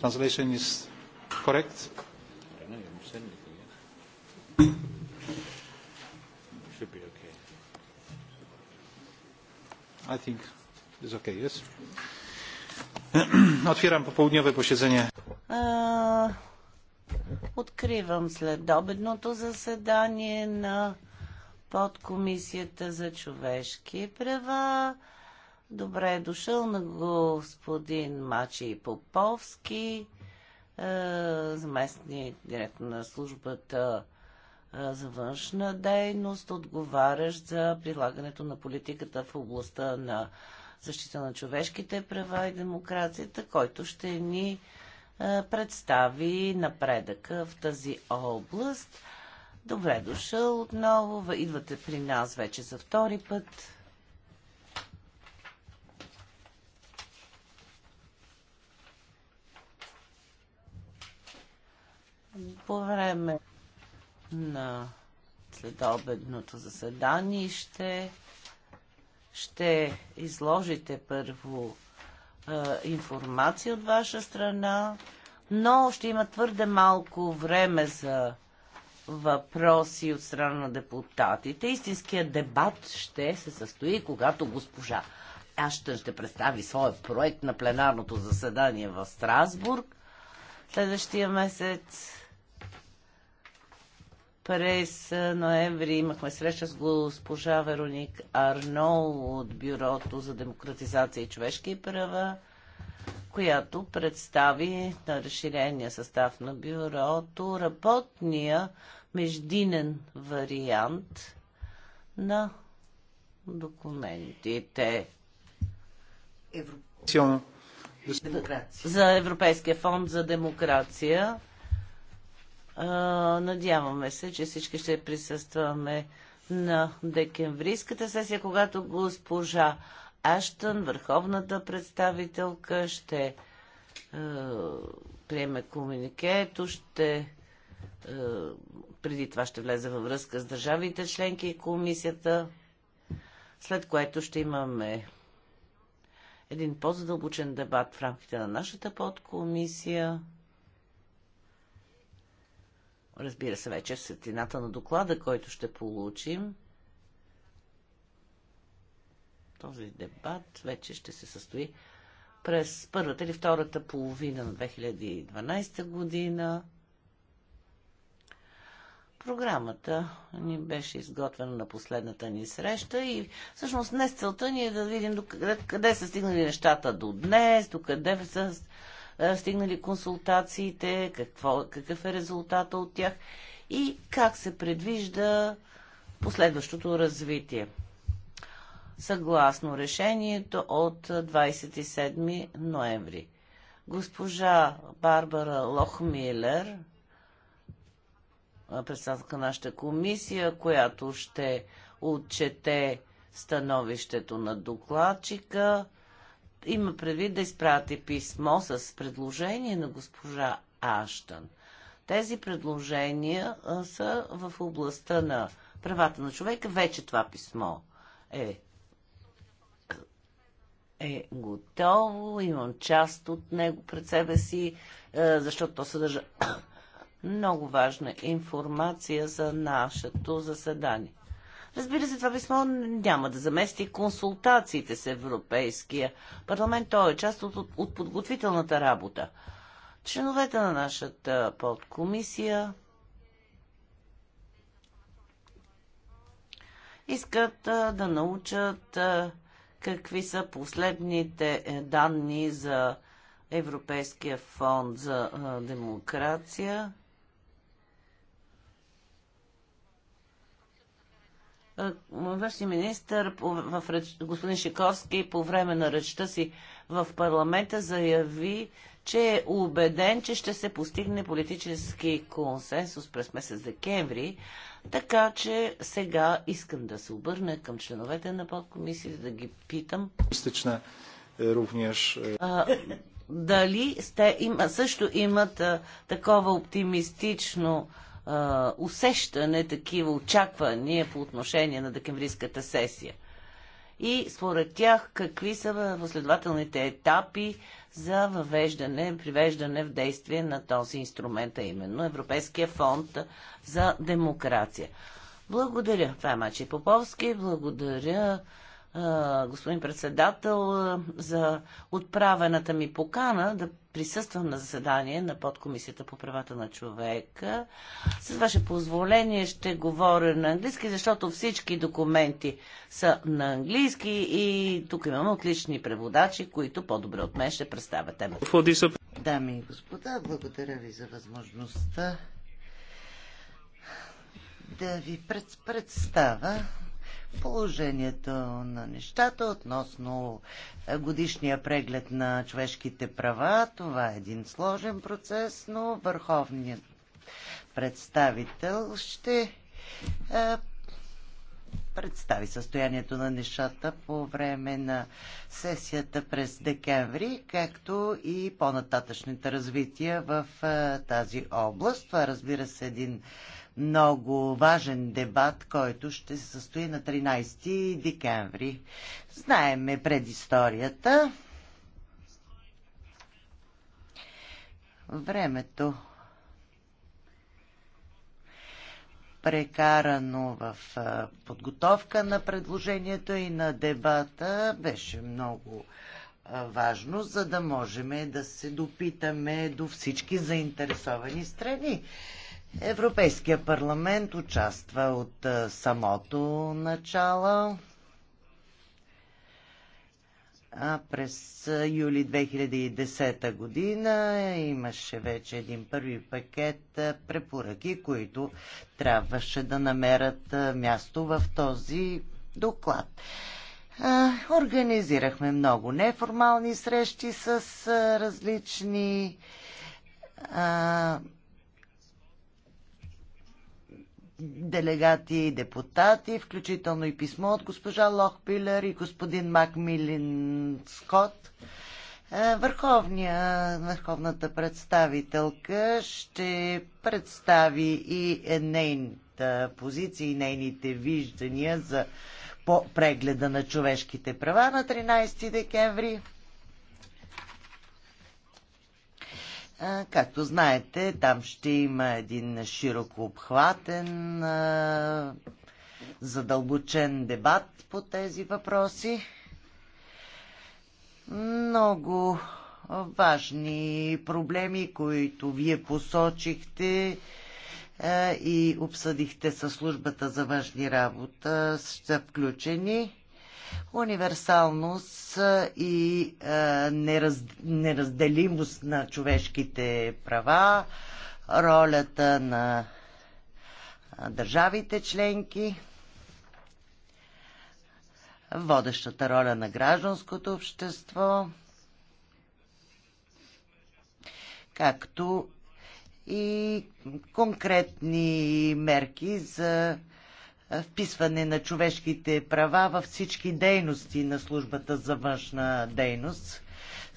Translation is correct? Should be okay. I think it's okay, yes? Otwieram popołudniowe posiedzenie. Откривам следобедното заседание на подкомисията за човешки права. Добре е дошъл на господин Мачи Поповски, е, заместник директор на службата е, за външна дейност, отговарящ за прилагането на политиката в областта на защита на човешките права и демокрацията, който ще ни е, представи напредъка в тази област. Добре дошъл отново. Идвате при нас вече за втори път. По време на следобедното заседание ще, ще изложите първо е, информация от ваша страна, но ще има твърде малко време за въпроси от страна на депутатите. Истинският дебат ще се състои, когато госпожа Аштън ще представи своя проект на пленарното заседание в Страсбург следващия месец през ноември имахме среща с госпожа Вероник Арнол от Бюрото за демократизация и човешки права, която представи на разширения състав на бюрото работния междинен вариант на документите. Евро... За Европейския фонд за демокрация Надяваме се, че всички ще присъстваме на декемврийската сесия, когато госпожа Аштън, върховната представителка, ще е, приеме комуникето, ще е, преди това ще влезе във връзка с държавите членки и комисията, след което ще имаме един по-задълбочен дебат в рамките на нашата подкомисия разбира се, вече в е светлината на доклада, който ще получим, този дебат вече ще се състои през първата или втората половина на 2012 година. Програмата ни беше изготвена на последната ни среща и всъщност днес целта ни е да видим докъде, къде са стигнали нещата до днес, до къде са стигнали консултациите, какво, какъв е резултата от тях и как се предвижда последващото развитие. Съгласно решението от 27 ноември. Госпожа Барбара Лохмилер, председателка на нашата комисия, която ще отчете становището на докладчика, има предвид да изпрати писмо с предложение на госпожа Аштън. Тези предложения са в областта на правата на човека. Вече това писмо е, е готово. Имам част от него пред себе си, защото то съдържа много важна информация за нашето заседание. Разбира се, това писмо няма да замести консултациите с Европейския парламент. Той е част от, от, подготвителната работа. Членовете на нашата подкомисия искат а, да научат а, какви са последните е, данни за Европейския фонд за а, демокрация. Е, външния министр господин Шиковски по време на речта си в парламента заяви, че е убеден, че ще се постигне политически консенсус през месец декември, така че сега искам да се обърна към членовете на подкомисията да ги питам. Истична е, również. Е, дали сте, има, също имат а, такова оптимистично усещане, такива очаквания по отношение на декемврийската сесия. И според тях какви са последователните етапи за въвеждане, привеждане в действие на този инструмент, а именно Европейския фонд за демокрация. Благодаря. Това е Мачи Поповски. Благодаря господин председател, за отправената ми покана да присъствам на заседание на подкомисията по правата на човека. С ваше позволение ще говоря на английски, защото всички документи са на английски и тук имаме отлични преводачи, които по-добре от мен ще представят темата. Дами и господа, благодаря ви за възможността да ви представя положението на нещата относно е, годишния преглед на човешките права. Това е един сложен процес, но върховният представител ще е, представи състоянието на нещата по време на сесията през декември, както и по-нататъчните развития в е, тази област. Това разбира се е един много важен дебат, който ще се състои на 13 декември. Знаеме предисторията. Времето прекарано в подготовка на предложението и на дебата беше много важно, за да можем да се допитаме до всички заинтересовани страни. Европейския парламент участва от самото начало. А през юли 2010 година имаше вече един първи пакет препоръки, които трябваше да намерят място в този доклад. Организирахме много неформални срещи с различни делегати и депутати, включително и писмо от госпожа Лохпилер и господин Макмилин Скот. Е, върховния, върховната представителка ще представи и нейната позиция и нейните виждания за по прегледа на човешките права на 13 декември. Както знаете, там ще има един широко обхватен, задълбочен дебат по тези въпроси. Много важни проблеми, които вие посочихте и обсъдихте със службата за външни работа, са включени универсалност и е, нераз, неразделимост на човешките права, ролята на държавите членки, водещата роля на гражданското общество, както и конкретни мерки за вписване на човешките права във всички дейности на службата за външна дейност.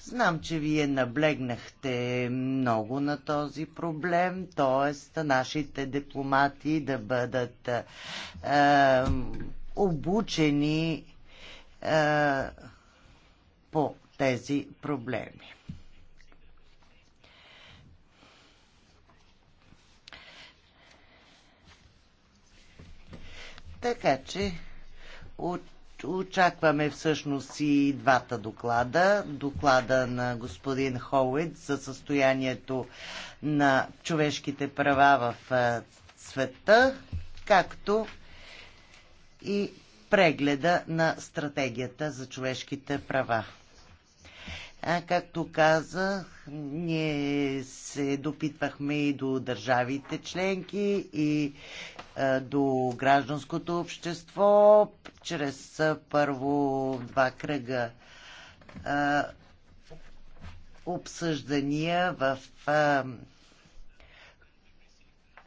Знам, че вие наблегнахте много на този проблем, т.е. нашите дипломати да бъдат е, обучени е, по тези проблеми. Така че очакваме всъщност и двата доклада. Доклада на господин Холуид за състоянието на човешките права в света, както и прегледа на стратегията за човешките права. А, както казах, ние се допитвахме и до държавите членки и а, до гражданското общество чрез а, първо два кръга а, обсъждания в а,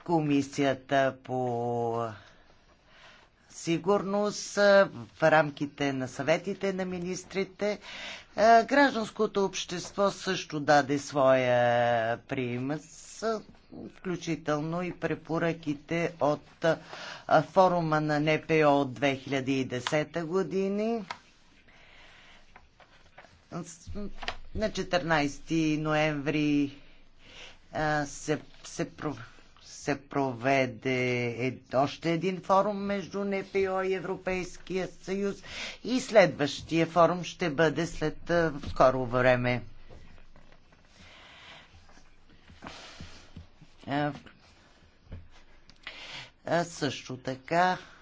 комисията по сигурност в рамките на съветите на министрите. Е, гражданското общество също даде своя примес, включително и препоръките от е, форума на НПО от 2010 години. На 14 ноември е, се, се проведе се проведе е, още един форум между НПО и Европейския съюз и следващия форум ще бъде след е, скоро време. А, е, е, също така е,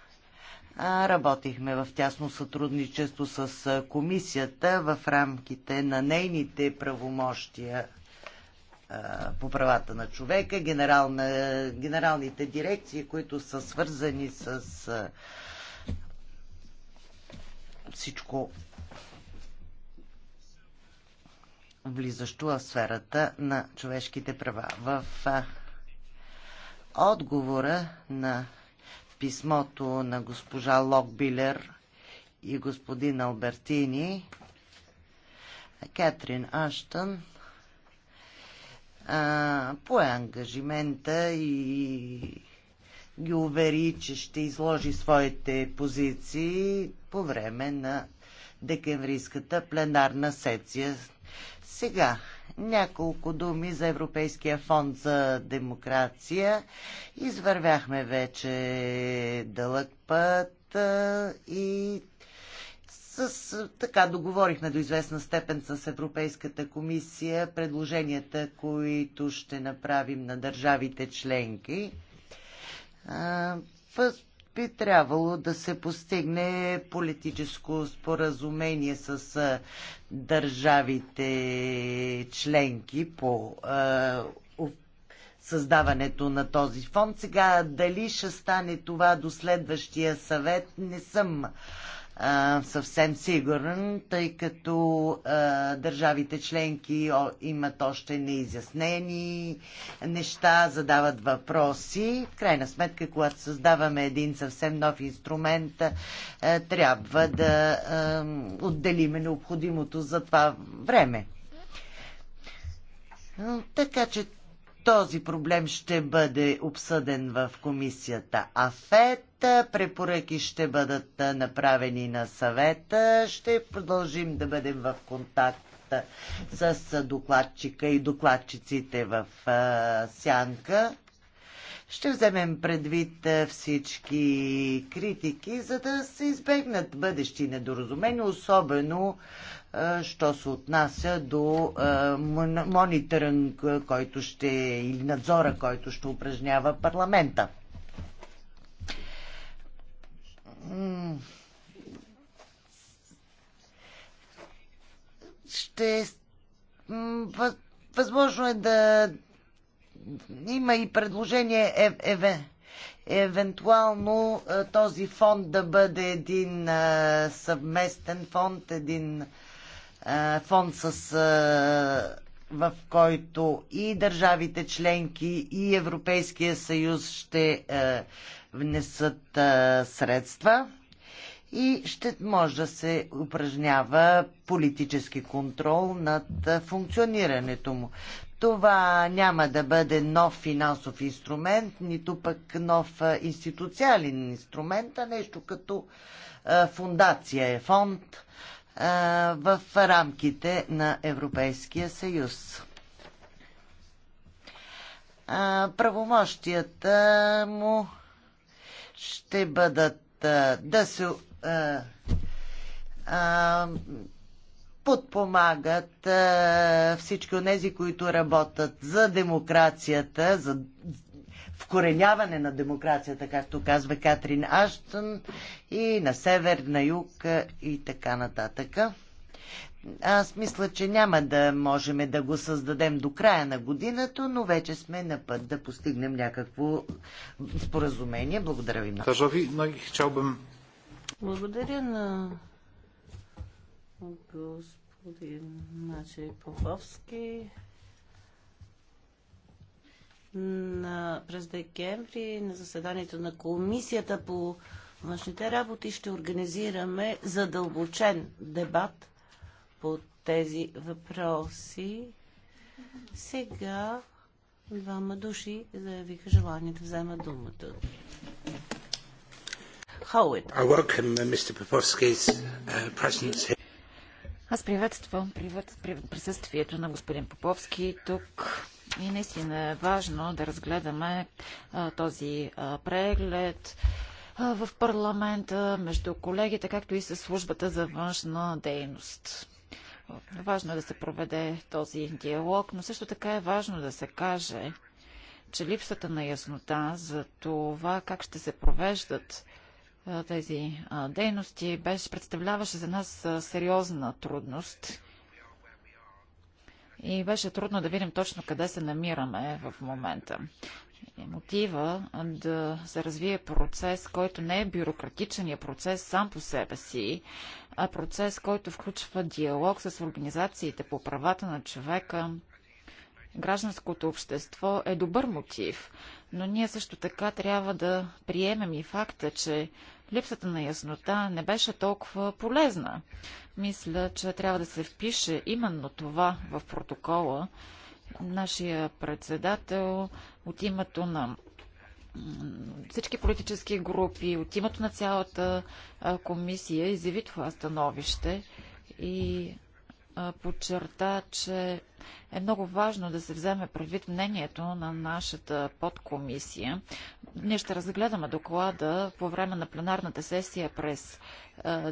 Работихме в тясно сътрудничество с комисията в рамките на нейните правомощия по правата на човека, генерална, генералните дирекции, които са свързани с всичко влизащо в сферата на човешките права. В отговора на писмото на госпожа Локбилер и господин Албертини, Кетрин Аштън а, пое ангажимента и ги увери, че ще изложи своите позиции по време на декемврийската пленарна сесия. Сега няколко думи за Европейския фонд за демокрация. Извървяхме вече дълъг път и с, така договорихме до известна степен с Европейската комисия предложенията, които ще направим на държавите членки. А, би трябвало да се постигне политическо споразумение с държавите членки по а, създаването на този фонд. Сега дали ще стане това до следващия съвет, не съм съвсем сигурен, тъй като а, държавите членки о, имат още неизяснени неща, задават въпроси. В крайна сметка, когато създаваме един съвсем нов инструмент, а, трябва да а, отделиме необходимото за това време. Така че този проблем ще бъде обсъден в комисията АФЕТ Препоръки ще бъдат направени на съвета. Ще продължим да бъдем в контакт с докладчика и докладчиците в сянка. Ще вземем предвид всички критики, за да се избегнат бъдещи недоразумения, особено що се отнася до мониторинг, който ще, или надзора, който ще упражнява парламента ще. Възможно е да има и предложение е, ев, евентуално е, този фонд да бъде един а, е, съвместен фонд, един а, фонд с. А, в който и държавите членки, и Европейския съюз ще е, внесат а, средства и ще може да се упражнява политически контрол над функционирането му. Това няма да бъде нов финансов инструмент, нито пък нов институциален инструмент, а нещо като фундация е фонд в рамките на Европейския съюз. Правомощията му ще бъдат да се подпомагат всички от тези, които работят за демокрацията, за вкореняване на демокрацията, както казва Катрин Аштън, и на север, на юг и така нататък. Аз мисля, че няма да можем да го създадем до края на годината, но вече сме на път да постигнем някакво споразумение. Благодаря ви много. Тажови, много Благодаря на господин Наче Поповски. На, през декември на заседанието на комисията по външните работи ще организираме задълбочен дебат – по тези въпроси. Сега двама души заявиха желание да вземат думата. Хауит. Uh, uh, Аз приветствам присъствието на господин Поповски тук. И наистина е важно да разгледаме а, този а, преглед а, в парламента, между колегите, както и със службата за външна дейност. Важно е да се проведе този диалог, но също така е важно да се каже, че липсата на яснота за това как ще се провеждат тези дейности беше, представляваше за нас сериозна трудност. И беше трудно да видим точно къде се намираме в момента. Е мотива да се развие процес, който не е бюрократичният процес сам по себе си, а процес, който включва диалог с организациите по правата на човека, гражданското общество е добър мотив, но ние също така трябва да приемем и факта, че липсата на яснота не беше толкова полезна. Мисля, че трябва да се впише именно това в протокола, Нашия председател от името на всички политически групи, от името на цялата комисия изяви това становище и подчерта, че е много важно да се вземе предвид мнението на нашата подкомисия. Ние ще разгледаме доклада по време на пленарната сесия през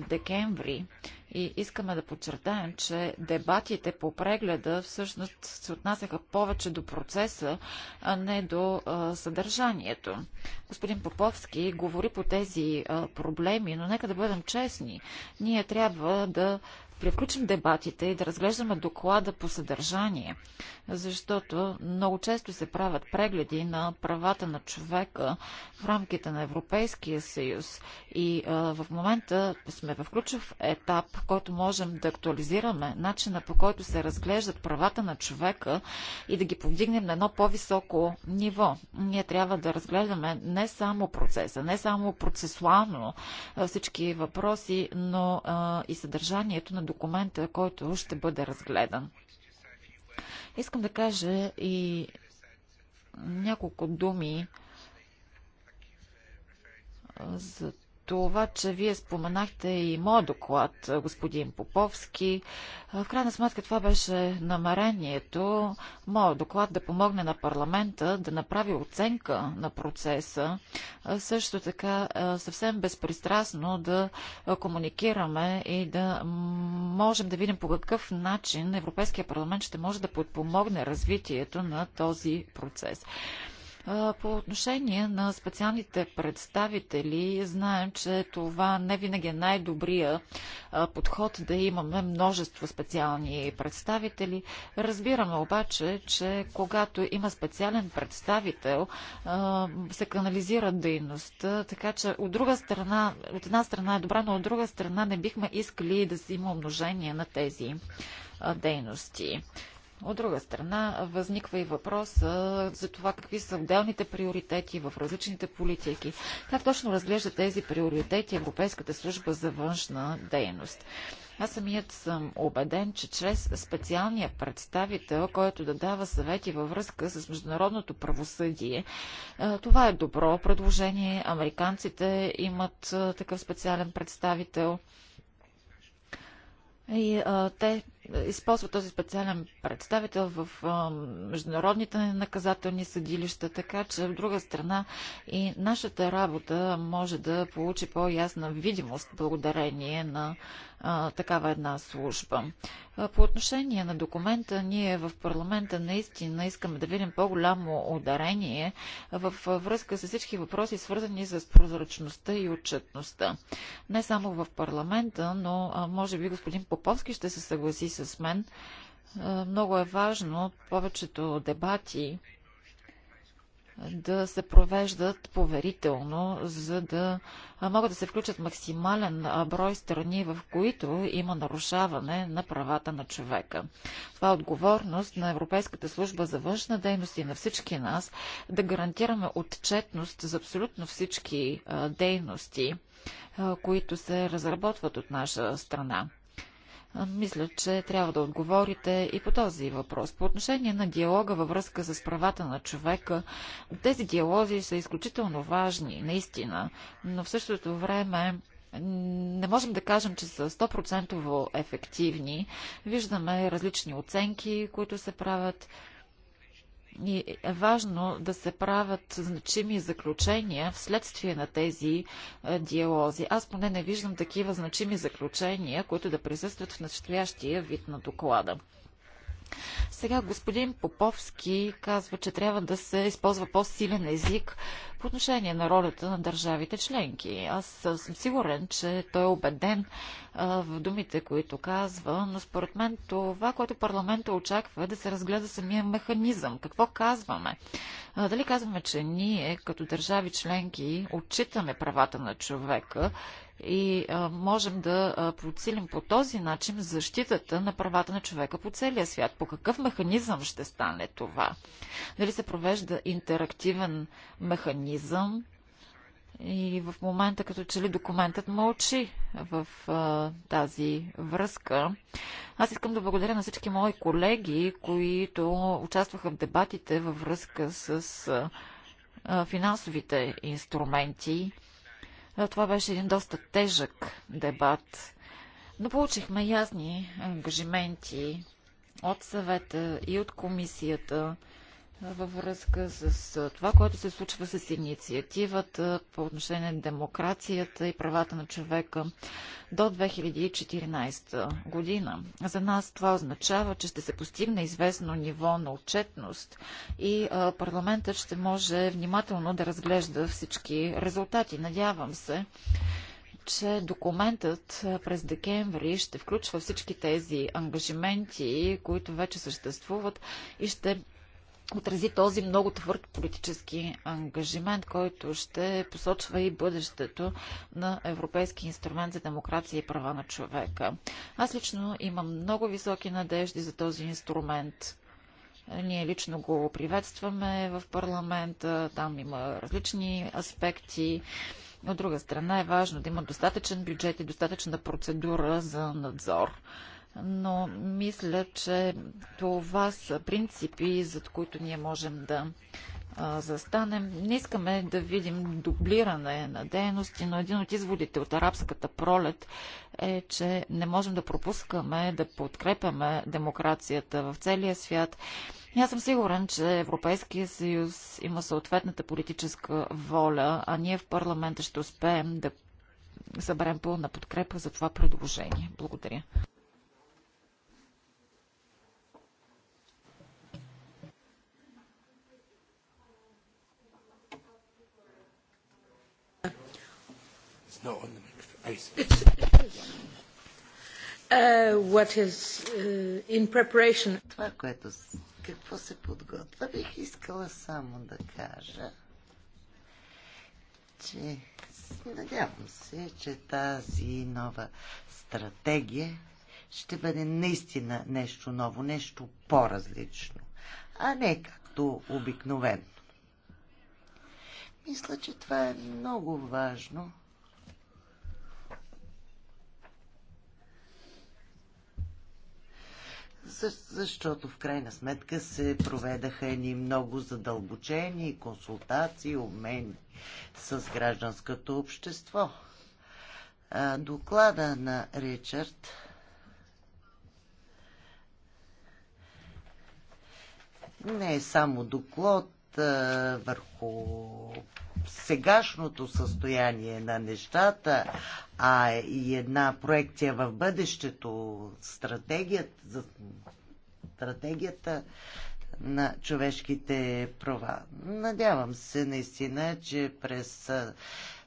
декември и искаме да подчертаем, че дебатите по прегледа всъщност се отнасяха повече до процеса, а не до съдържанието. Господин Поповски говори по тези проблеми, но нека да бъдем честни. Ние трябва да приключим дебатите и да разглеждаме доклада по съдържание, защото много често се правят прегледи на правата на човека в рамките на Европейския съюз и а, в момента сме в ключов етап, в който можем да актуализираме начина по който се разглеждат правата на човека и да ги повдигнем на едно по-високо ниво. Ние трябва да разгледаме не само процеса, не само процесуално всички въпроси, но а, и съдържанието на документа, който ще бъде разгледан. Искам да кажа и няколко думи за това, че вие споменахте и моят доклад, господин Поповски. В крайна сметка това беше намерението, моят доклад да помогне на парламента да направи оценка на процеса, също така съвсем безпристрастно да комуникираме и да можем да видим по какъв начин Европейския парламент ще може да подпомогне развитието на този процес. По отношение на специалните представители, знаем, че това не винаги е най-добрия подход да имаме множество специални представители. Разбираме обаче, че когато има специален представител, се канализира дейността, така че от друга страна, от една страна е добра, но от друга страна не бихме искали да се има умножение на тези дейности. От друга страна, възниква и въпрос за това какви са отделните приоритети в различните политики. Как точно разглежда тези приоритети Европейската служба за външна дейност? Аз самият съм убеден, че чрез специалния представител, който да дава съвети във връзка с международното правосъдие, това е добро предложение. Американците имат такъв специален представител. И а, те използва този специален представител в международните наказателни съдилища, така че от друга страна и нашата работа може да получи по-ясна видимост благодарение на такава една служба. По отношение на документа, ние в парламента наистина искаме да видим по-голямо ударение в връзка с всички въпроси, свързани с прозрачността и отчетността. Не само в парламента, но може би господин Поповски ще се съгласи с с мен. Много е важно повечето дебати да се провеждат поверително, за да могат да се включат максимален брой страни, в които има нарушаване на правата на човека. Това е отговорност на Европейската служба за външна дейност и на всички нас да гарантираме отчетност за абсолютно всички дейности, които се разработват от наша страна. Мисля, че трябва да отговорите и по този въпрос. По отношение на диалога във връзка с правата на човека, тези диалози са изключително важни, наистина, но в същото време не можем да кажем, че са 100% ефективни. Виждаме различни оценки, които се правят и е важно да се правят значими заключения вследствие на тези е, диалози. Аз поне не виждам такива значими заключения, които да присъстват в настоящия вид на доклада. Сега господин Поповски казва, че трябва да се използва по-силен език по отношение на ролята на държавите членки. Аз съм сигурен, че той е убеден в думите, които казва, но според мен това, което парламента очаква е да се разгледа самия механизъм. Какво казваме? дали казваме, че ние като държави членки отчитаме правата на човека и а, можем да подсилим по този начин защитата на правата на човека по целия свят. По какъв механизъм ще стане това? Дали се провежда интерактивен механизъм? И в момента, като че ли документът мълчи в а, тази връзка, аз искам да благодаря на всички мои колеги, които участваха в дебатите във връзка с а, финансовите инструменти това беше един доста тежък дебат, но получихме ясни ангажименти от съвета и от комисията във връзка с това, което се случва с инициативата по отношение на демокрацията и правата на човека до 2014 година. За нас това означава, че ще се постигне известно ниво на отчетност и парламентът ще може внимателно да разглежда всички резултати. Надявам се, че документът през декември ще включва всички тези ангажименти, които вече съществуват и ще отрази този много твърд политически ангажимент, който ще посочва и бъдещето на Европейски инструмент за демокрация и права на човека. Аз лично имам много високи надежди за този инструмент. Ние лично го приветстваме в парламента, там има различни аспекти. От друга страна е важно да има достатъчен бюджет и достатъчна процедура за надзор но мисля, че това са принципи, зад които ние можем да застанем. Не искаме да видим дублиране на дейности, но един от изводите от арабската пролет е, че не можем да пропускаме да подкрепяме демокрацията в целия свят. И аз съм сигурен, че Европейския съюз има съответната политическа воля, а ние в парламента ще успеем да съберем пълна подкрепа за това предложение. Благодаря. not on the microphone. Uh, uh, това, което какво се подготвя, бих искала само да кажа, че надявам се, че тази нова стратегия ще бъде наистина нещо ново, нещо по-различно, а не както обикновено. Мисля, че това е много важно, защото в крайна сметка се проведаха едни много задълбочени консултации, обмени с гражданското общество. Доклада на Ричард не е само доклад върху сегашното състояние на нещата, а и една проекция в бъдещето, стратегията, за стратегията на човешките права. Надявам се наистина, че през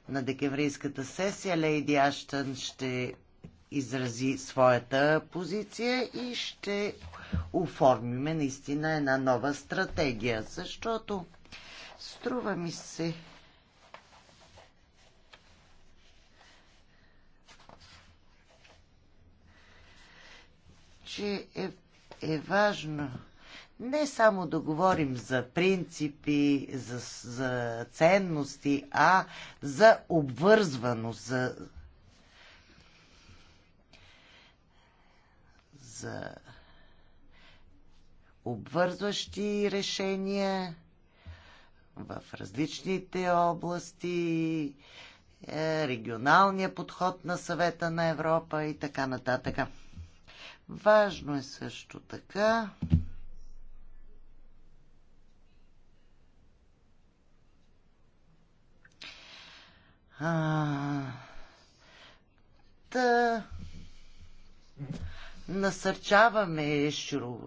на декемврийската сесия Лейди Аштън ще изрази своята позиция и ще оформиме наистина една нова стратегия, защото струва ми се, че е, е важно не само да говорим за принципи, за, за ценности, а за обвързваност, за, за обвързващи решения в различните области, е, регионалния подход на съвета на Европа и така нататък. Важно е също така а, да насърчаваме широ,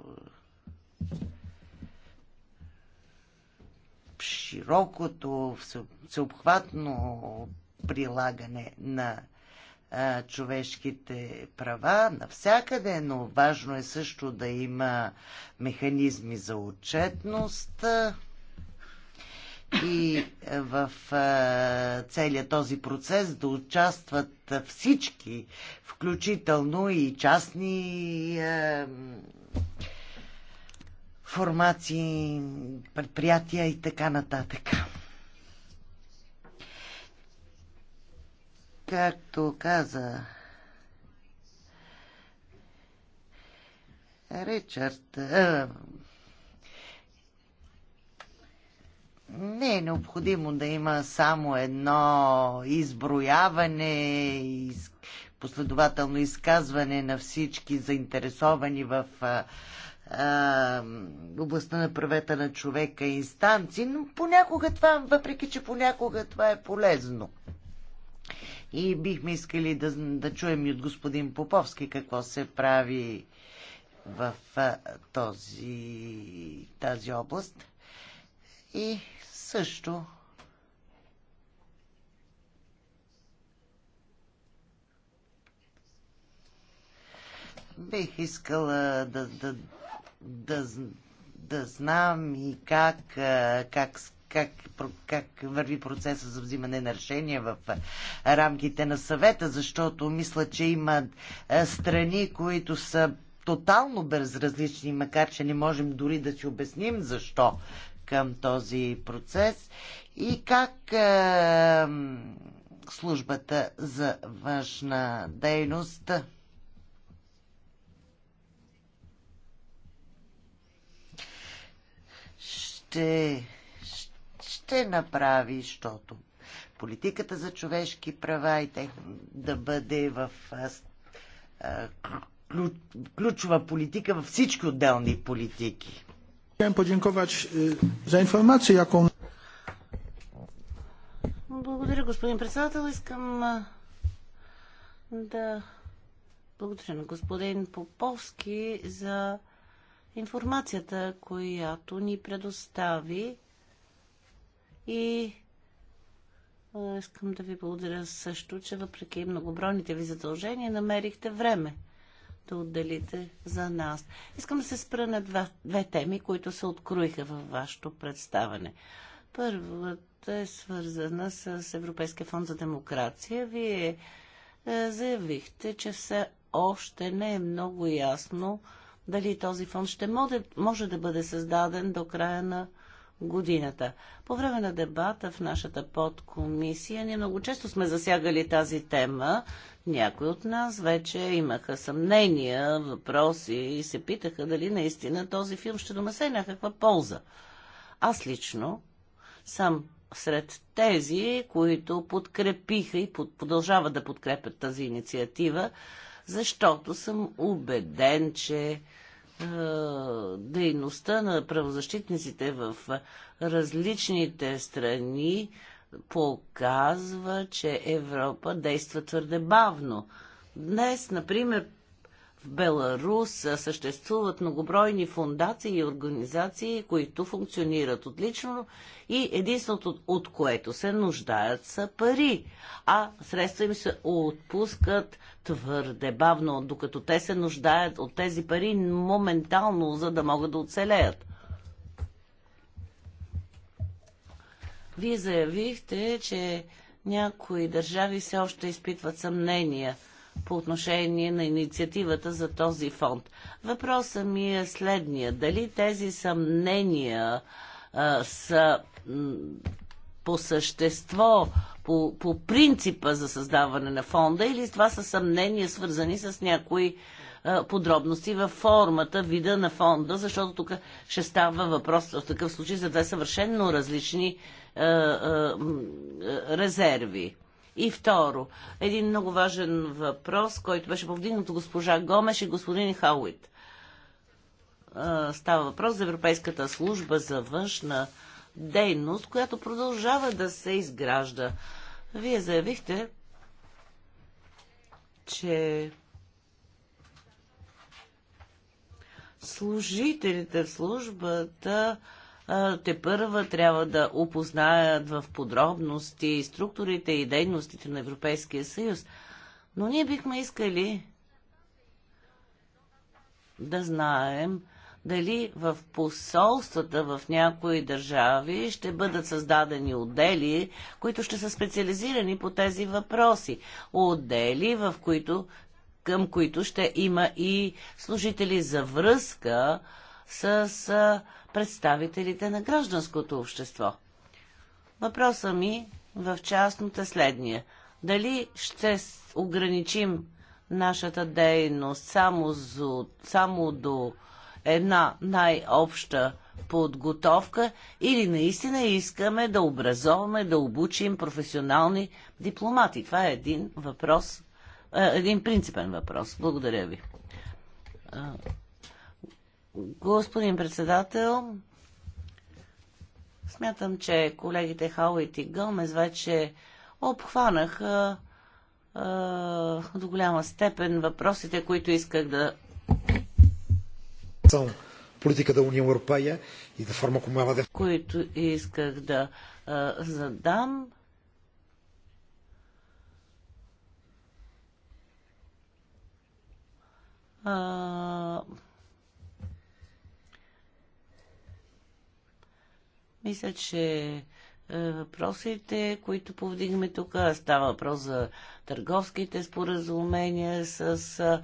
широкото, всеобхватно прилагане на а, човешките права навсякъде, но важно е също да има механизми за отчетност и в а, целият този процес да участват всички, включително и частни а, формации, предприятия и така нататък. Както каза Ричард, а, не е необходимо да има само едно изброяване и последователно изказване на всички заинтересовани в а, а, областта на правета на човека и инстанции, но понякога това, въпреки че понякога това е полезно и бихме искали да, да чуем и от господин Поповски какво се прави в този, тази област. И също бих искала да, да, да, да знам и как, как, как, как върви процеса за взимане на решения в рамките на съвета, защото мисля, че има страни, които са тотално безразлични, макар че не можем дори да си обясним защо към този процес и как е, службата за външна дейност ще ще направи, защото политиката за човешки права и тех, да бъде в а, ключова политика във всички отделни политики. Chciałem podziękować Благодаря, господин председател. Искам да благодаря на господин Поповски за информацията, която ни предостави и искам да ви благодаря също, че въпреки многобройните ви задължения, намерихте време да отделите за нас. Искам да се спра на два, две теми, които се откроиха във вашето представане. Първата е свързана с Европейския фонд за демокрация. Вие е, заявихте, че все още не е много ясно дали този фонд ще може, може да бъде създаден до края на годината. По време на дебата в нашата подкомисия ние много често сме засягали тази тема. Някои от нас вече имаха съмнения, въпроси и се питаха дали наистина този филм ще донесе някаква полза. Аз лично съм сред тези, които подкрепиха и продължават да подкрепят тази инициатива, защото съм убеден, че е, дейността на правозащитниците в различните страни показва, че Европа действа твърде бавно. Днес, например, в Беларус съществуват многобройни фундации и организации, които функционират отлично и единственото от което се нуждаят са пари, а средства им се отпускат твърде бавно, докато те се нуждаят от тези пари моментално, за да могат да оцелеят. Вие заявихте, че някои държави все още изпитват съмнения – по отношение на инициативата за този фонд. Въпросът ми е следния. Дали тези съмнения а, са по същество, по, по принципа за създаване на фонда или това са съмнения свързани с някои подробности във формата, вида на фонда, защото тук ще става въпрос в такъв случай за две съвършенно различни резерви. И второ, един много важен въпрос, който беше повдигнат госпожа Гомеш и господин Хауит. Става въпрос за Европейската служба за външна дейност, която продължава да се изгражда. Вие заявихте, че служителите в службата те първа трябва да опознаят в подробности структурите и дейностите на Европейския съюз. Но ние бихме искали да знаем дали в посолствата в някои държави ще бъдат създадени отдели, които ще са специализирани по тези въпроси. Отдели, в които, към които ще има и служители за връзка с представителите на гражданското общество. Въпросът ми в частност е следния. Дали ще ограничим нашата дейност само, за, само до една най-обща подготовка или наистина искаме да образоваме, да обучим професионални дипломати? Това е един въпрос, е, един принципен въпрос. Благодаря ви. Господин председател, смятам, че колегите Хауит и Гълмез вече обхванаха до голяма степен въпросите, които исках да. Политика да Уния Европея и да форма да... Които исках да а, задам. А, Мисля, че е, въпросите, които повдигаме тук, става въпрос за търговските споразумения с е,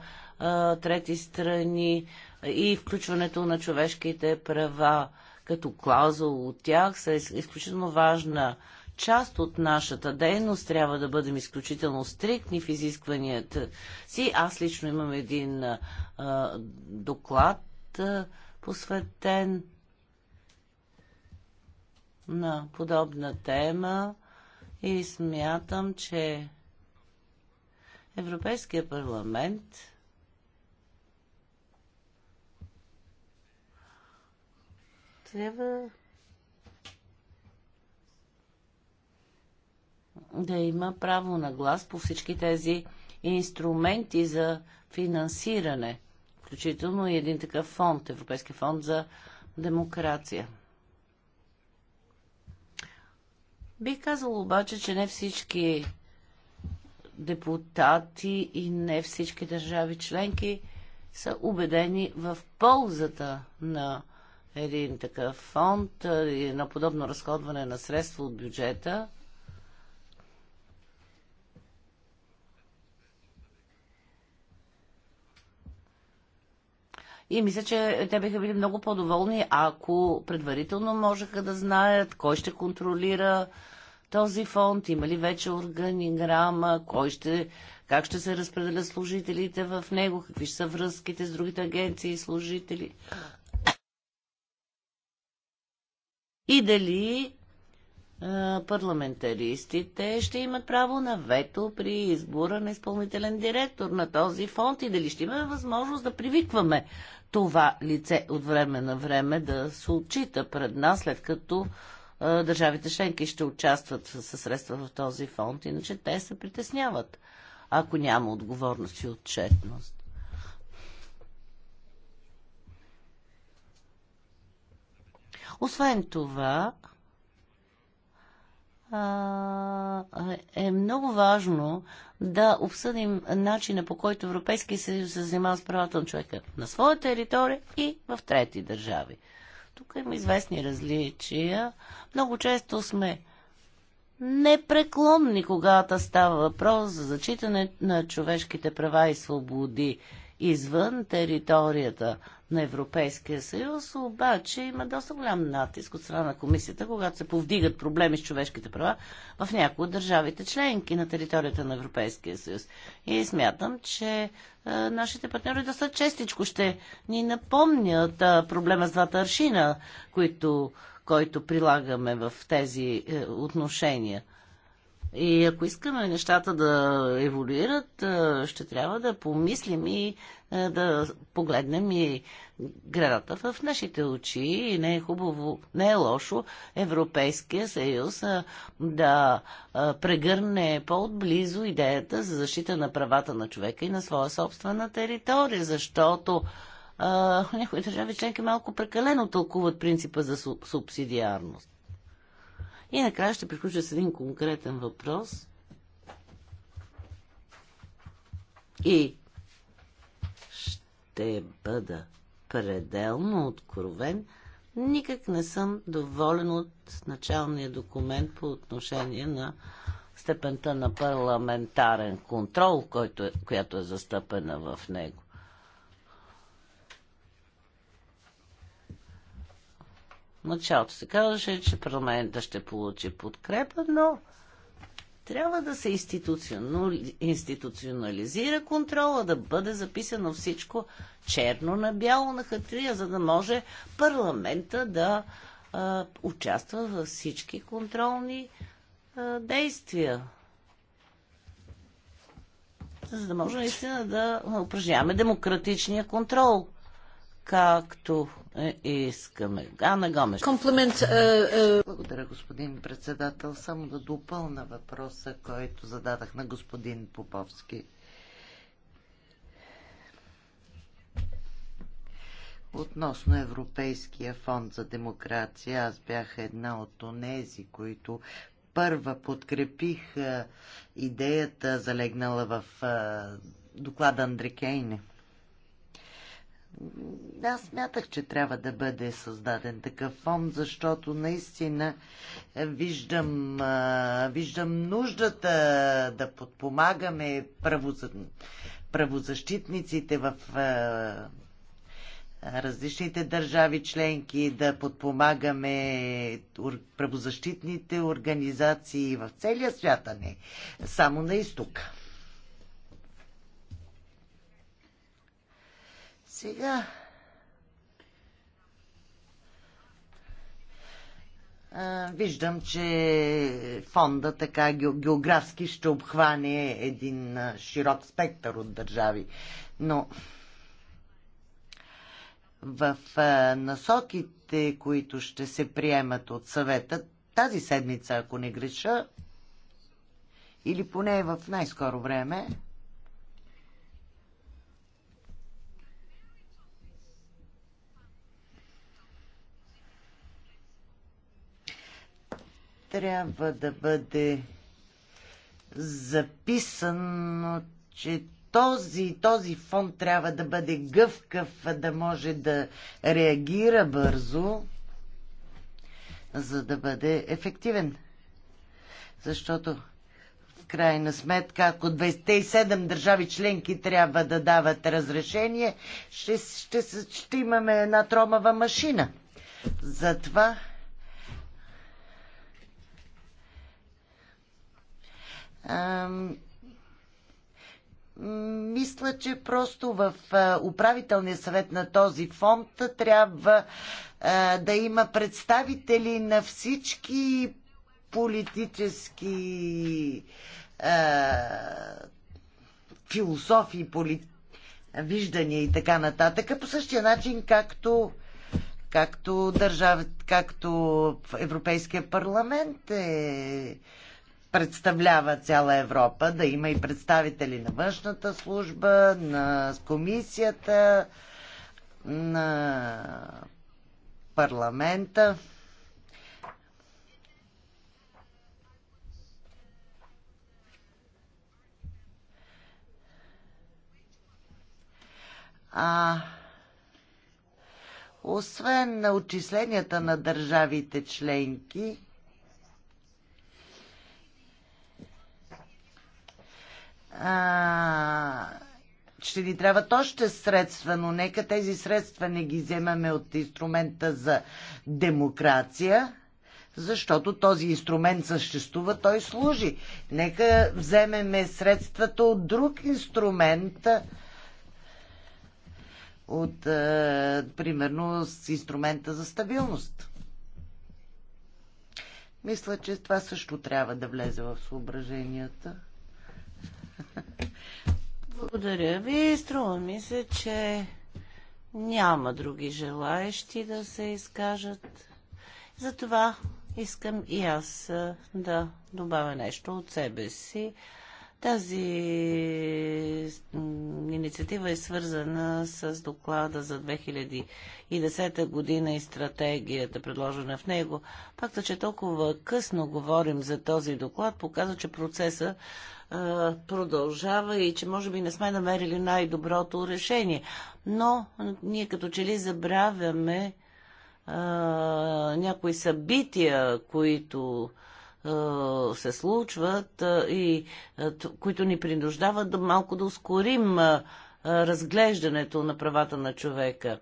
трети страни и включването на човешките права като клауза от тях са изключително важна част от нашата дейност. Трябва да бъдем изключително стриктни в изискванията си. Аз лично имам един а, е, доклад а, посветен на подобна тема и смятам, че Европейския парламент трябва да има право на глас по всички тези инструменти за финансиране, включително и един такъв фонд, Европейски фонд за демокрация. Бих казал обаче, че не всички депутати и не всички държави членки са убедени в ползата на един такъв фонд и на подобно разходване на средства от бюджета. И мисля, че те биха били много по-доволни, ако предварително можеха да знаят кой ще контролира този фонд? Има ли вече органиграма? Кой ще, как ще се разпределят служителите в него? Какви ще са връзките с другите агенции и служители? И дали парламентаристите ще имат право на вето при избора на изпълнителен директор на този фонд и дали ще имаме възможност да привикваме това лице от време на време да се отчита пред нас, след като държавите членки ще участват със средства в този фонд, иначе те се притесняват, ако няма отговорност и отчетност. Освен това, е много важно да обсъдим начина по който Европейския съюз се занимава с правата на човека на своя територия и в трети държави. Тук има известни различия. Много често сме непреклонни, когато става въпрос за зачитане на човешките права и свободи извън територията на Европейския съюз, обаче има доста голям натиск от страна на комисията, когато се повдигат проблеми с човешките права в някои от държавите членки на територията на Европейския съюз. И смятам, че а, нашите партньори доста честичко ще ни напомнят а, проблема с двата аршина, които, който прилагаме в тези е, отношения. И ако искаме нещата да еволюират, ще трябва да помислим и да погледнем и градата в нашите очи. И не е хубаво, не е лошо Европейския съюз да прегърне по-отблизо идеята за защита на правата на човека и на своя собствена територия, защото а, някои държави членки малко прекалено тълкуват принципа за субсидиарност. И накрая ще приключа с един конкретен въпрос. И ще бъда пределно откровен. Никак не съм доволен от началния документ по отношение на степента на парламентарен контрол, който е, която е застъпена в него. началото се казваше, че парламента ще получи подкрепа, но трябва да се институционализира контрола, да бъде записано всичко черно на бяло на хатрия, за да може парламента да а, участва във всички контролни а, действия. За да може наистина да упражняваме демократичния контрол, както е, искаме. Ана Гомеш. Комплимент. Е, е. Благодаря, господин председател. Само да допълна въпроса, който зададах на господин Поповски. Относно Европейския фонд за демокрация, аз бях една от онези, които първа подкрепих идеята, залегнала в доклада Андрекейне аз смятах, че трябва да бъде създаден такъв фонд, защото наистина виждам, виждам нуждата да подпомагаме правозащитниците в различните държави членки, да подпомагаме правозащитните организации в целия свят, а не само на изтока. Сега Виждам, че фонда така географски ще обхване един широк спектър от държави. Но в насоките, които ще се приемат от съвета тази седмица, ако не греша, или поне в най-скоро време, трябва да бъде записано, че този, този фонд трябва да бъде гъвкав, да може да реагира бързо, за да бъде ефективен. Защото в крайна сметка, ако 27 държави членки трябва да дават разрешение, ще, ще, ще имаме една тромава машина. Затова мисля, че просто в управителния съвет на този фонд трябва да има представители на всички политически философии, поли... виждания и така нататък, по същия начин, както както държавата, както Европейския парламент е представлява цяла Европа, да има и представители на външната служба, на комисията, на парламента. А освен на отчисленията на държавите членки, а, ще ни трябват още средства, но нека тези средства не ги вземаме от инструмента за демокрация, защото този инструмент съществува, той служи. Нека вземеме средствата от друг инструмент, от, е, примерно, с инструмента за стабилност. Мисля, че това също трябва да влезе в съображенията. Благодаря ви. Струва ми се, че няма други желаещи да се изкажат. Затова искам и аз да добавя нещо от себе си. Тази инициатива е свързана с доклада за 2010 година и стратегията, предложена в него. Факта, че толкова късно говорим за този доклад, показва, че процеса продължава и че може би не сме намерили най-доброто решение. Но ние като че ли забравяме а, някои събития, които а, се случват а, и а, които ни принуждават да малко да ускорим а, разглеждането на правата на човека.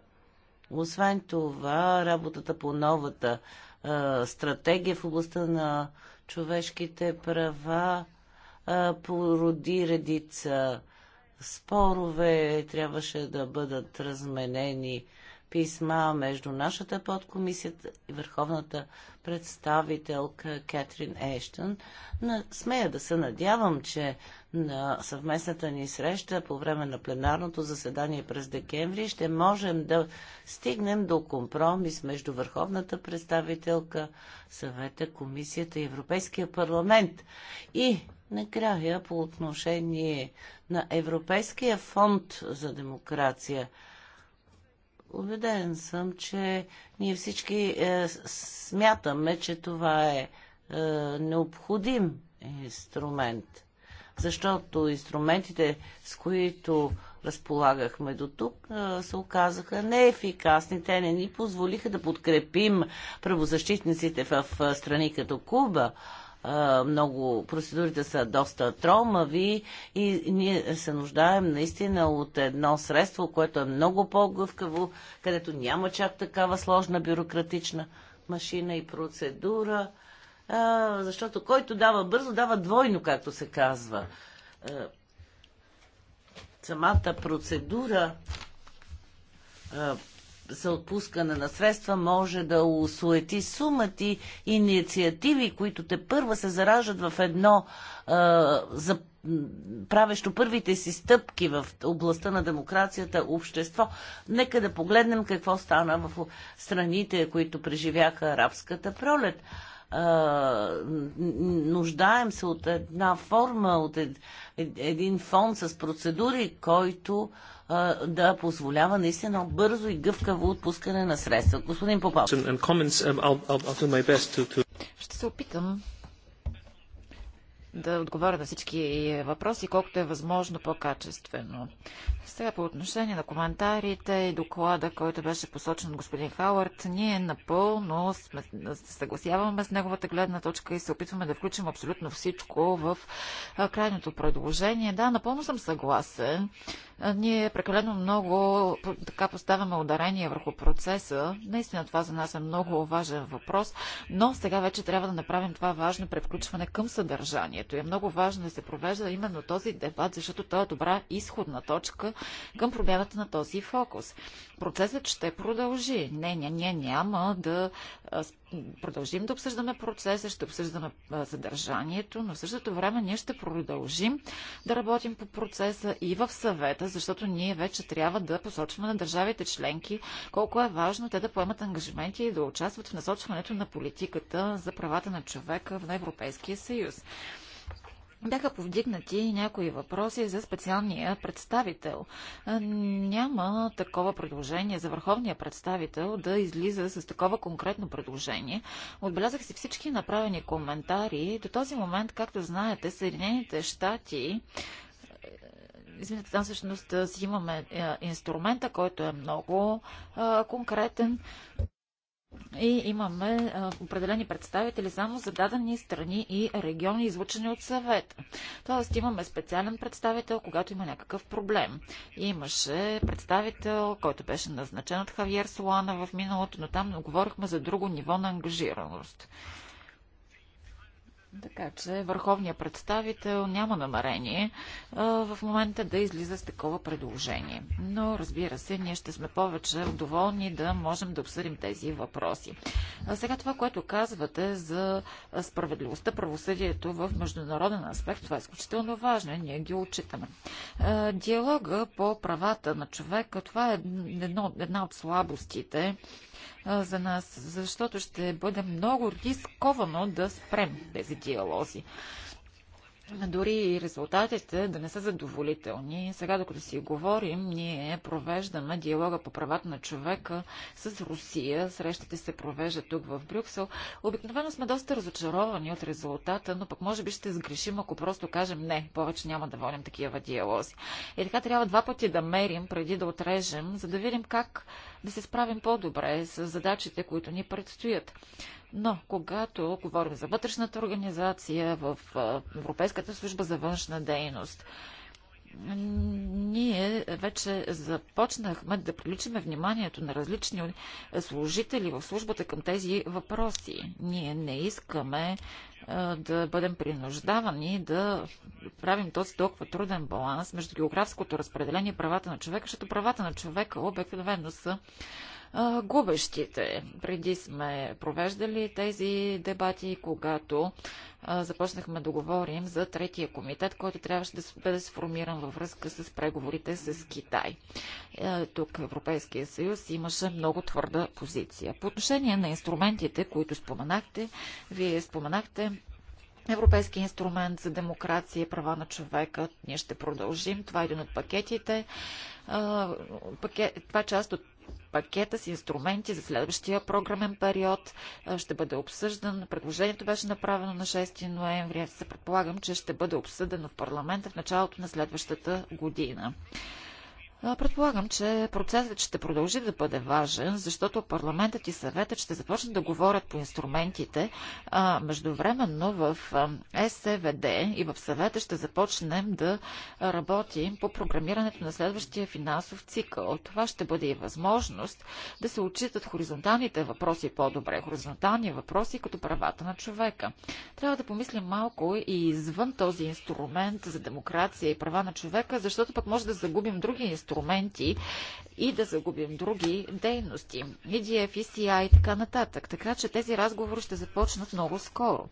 Освен това, работата по новата а, стратегия в областта на човешките права породи редица спорове, трябваше да бъдат разменени писма между нашата подкомисия и върховната представителка Кетрин Ейштън. Смея да се надявам, че на съвместната ни среща по време на пленарното заседание през декември ще можем да стигнем до компромис между върховната представителка, съвета, комисията и Европейския парламент. И накрая по отношение на Европейския фонд за демокрация – Убеден съм, че ние всички е, смятаме, че това е, е необходим инструмент. Защото инструментите, с които разполагахме до тук, е, се оказаха неефикасни. Те не ни позволиха да подкрепим правозащитниците в е, страни като Куба, много, процедурите са доста тромави и ние се нуждаем наистина от едно средство, което е много по-гъвкаво, където няма чак такава сложна бюрократична машина и процедура, защото който дава бързо, дава двойно, както се казва. Самата процедура за отпускане на средства може да усуети сумати инициативи, които те първа се заражат в едно за правещо първите си стъпки в областта на демокрацията, общество. Нека да погледнем какво стана в страните, които преживяха арабската пролет. нуждаем се от една форма, от един фонд с процедури, който да позволява наистина едно бързо и гъвкаво отпускане на средства. Господин Попов. Um, Ще се опитам да отговоря на всички въпроси, колкото е възможно по-качествено. Сега по отношение на коментарите и доклада, който беше посочен от господин Хауърд, ние напълно се съгласяваме с неговата гледна точка и се опитваме да включим абсолютно всичко в крайното предложение. Да, напълно съм съгласен. Ние прекалено много така поставяме ударение върху процеса. Наистина това за нас е много важен въпрос, но сега вече трябва да направим това важно превключване към съдържание образованието. И е много важно да се провежда именно този дебат, защото той е добра изходна точка към промяната на този фокус. Процесът ще продължи. Не, ние, ние няма да продължим да обсъждаме процеса, ще обсъждаме съдържанието, но в същото време ние ще продължим да работим по процеса и в съвета, защото ние вече трябва да посочваме на държавите членки колко е важно те да поемат ангажименти и да участват в насочването на политиката за правата на човека в Европейския съюз. Бяха повдигнати някои въпроси за специалния представител. Няма такова предложение за върховния представител да излиза с такова конкретно предложение. Отбелязах си всички направени коментари. До този момент, както знаете, Съединените щати е, Извинете, там всъщност си имаме е, инструмента, който е много а, конкретен и имаме а, определени представители само за дадени страни и региони, излучени от съвета. Тоест имаме специален представител, когато има някакъв проблем. И имаше представител, който беше назначен от Хавиер Солана в миналото, но там говорихме за друго ниво на ангажираност. Така че върховният представител няма намерение а, в момента да излиза с такова предложение. Но разбира се, ние ще сме повече доволни да можем да обсъдим тези въпроси. А сега това, което казвате за справедливостта, правосъдието в международен аспект, това е изключително важно и ние ги отчитаме. А, диалога по правата на човека, това е едно, една от слабостите за нас, защото ще бъде много рисковано да спрем тези диалози. Дори и резултатите да не са задоволителни. Сега, докато си говорим, ние провеждаме диалога по правата на човека с Русия. Срещите се провеждат тук в Брюксел. Обикновено сме доста разочаровани от резултата, но пък може би ще сгрешим, ако просто кажем не, повече няма да водим такива диалози. И така трябва два пъти да мерим, преди да отрежем, за да видим как да се справим по-добре с задачите, които ни предстоят. Но когато говорим за вътрешната организация в Европейската служба за външна дейност, ние вече започнахме да приличаме вниманието на различни служители в службата към тези въпроси. Ние не искаме да бъдем принуждавани да правим този толкова труден баланс между географското разпределение и правата на човека, защото правата на човека обикновено са губещите. Преди сме провеждали тези дебати, когато започнахме да говорим за третия комитет, който трябваше да бъде сформиран във връзка с преговорите с Китай. тук Европейския съюз имаше много твърда позиция. По отношение на инструментите, които споменахте, вие споменахте Европейски инструмент за демокрация и права на човека. Ние ще продължим. Това е един от пакетите пакет, това е част от пакета с инструменти за следващия програмен период ще бъде обсъждан. Предложението беше направено на 6 ноември. се предполагам, че ще бъде обсъдено в парламента в началото на следващата година. Предполагам, че процесът ще продължи да бъде важен, защото парламентът и съветът ще започнат да говорят по инструментите. А, междувременно в СВД и в съвета ще започнем да работим по програмирането на следващия финансов цикъл. Това ще бъде и възможност да се отчитат хоризонталните въпроси по-добре, хоризонтални въпроси като правата на човека. Трябва да помислим малко и извън този инструмент за демокрация и права на човека, защото пък може да загубим други инструменти инструменти и да загубим други дейности. EDF, ECI и така нататък. Така че тези разговори ще започнат много скоро.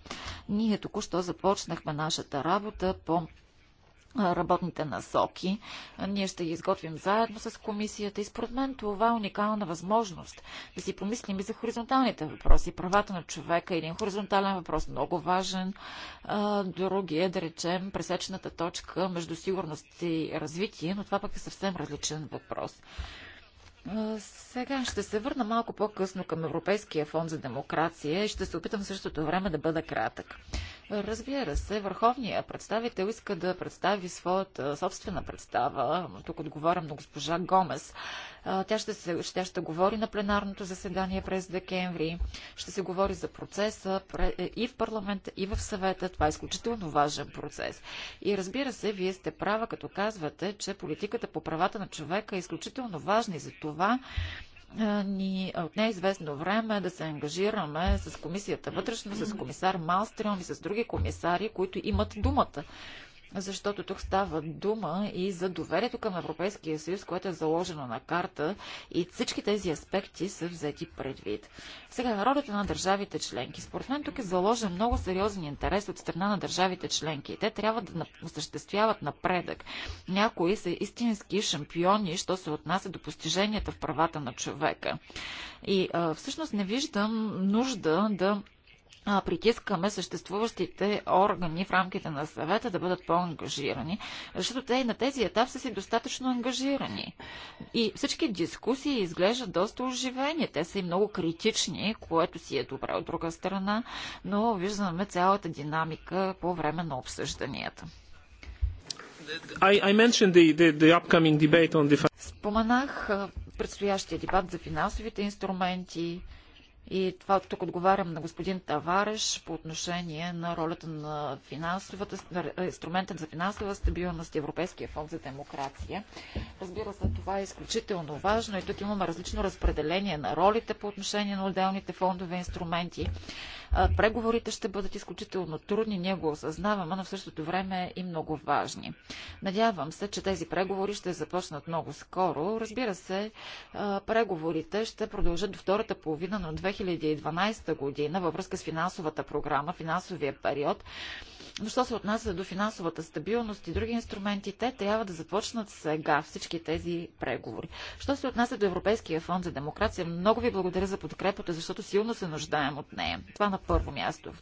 Ние току-що започнахме нашата работа по работните насоки. Ние ще ги изготвим заедно с комисията и според мен това е уникална възможност да си помислим и за хоризонталните въпроси. Правата на човека е един хоризонтален въпрос, много важен. Другия е, да речем, пресечната точка между сигурност и развитие, но това пък е съвсем различен въпрос. Сега ще се върна малко по-късно към Европейския фонд за демокрация и ще се опитам в същото време да бъда кратък. Разбира се, върховният представител иска да представи своята собствена представа. Тук отговарям на госпожа Гомес. Тя ще, се, ще, ще говори на пленарното заседание през декември. Ще се говори за процеса е, и в парламента, и в съвета. Това е изключително важен процес. И разбира се, вие сте права, като казвате, че политиката по правата на човека е изключително важна и за това ни от неизвестно е време да се ангажираме с комисията вътрешно, с комисар Малстрион и с други комисари, които имат думата защото тук става дума и за доверието към Европейския съюз, което е заложено на карта и всички тези аспекти са взети предвид. Сега, ролята на държавите членки. Според мен тук е заложен много сериозен интерес от страна на държавите членки. Те трябва да осъществяват напредък. Някои са истински шампиони, що се отнася до постиженията в правата на човека. И а, всъщност не виждам нужда да притискаме съществуващите органи в рамките на съвета да бъдат по-ангажирани, защото те и на тези етап са си достатъчно ангажирани. И всички дискусии изглеждат доста оживени. Те са и много критични, което си е добре от друга страна, но виждаме цялата динамика по време на обсъжданията. I, I the, the, the Споменах предстоящия дебат за финансовите инструменти, и това тук отговарям на господин Тавареш по отношение на ролята на финансовата, инструментът за финансова стабилност и Европейския фонд за демокрация. Разбира се, това е изключително важно и тук имаме различно разпределение на ролите по отношение на отделните фондове инструменти. Преговорите ще бъдат изключително трудни, ние го осъзнаваме, но в същото време и много важни. Надявам се, че тези преговори ще започнат много скоро. Разбира се, преговорите ще продължат до втората половина на 2000 2012 година във връзка с финансовата програма, финансовия период. Но що се отнася до финансовата стабилност и други инструменти, те трябва да започнат сега всички тези преговори. Що се отнася до Европейския фонд за демокрация, много ви благодаря за подкрепата, защото силно се нуждаем от нея. Това на първо място.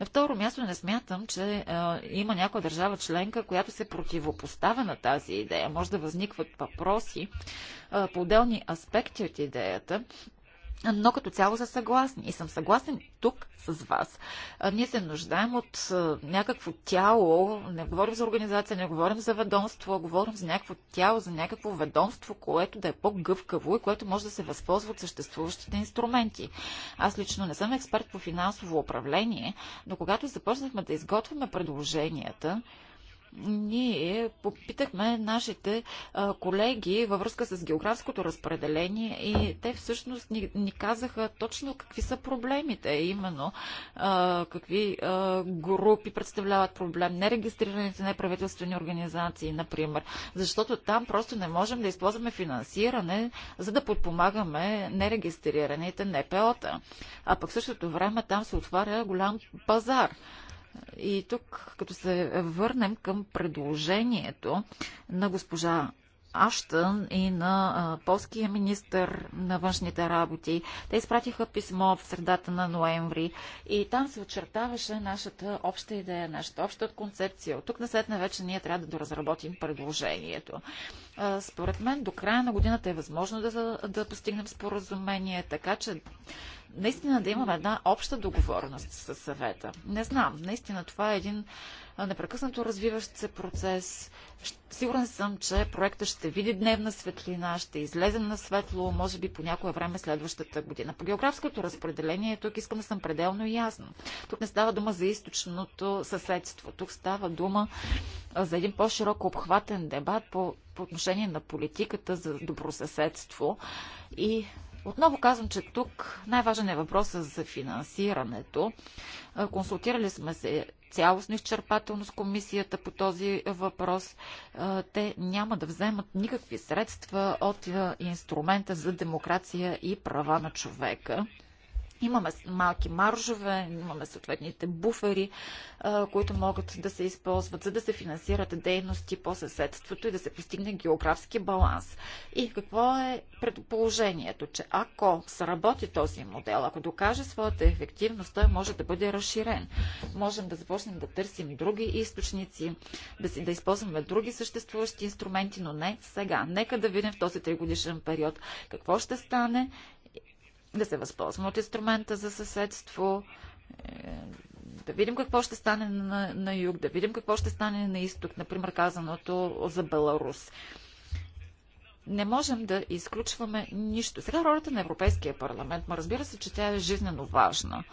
На второ място не смятам, че е, има някоя държава членка, която се противопоставя на тази идея. Може да възникват въпроси е, по отделни аспекти от идеята, но като цяло са съгласни. И съм съгласен тук с вас. Ние се нуждаем от някакво тяло, не говорим за организация, не говорим за ведомство, говорим за някакво тяло, за някакво ведомство, което да е по-гъвкаво и което може да се възползва от съществуващите инструменти. Аз лично не съм експерт по финансово управление, но когато започнахме да изготвяме предложенията, ние попитахме нашите колеги във връзка с географското разпределение и те всъщност ни, ни казаха точно какви са проблемите, именно какви групи представляват проблем, нерегистрираните неправителствени организации, например, защото там просто не можем да използваме финансиране, за да подпомагаме нерегистрираните НПО-та. А пък в същото време там се отваря голям пазар. И тук, като се върнем към предложението на госпожа Аштън и на полския министр на външните работи. Те изпратиха писмо в средата на ноември и там се очертаваше нашата обща идея, нашата обща концепция. От тук на след вече ние трябва да доразработим предложението. Според мен до края на годината е възможно да, да постигнем споразумение, така че наистина да имаме една обща договорност със съвета. Не знам, наистина това е един непрекъснато развиващ се процес. Сигурен съм, че проектът ще види дневна светлина, ще излезе на светло, може би по някое време следващата година. По географското разпределение тук искам да съм пределно ясна. Тук не става дума за източното съседство. Тук става дума за един по широк обхватен дебат по, по отношение на политиката за добросъседство и отново казвам, че тук най-важен е въпросът за финансирането. Консултирали сме се цялостно изчерпателно с комисията по този въпрос. Те няма да вземат никакви средства от инструмента за демокрация и права на човека. Имаме малки маржове, имаме съответните буфери, които могат да се използват, за да се финансират дейности по съседството и да се постигне географски баланс. И какво е предположението, че ако сработи този модел, ако докаже своята ефективност, той може да бъде разширен. Можем да започнем да търсим други източници, да, си, да използваме други съществуващи инструменти, но не сега. Нека да видим в този тригодишен период какво ще стане да се възползваме от инструмента за съседство, е, да видим какво ще стане на, на юг, да видим какво ще стане на изток, например казаното за Беларус. Не можем да изключваме нищо. Сега ролята на Европейския парламент, ма разбира се, че тя е жизнено важна.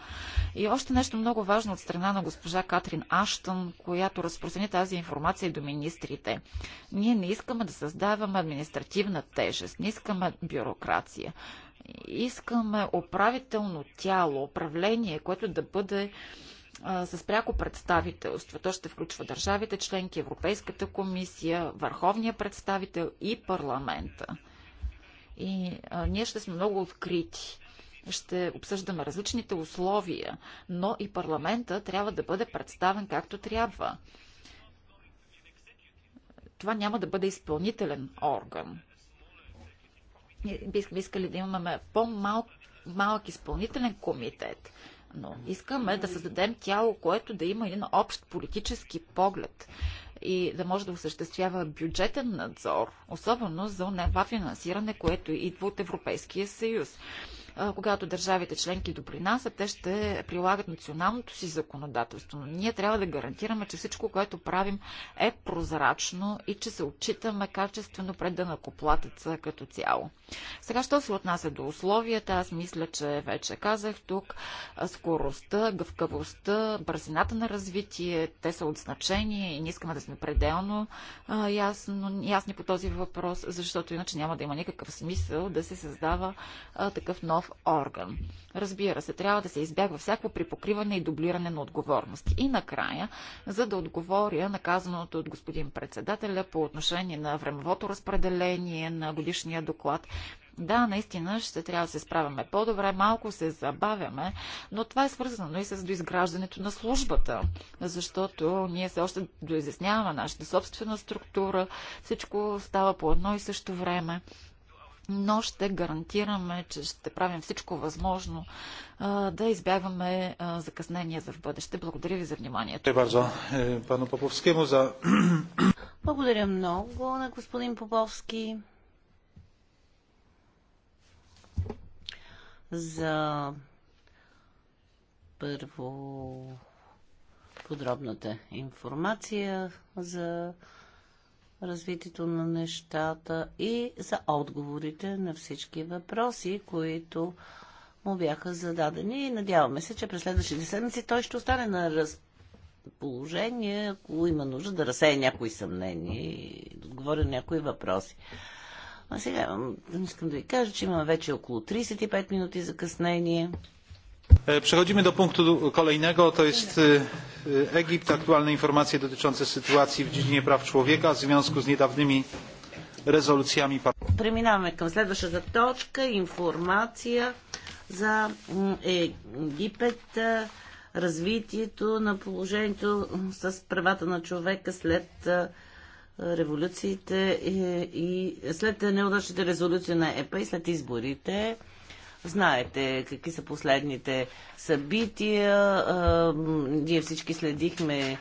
И още нещо много важно от страна на госпожа Катрин Аштън, която разпространи тази информация и до министрите. Ние не искаме да създаваме административна тежест, не искаме бюрокрация. Искаме управително тяло, управление, което да бъде а, с пряко представителство. То ще включва държавите членки, Европейската комисия, Върховния представител и парламента. И а, ние ще сме много открити ще обсъждаме различните условия, но и парламента трябва да бъде представен както трябва. Това няма да бъде изпълнителен орган бихме искали да имаме по-малък малък изпълнителен комитет, но искаме да създадем тяло, което да има един общ политически поглед и да може да осъществява бюджетен надзор, особено за това финансиране, което идва от Европейския съюз когато държавите членки допринасят, те ще прилагат националното си законодателство. Но ние трябва да гарантираме, че всичко, което правим е прозрачно и че се отчитаме качествено пред накоплатят като цяло. Сега, що се отнася до условията, аз мисля, че вече казах тук, скоростта, гъвкавостта, бързината на развитие, те са от значение и не искаме да сме пределно а, ясно, ясни по този въпрос, защото иначе няма да има никакъв смисъл да се създава а, такъв нов нов орган. Разбира се, трябва да се избягва всяко припокриване и дублиране на отговорности. И накрая, за да отговоря на казаното от господин председателя по отношение на времевото разпределение на годишния доклад, да, наистина ще трябва да се справяме по-добре, малко се забавяме, но това е свързано и с доизграждането на службата, защото ние се още доизясняваме нашата собствена структура, всичко става по едно и също време но ще гарантираме, че ще правим всичко възможно а, да избягваме а, закъснения за в бъдеще. Благодаря ви за вниманието. Благодаря е, много на господин Поповски за първо подробната информация за развитието на нещата и за отговорите на всички въпроси, които му бяха зададени. И надяваме се, че през следващите седмици той ще остане на разположение, ако има нужда да разсее някои съмнения и да отговоря някои въпроси. А сега искам да ви кажа, че имаме вече около 35 минути закъснение. E, przechodzimy do punktu kolejnego. To jest e, e, Egipt. Aktualne informacje dotyczące sytuacji w dziedzinie praw człowieka w związku z niedawnymi резолюциями. Преминаваме към следващата точка. Информация за Египет, е, развитието на положението с правата на човека след е, революциите е, и след неудачните резолюции на ЕПА и след изборите. Знаете какви са последните събития. Ние всички следихме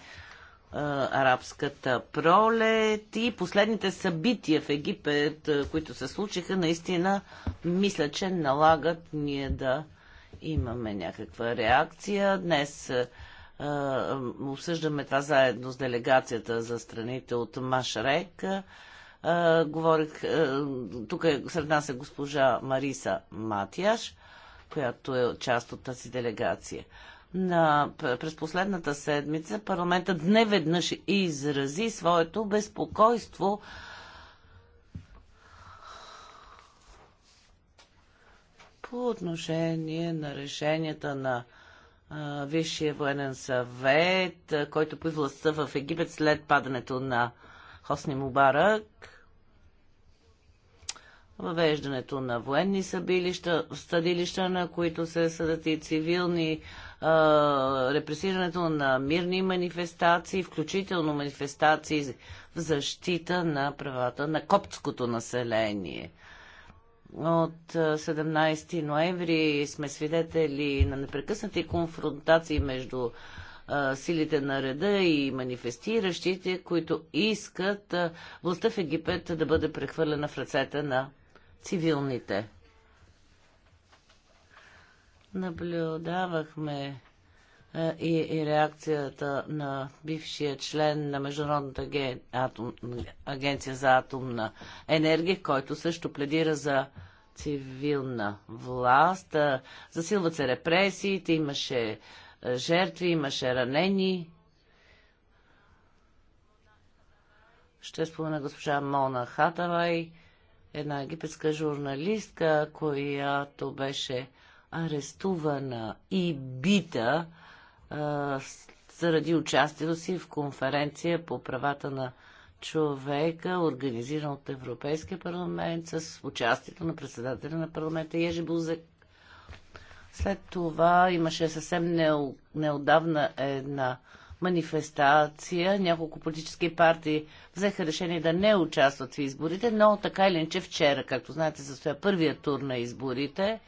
арабската пролет и последните събития в Египет, които се случиха, наистина мисля, че налагат ние да имаме някаква реакция. Днес обсъждаме това заедно с делегацията за страните от Машрек. А, говорих, а, тук е, сред нас е госпожа Мариса Матияш, която е част от тази делегация. На, през последната седмица парламентът не веднъж изрази своето безпокойство по отношение на решенията на а, Висшия военен съвет, който пои властта в Египет след падането на Хосни Мубарак въвеждането на военни събилища, стадилища, на които се съдат и цивилни, репресирането на мирни манифестации, включително манифестации в защита на правата на коптското население. От 17 ноември сме свидетели на непрекъснати конфронтации между силите на реда и манифестиращите, които искат властта в Египет да бъде прехвърлена в ръцете на цивилните. Наблюдавахме е, и, и реакцията на бившия член на Международната атом... агенция за атомна енергия, който също пледира за цивилна власт. Е, засилват се репресиите, имаше е, жертви, имаше ранени. Ще спомена госпожа Мона Хатавай една египетска журналистка, която беше арестувана и бита а, заради участието си в конференция по правата на човека, организирана от Европейския парламент, с участието на председателя на парламента Ежи Бузек. След това имаше съвсем неодавна една манифестация. Няколко политически партии взеха решение да не участват в изборите, но така или иначе вчера, както знаете, състоя първия тур на изборите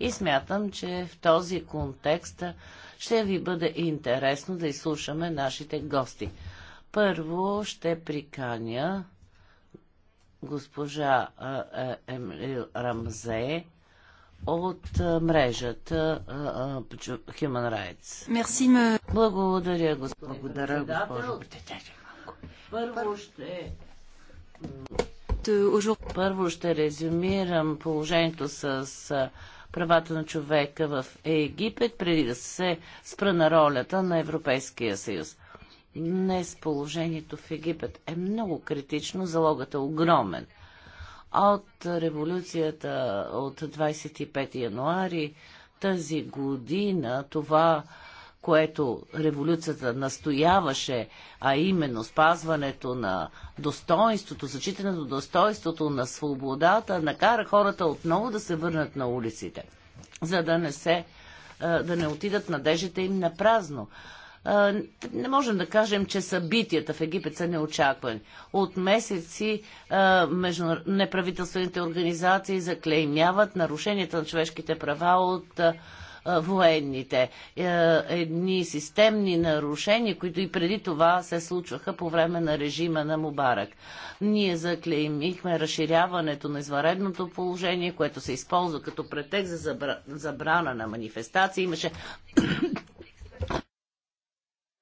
и смятам, че в този контекст ще ви бъде интересно да изслушаме нашите гости. Първо ще приканя госпожа Емил Рамзе, от мрежата Human Rights. Мерси, Благодаря, господин Благодаря, госпожо Първо ще... Първо ще резюмирам положението с правата на човека в Египет, преди да се спра на ролята на Европейския съюз. Днес положението в Египет е много критично, залогът е огромен – от революцията от 25 януари тази година това, което революцията настояваше, а именно спазването на достоинството, зачитането достоинството на свободата, накара хората отново да се върнат на улиците, за да не се да не отидат надеждите им на празно не можем да кажем, че събитията в Египет са неочаквани. От месеци между неправителствените организации заклеймяват нарушенията на човешките права от военните. Едни системни нарушения, които и преди това се случваха по време на режима на Мубарак. Ние заклеймихме разширяването на изваредното положение, което се използва като претекст за забрана на манифестации. Имаше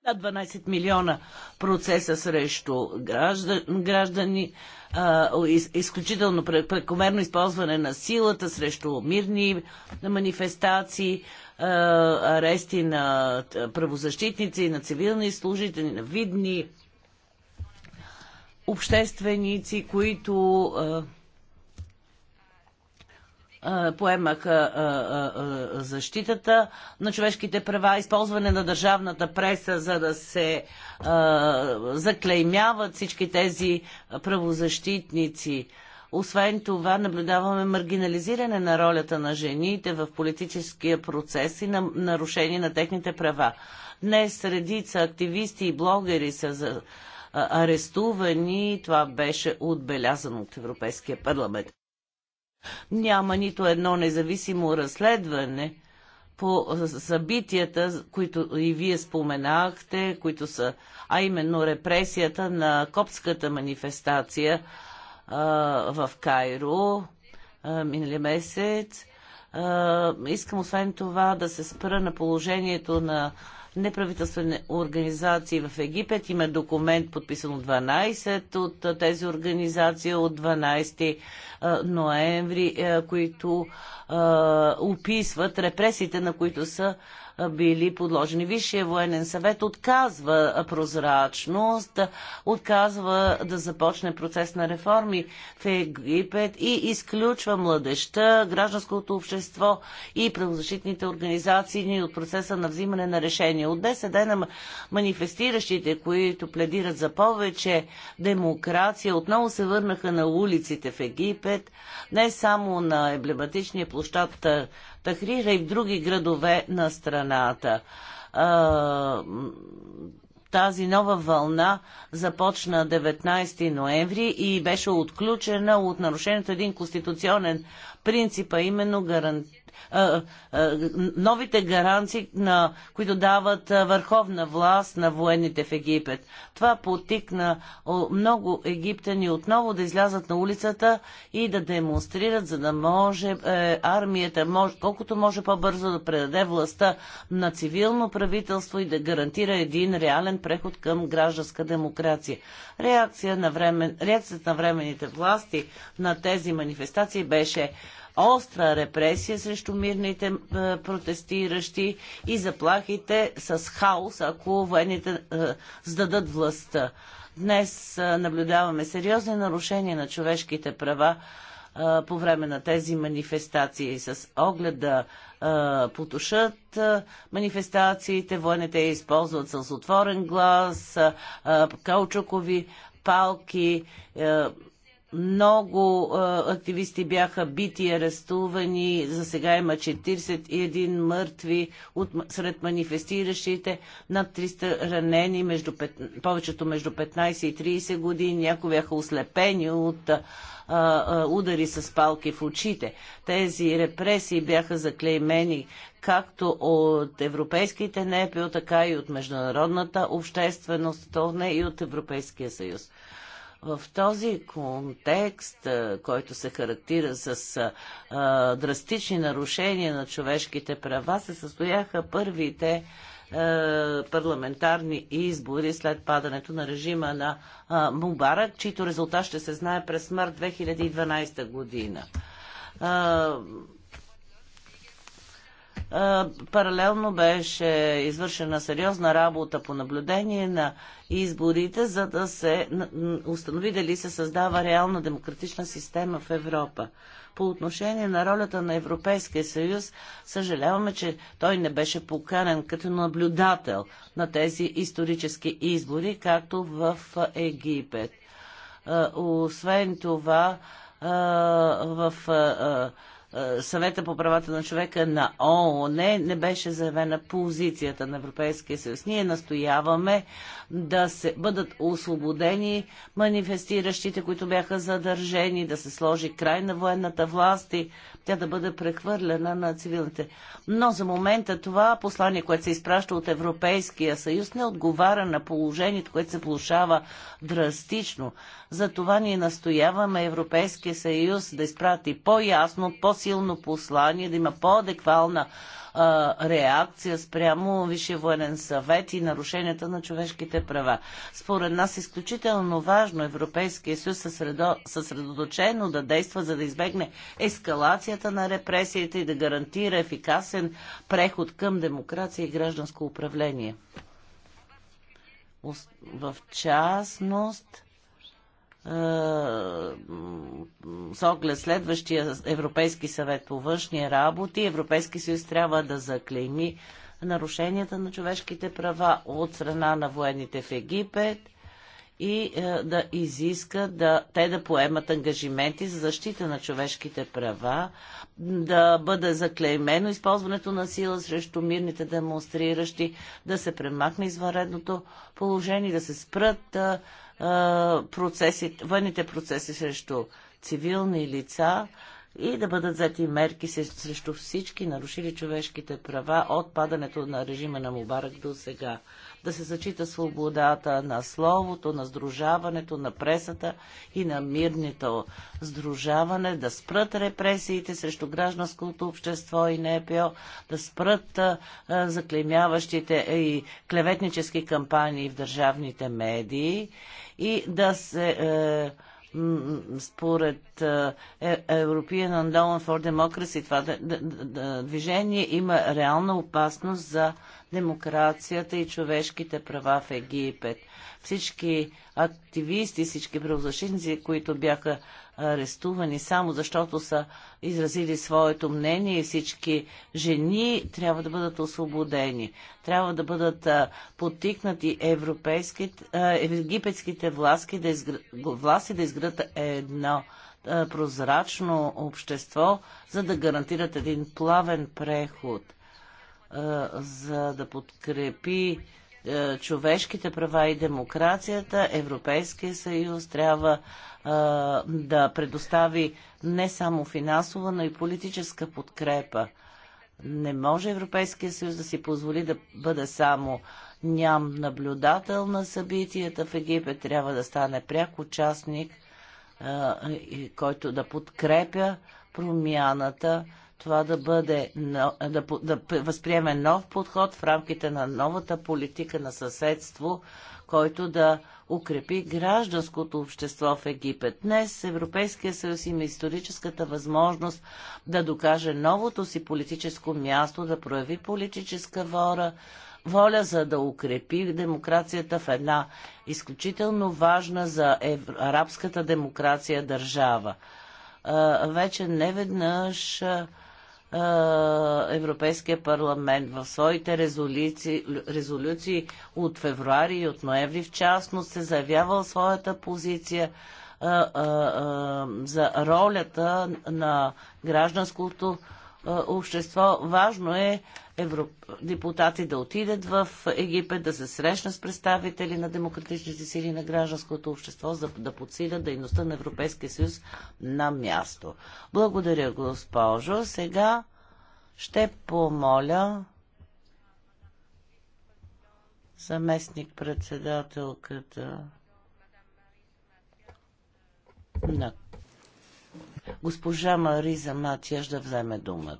12 милиона процеса срещу граждани, граждани а, из, изключително прекомерно използване на силата срещу мирни манифестации, а, арести на правозащитници, на цивилни служители, на видни общественици, които а, поемаха защитата на човешките права, използване на държавната преса, за да се заклеймяват всички тези правозащитници. Освен това, наблюдаваме маргинализиране на ролята на жените в политическия процес и на нарушение на техните права. Днес редица активисти и блогери са за арестувани. Това беше отбелязано от Европейския парламент. Няма нито едно независимо разследване по събитията, които и вие споменахте, които са, а именно репресията на копската манифестация в Кайро минали месец. искам освен това да се спра на положението на неправителствени организации в Египет. Има документ подписан от 12 от тези организации от 12 ноември, които описват репресиите, на които са били подложени. Висшия военен съвет отказва прозрачност, отказва да започне процес на реформи в Египет и изключва младеща, гражданското общество и правозащитните организации от процеса на взимане на решения. От 10 е дена манифестиращите, които пледират за повече демокрация, отново се върнаха на улиците в Египет, не само на емблематичния площад Тахрира и в други градове на страната. А, тази нова вълна започна 19 ноември и беше отключена от нарушението един конституционен принцип, а именно гарантиране новите гаранции, на, които дават върховна власт на военните в Египет. Това потикна много египтяни отново да излязат на улицата и да демонстрират, за да може е, армията, колкото може по-бързо да предаде властта на цивилно правителство и да гарантира един реален преход към гражданска демокрация. Реакция на време, реакцията на временните власти на тези манифестации беше остра репресия срещу мирните е, протестиращи и заплахите с хаос, ако военните е, сдадат властта. Днес е, наблюдаваме сериозни нарушения на човешките права по време на тези манифестации. С оглед да потушат манифестациите, военните използват с отворен глас, каучукови палки, много а, активисти бяха бити и арестувани. За сега има 41 мъртви от, сред манифестиращите, над 300 ранени, между, повечето между 15 и 30 години. Някои бяха ослепени от а, а, удари с палки в очите. Тези репресии бяха заклеймени както от европейските НПО, така и от международната общественост, то не и от Европейския съюз. В този контекст, който се характира с а, драстични нарушения на човешките права, се състояха първите парламентарни избори след падането на режима на а, Мубарак, чийто резултат ще се знае през март 2012 година. А, Паралелно беше извършена сериозна работа по наблюдение на изборите, за да се установи дали се създава реална демократична система в Европа. По отношение на ролята на Европейския съюз, съжаляваме, че той не беше поканен като наблюдател на тези исторически избори, както в Египет. Освен това, в е, съвета по правата на човека на ООН не беше заявена позицията на Европейския съюз. Ние настояваме да се бъдат освободени манифестиращите, които бяха задържени, да се сложи край на военната власт и тя да бъде прехвърлена на цивилните. Но за момента това послание, което се изпраща от Европейския съюз, не отговаря на положението, което се влушава драстично. Затова ние настояваме Европейския съюз да изпрати по-ясно, по по-силно послание, да има по-адеквална реакция спрямо Висшия военен съвет и нарушенията на човешките права. Според нас изключително важно Европейския съюз съсредо... съсредоточено да действа, за да избегне ескалацията на репресията и да гарантира ефикасен преход към демокрация и гражданско управление. В частност, е, с оглед следващия Европейски съвет по външни работи, Европейски съюз трябва да заклейми нарушенията на човешките права от страна на военните в Египет и е, да изиска да, те да поемат ангажименти за защита на човешките права, да бъде заклеймено използването на сила срещу мирните демонстриращи, да се премахне извънредното положение, да се спрат е, процеси, военните процеси срещу цивилни лица и да бъдат взети мерки срещу всички нарушили човешките права от падането на режима на Мубарак до сега да се зачита свободата на словото, на сдружаването, на пресата и на мирното сдружаване, да спрат репресиите срещу гражданското общество и НПО, да спрат а, заклемяващите и клеветнически кампании в държавните медии и да се. А, е, според е, European Endowment for Democracy, това движение има реална опасност за демокрацията и човешките права в Египет. Всички активисти, всички правозащитници, които бяха арестувани само защото са изразили своето мнение и всички жени трябва да бъдат освободени. Трябва да бъдат потикнати египетските власти да, изгр... да изградат едно прозрачно общество, за да гарантират един плавен преход, за да подкрепи човешките права и демокрацията, Европейския съюз трябва да предостави не само финансова, но и политическа подкрепа. Не може Европейския съюз да си позволи да бъде само ням наблюдател на събитията в Египет. Трябва да стане пряк участник, който да подкрепя промяната това да бъде, да, да възприеме нов подход в рамките на новата политика на съседство, който да укрепи гражданското общество в Египет. Днес Европейския съюз има историческата възможност да докаже новото си политическо място, да прояви политическа вора, воля за да укрепи демокрацията в една изключително важна за арабската демокрация държава вече не веднъж Европейския парламент в своите резолюции, резолюции от февруари и от ноември в частност се заявявал своята позиция а, а, а, за ролята на гражданското е, общество. Важно е европ... депутати да отидат в Египет, да се срещнат с представители на демократичните сили на гражданското общество, за да подсилят дейността на Европейския съюз на място. Благодаря, госпожо. Сега ще помоля заместник-председателката на Госпожа Мариза Матия да вземе думата.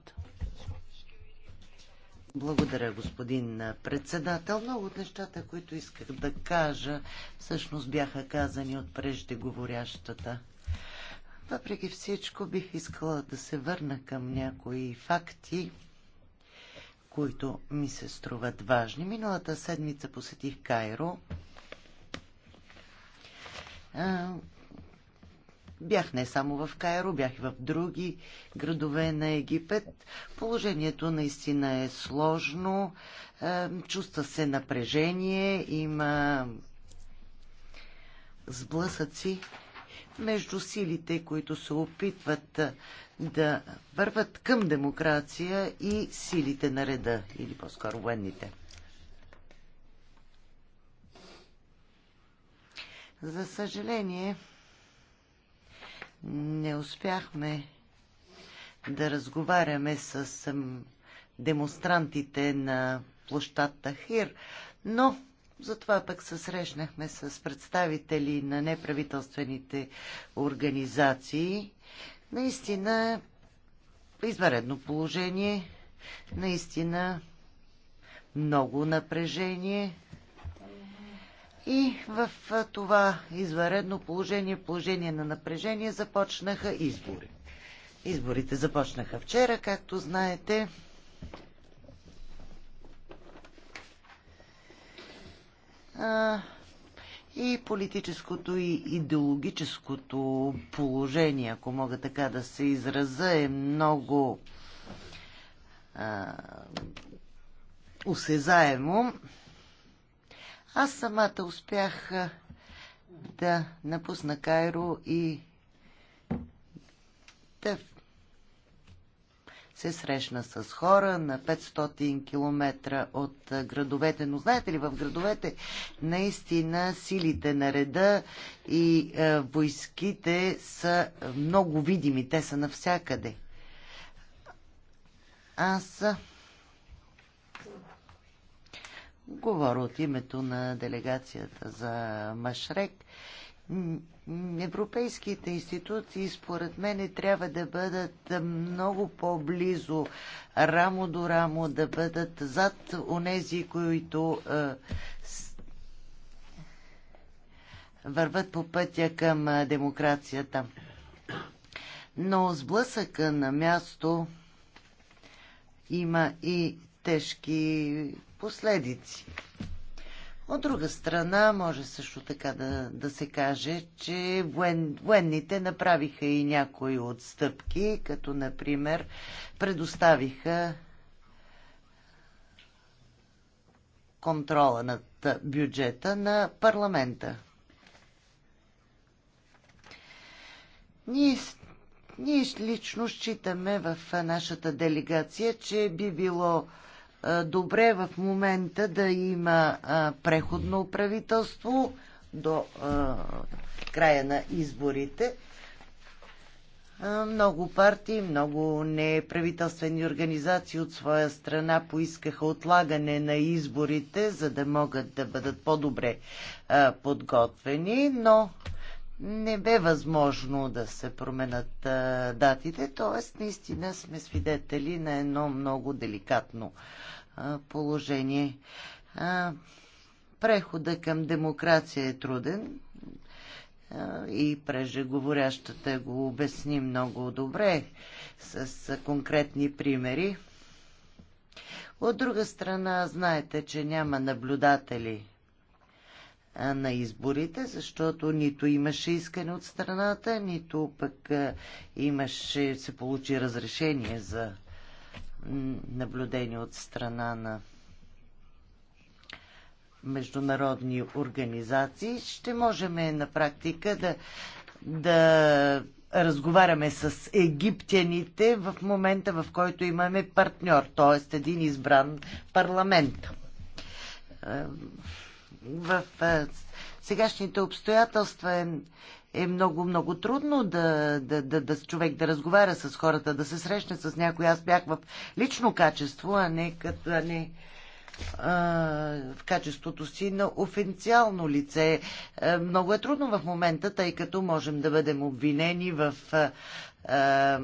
Благодаря, господин председател. Много от нещата, които исках да кажа, всъщност бяха казани от преждеговорящата. Въпреки всичко, бих искала да се върна към някои факти, които ми се струват важни. Миналата седмица посетих Кайро Бях не само в Кайро, бях и в други градове на Египет. Положението наистина е сложно, е, чувства се напрежение, има сблъсъци между силите, които се опитват да върват към демокрация и силите на реда, или по-скоро военните. За съжаление, не успяхме да разговаряме с демонстрантите на площад Хир, но затова пък се срещнахме с представители на неправителствените организации. Наистина, изваредно положение, наистина много напрежение. И в това изваредно положение, положение на напрежение, започнаха избори. Изборите започнаха вчера, както знаете. и политическото и идеологическото положение, ако мога така да се израза, е много а, усезаемо. Аз самата успях да напусна Кайро и да се срещна с хора на 500 км от градовете. Но знаете ли, в градовете наистина силите на реда и е, войските са много видими. Те са навсякъде. Аз говоря от името на делегацията за Машрек. Европейските институции, според мен, трябва да бъдат много по-близо, рамо до рамо, да бъдат зад онези, които е, върват по пътя към демокрацията. Но сблъсъка на място има и тежки последици. От друга страна, може също така да, да се каже, че воен, военните направиха и някои отстъпки, като например предоставиха контрола над бюджета на парламента. Ние, ние лично считаме в нашата делегация, че би било добре в момента да има преходно правителство до края на изборите. Много партии, много неправителствени организации от своя страна поискаха отлагане на изборите, за да могат да бъдат по-добре подготвени, но не бе възможно да се променят датите, т.е. наистина сме свидетели на едно много деликатно положение. Прехода към демокрация е труден и прежеговорящата го обясни много добре с конкретни примери. От друга страна, знаете, че няма наблюдатели на изборите, защото нито имаше искане от страната, нито пък имаше, се получи разрешение за наблюдение от страна на международни организации. Ще можем на практика да, да разговаряме с египтяните в момента, в който имаме партньор, т.е. един избран парламент в сегашните обстоятелства е, е много, много трудно да, да, да, да човек да разговаря с хората, да се срещне с някой. Аз бях в лично качество, а не, като, а не в качеството си на официално лице. Е, много е трудно в момента, тъй като можем да бъдем обвинени в. А, а,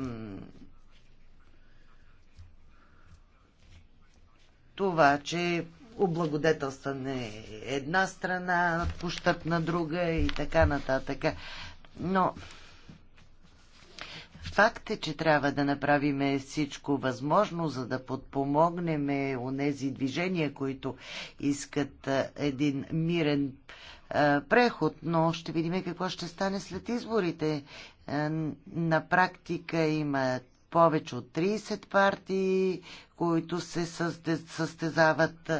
това, че облагодетелстване една страна, пущат на друга и така нататък. Но факт е, че трябва да направим всичко възможно, за да подпомогнем онези движения, които искат един мирен преход, но ще видим какво ще стане след изборите. На практика има повече от 30 партии, които се състезават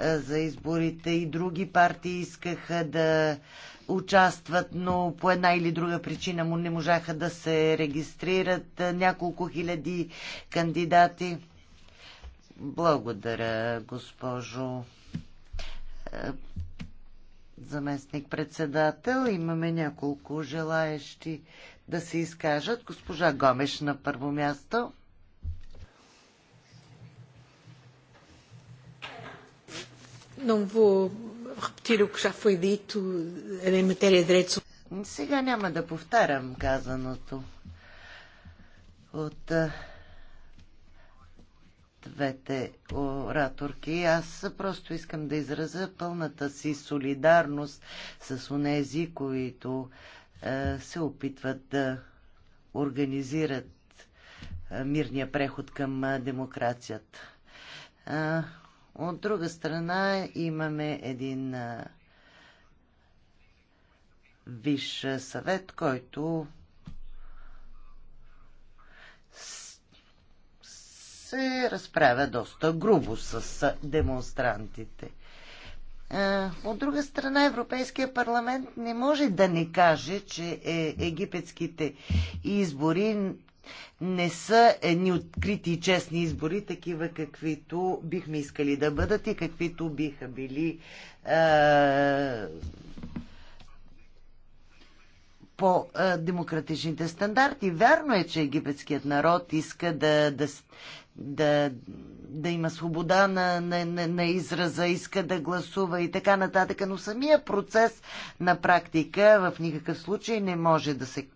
за изборите и други партии искаха да участват, но по една или друга причина му не можаха да се регистрират няколко хиляди кандидати. Благодаря, госпожо заместник председател. Имаме няколко желаещи да се изкажат. Госпожа Гомеш на първо място. Não vou repetir o que já foi dito em matéria de direitos Сега няма да повтарям казаното от двете ораторки. Аз просто искам да изразя пълната си солидарност с онези, които е, се опитват да организират е, мирния преход към е, демокрацията. От друга страна имаме един виш съвет, който се разправя доста грубо с демонстрантите. От друга страна, Европейския парламент не може да не каже, че е египетските избори не са едни открити и честни избори, такива каквито бихме искали да бъдат и каквито биха били е, по е, демократичните стандарти. Вярно е, че египетският народ иска да, да, да, да има свобода на, на, на, на израза, иска да гласува и така нататък, но самия процес на практика в никакъв случай не може да се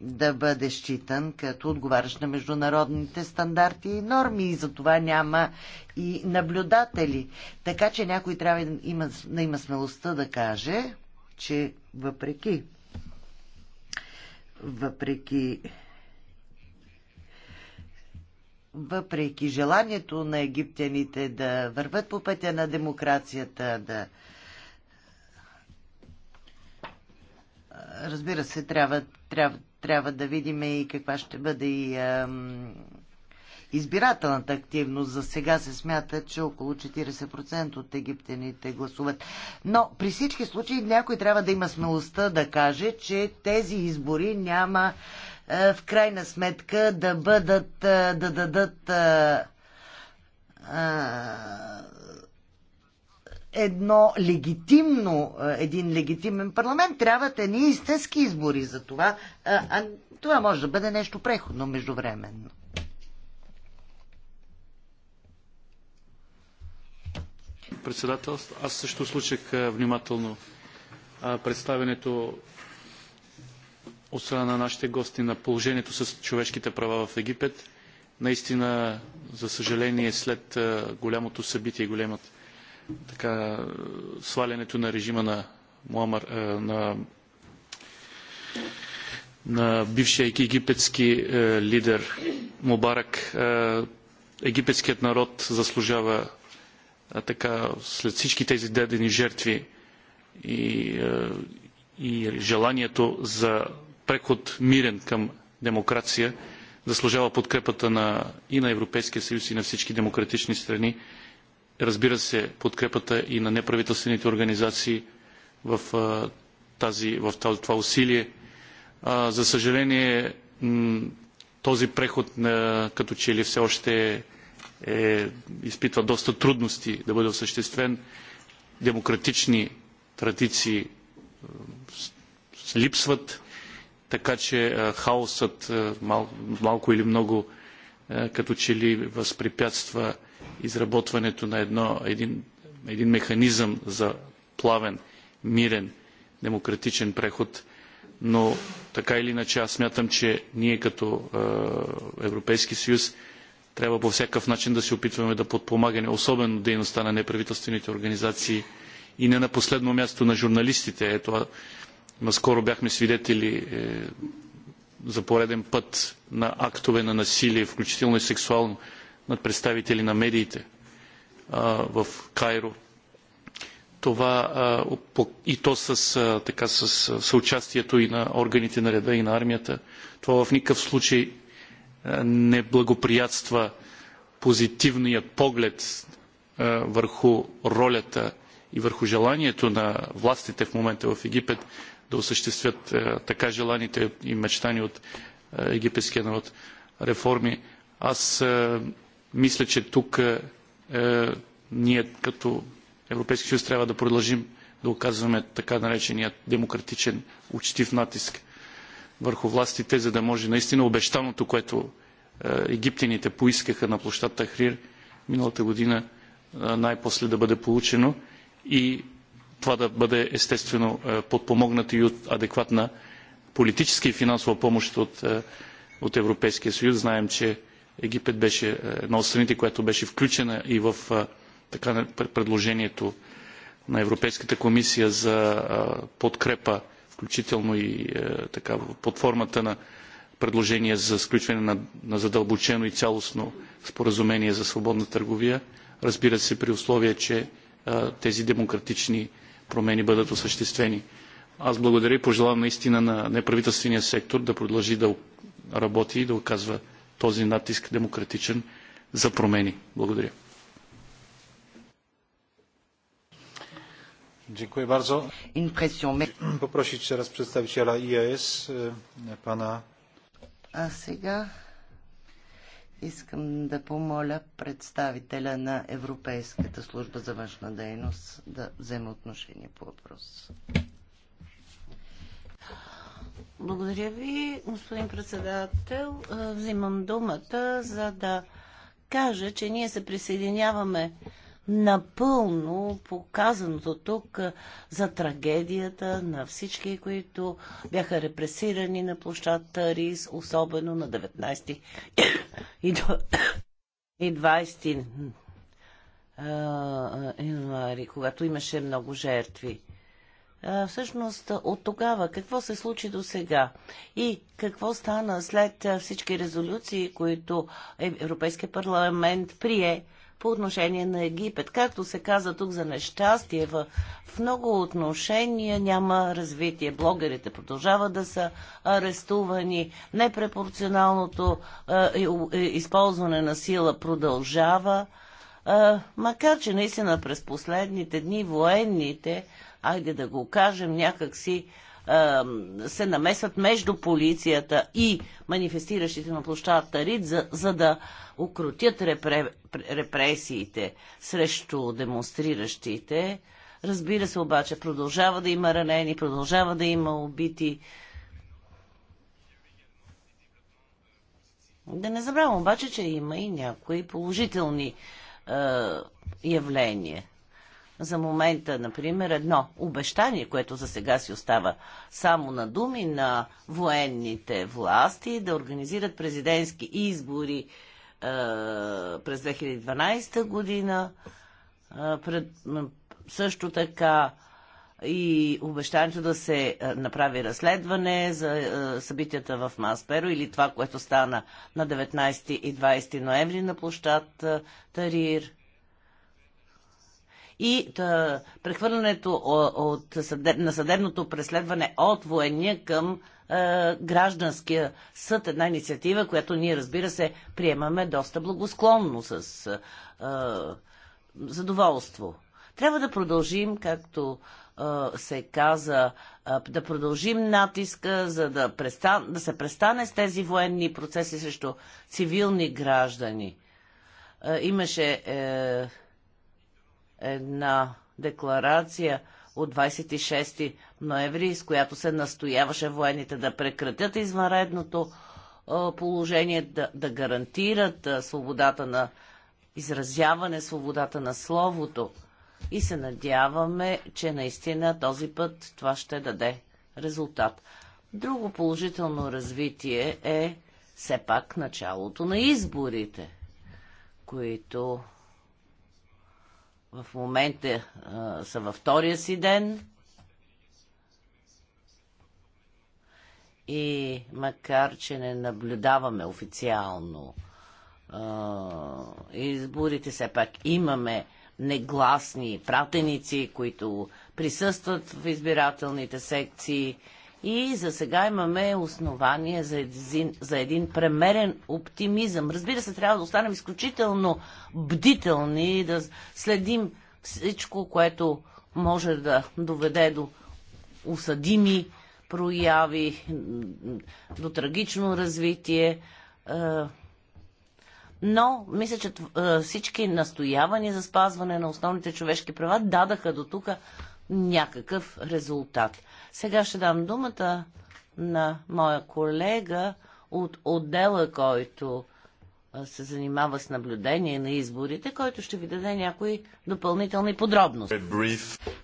да бъде считан като отговарящ на международните стандарти и норми и за това няма и наблюдатели. Така че някой трябва да има, да има смелостта да каже, че въпреки въпреки въпреки желанието на египтяните да върват по пътя на демокрацията, да разбира се, трябва, трябва, трябва да видим и каква ще бъде и избирателната активност. За сега се смята, че около 40% от египтяните гласуват. Но при всички случаи някой трябва да има смелостта да каже, че тези избори няма е, в крайна сметка да бъдат, е, да дадат а, е, а, едно легитимно, е, един легитимен парламент. Трябват едни истински избори за това. А, е, а това може да бъде нещо преходно междувременно. Председател, аз също слушах е, внимателно представенето от страна на нашите гости на положението с човешките права в Египет. Наистина, за съжаление, след голямото събитие и голямата така, свалянето на режима на, Муамар, е, на, на бившия египетски е, лидер Мубарак. Е, египетският народ заслужава така, след всички тези дадени жертви и, и желанието за преход мирен към демокрация заслужава подкрепата на, и на Европейския съюз и на всички демократични страни разбира се, подкрепата и на неправителствените организации в, тази, в това усилие. За съжаление, този преход като че ли все още е, изпитва доста трудности да бъде осъществен. Демократични традиции липсват, така че хаосът мал, малко или много като че ли възпрепятства изработването на едно, един, един механизъм за плавен, мирен, демократичен преход, но така или иначе аз смятам, че ние като е, Европейски съюз трябва по всякакъв начин да се опитваме да подпомагаме, особено дейността на неправителствените организации и не на последно място на журналистите. Ето, наскоро бяхме свидетели е, за пореден път на актове на насилие, включително и сексуално, на представители на медиите в Кайро. Това и то с, така, с съучастието и на органите на реда и на армията. Това в никакъв случай не благоприятства позитивният поглед върху ролята и върху желанието на властите в момента в Египет да осъществят така желаните и мечтани от египетския народ реформи. Аз мисля, че тук е, е, ние като Европейски съюз трябва да продължим да оказваме така наречения демократичен, учтив натиск върху властите, за да може наистина обещаното, което е, египтяните поискаха на площад Тахрир миналата година, най-после да бъде получено и това да бъде естествено подпомогнато и от адекватна политическа и финансова помощ от, от Европейския съюз. Знаем, че Египет беше е, една от страните, която беше включена и в е, така предложението на Европейската комисия за е, подкрепа, включително и така под формата на предложение за сключване на, на задълбочено и цялостно споразумение за свободна търговия, разбира се, при условие, че а, тези демократични промени бъдат осъществени. Аз благодаря и пожелавам наистина на неправителствения сектор да продължи да работи и да оказва този натиск демократичен за промени. Благодаря. Dziękuję bardzo. Poprosić teraz przedstawiciela IES, e, pana... А сега искам да помоля представителя на Европейската служба за външна дейност да вземе отношение по въпроса. Благодаря ви, господин председател. Е, взимам думата, за да кажа, че ние се присъединяваме напълно показаното тук е, за трагедията на всички, които бяха репресирани на площадта Рис, особено на 19 и 20 е, януари, когато имаше много жертви всъщност от тогава, какво се случи до сега и какво стана след всички резолюции, които Европейския парламент прие по отношение на Египет. Както се каза тук за нещастие, в, много отношения няма развитие. Блогерите продължават да са арестувани, непропорционалното е, е, използване на сила продължава. Е, макар, че наистина през последните дни военните айде да го кажем някакси, се намесват между полицията и манифестиращите на площадата Рид, за, за да укротят репре, репресиите срещу демонстриращите. Разбира се, обаче, продължава да има ранени, продължава да има убити. Да не забравям обаче, че има и някои положителни е, явления за момента, например, едно обещание, което за сега си остава само на думи на военните власти да организират президентски избори е, през 2012 година. Е, пред, също така и обещанието да се е, направи разследване за е, събитията в Масперо или това, което стана на 19 и 20 ноември на площад е, Тарир и тъ, прехвърлянето от, от, на съдебното преследване от военния към е, гражданския съд. Една инициатива, която ние, разбира се, приемаме доста благосклонно с е, задоволство. Трябва да продължим, както се каза да продължим натиска, за да, престан, да се престане с тези военни процеси срещу цивилни граждани. Имаше е, една декларация от 26 ноември, с която се настояваше военните да прекратят извънредното положение, да, да гарантират свободата на изразяване, свободата на словото. И се надяваме, че наистина този път това ще даде резултат. Друго положително развитие е все пак началото на изборите, които в момента а, са във втория си ден. И макар, че не наблюдаваме официално а, изборите, все пак имаме негласни пратеници, които присъстват в избирателните секции и за сега имаме основание за един, за един премерен оптимизъм. Разбира се, трябва да останем изключително бдителни, и да следим всичко, което може да доведе до осъдими прояви, до трагично развитие. Е, но, мисля, че е, всички настоявания за спазване на основните човешки права дадаха до тук някакъв резултат. Сега ще дам думата на моя колега от отдела, който се занимава с наблюдение на изборите, който ще ви даде някои допълнителни подробности.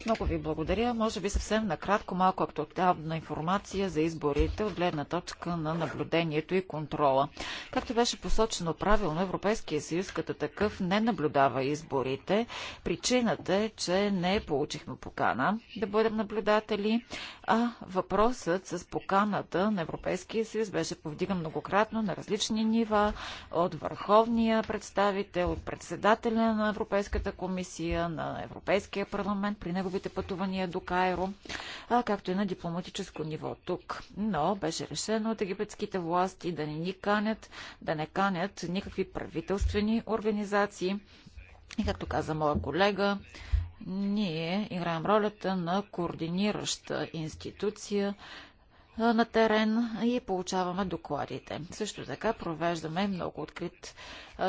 Много ви благодаря. Може би съвсем накратко малко актуална информация за изборите от гледна точка на наблюдението и контрола. Както беше посочено правилно, Европейския съюз като такъв не наблюдава изборите. Причината е, че не получихме покана да бъдем наблюдатели, а въпросът с поканата на Европейския съюз беше повдиган многократно на различни нива от върховния представител, от председателя на Европейската комисия, на Европейския парламент при неговите пътувания до Кайро, а както и на дипломатическо ниво тук. Но беше решено от египетските власти да не ни канят, да не канят никакви правителствени организации. И както каза моя колега, ние играем ролята на координираща институция на терен и получаваме докладите. Също така провеждаме много открит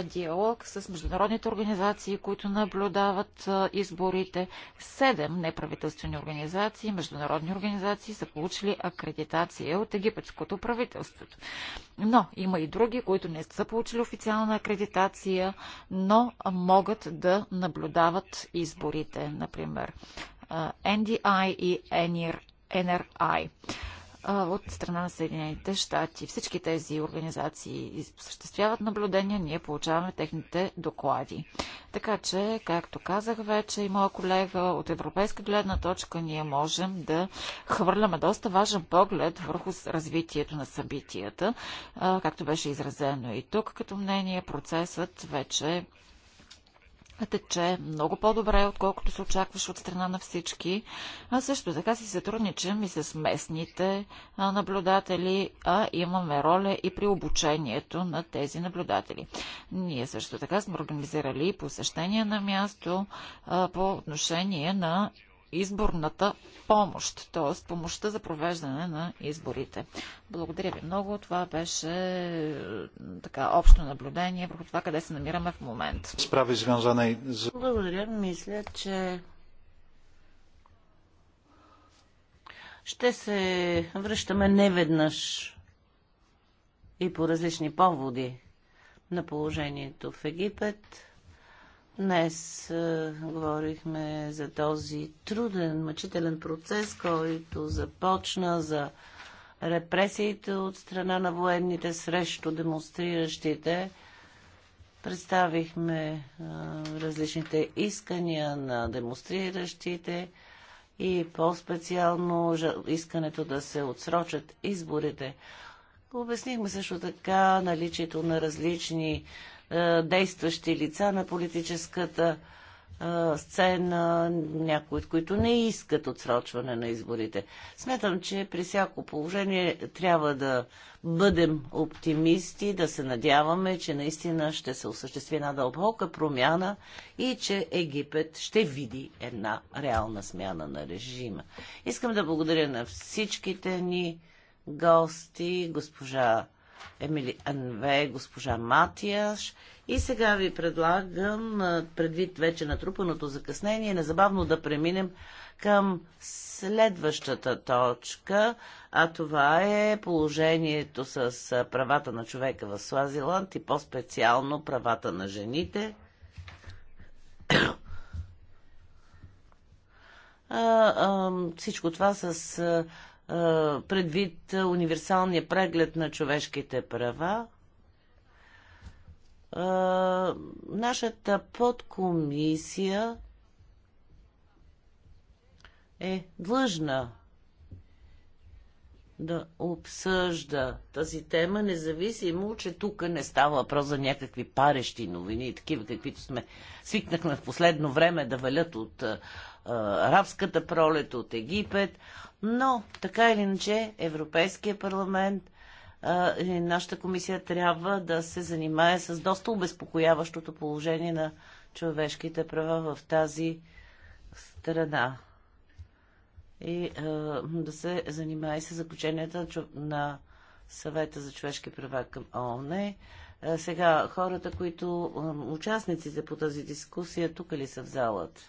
диалог с международните организации, които наблюдават изборите. Седем неправителствени организации, международни организации са получили акредитация от египетското правителството. Но има и други, които не са получили официална акредитация, но могат да наблюдават изборите, например NDI и NRI от страна на Съединените щати. Всички тези организации съществяват наблюдения, ние получаваме техните доклади. Така че, както казах вече и моя колега, от европейска гледна точка ние можем да хвърляме доста важен поглед върху развитието на събитията, както беше изразено и тук като мнение, процесът вече тече много по-добре, отколкото се очакваше от страна на всички. А също така си сътрудничим и с местните наблюдатели, а имаме роля и при обучението на тези наблюдатели. Ние също така сме организирали посещения на място по отношение на изборната помощ, т.е. помощта за провеждане на изборите. Благодаря ви много. Това беше така общо наблюдение върху това къде се намираме в момент. Справи свързана за. Благодаря. Мисля, че ще се връщаме неведнъж и по различни поводи на положението в Египет. Днес а, е, говорихме за този труден, мъчителен процес, който започна за репресиите от страна на военните срещу демонстриращите. Представихме а, е, различните искания на демонстриращите и по-специално искането да се отсрочат изборите. Обяснихме също така наличието на различни е, действащи лица на политическата е, сцена, някои от които не искат отсрочване на изборите. Смятам, че при всяко положение трябва да бъдем оптимисти, да се надяваме, че наистина ще се осъществи една дълбока промяна и че Египет ще види една реална смяна на режима. Искам да благодаря на всичките ни гости, госпожа Емили Анве, госпожа Матияш. И сега ви предлагам, предвид вече натрупаното закъснение, незабавно да преминем към следващата точка, а това е положението с правата на човека в Слазиланд и по-специално правата на жените. А, а, всичко това с предвид универсалния преглед на човешките права, нашата подкомисия е длъжна да обсъжда тази тема, независимо, че тук не става въпрос за някакви парещи новини, такива каквито сме свикнахме в последно време да валят от арабската пролет, от Египет, но така или иначе Европейския парламент и нашата комисия трябва да се занимае с доста обезпокояващото положение на човешките права в тази страна. И да се занимае с заключенията на съвета за човешки права към ООН. сега, хората, които, участниците по тази дискусия, тук ли са в залата?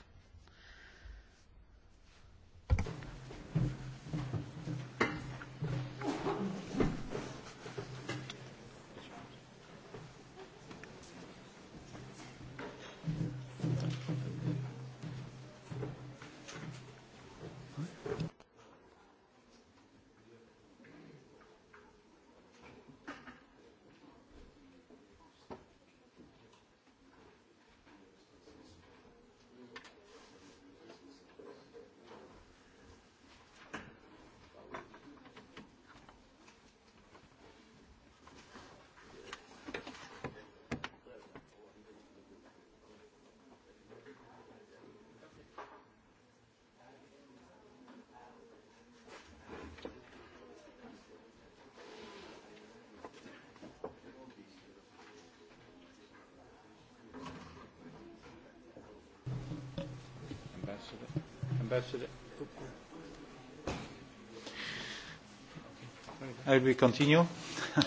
I will continue.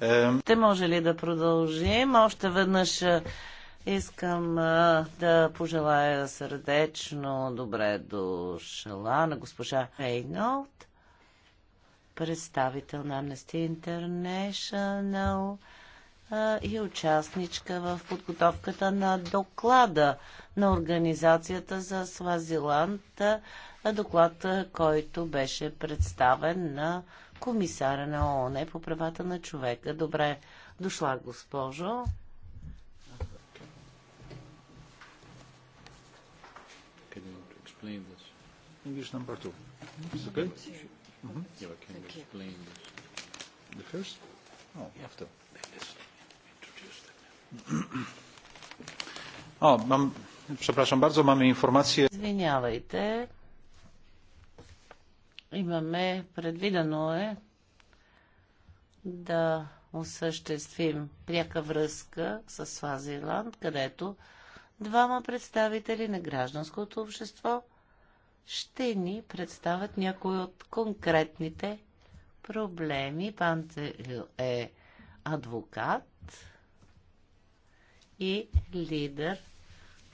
Um, Ще може ли да продължим? Още веднъж искам да пожелая сърдечно добре дошла на госпожа Рейнолд, представител на Amnesty International и участничка в подготовката на доклада на Организацията за Свазиланд, доклад, който беше представен на комисара на ООН по правата на човека. Добре дошла, госпожо. English number two. Is okay? Mm-hmm. Yeah, I can explain this. The first? Oh, after. Yeah, przepraszam bardzo, mamy informację. Извинявайте. Имаме, предвидено е да осъществим пряка връзка с Свазиланд, където двама представители на гражданското общество ще ни представят някои от конкретните проблеми. Пантел е адвокат и лидер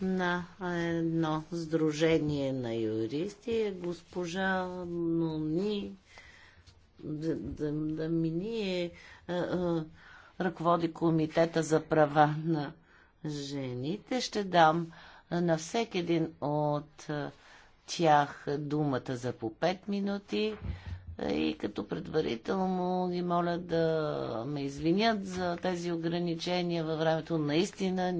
на едно сдружение на юристи. е Госпожа Нони Дамини е, е, е, ръководи Комитета за права на жените. Ще дам на всеки един от е, тях думата за по 5 минути и като предварително ги моля да ме извинят за тези ограничения във времето. Наистина,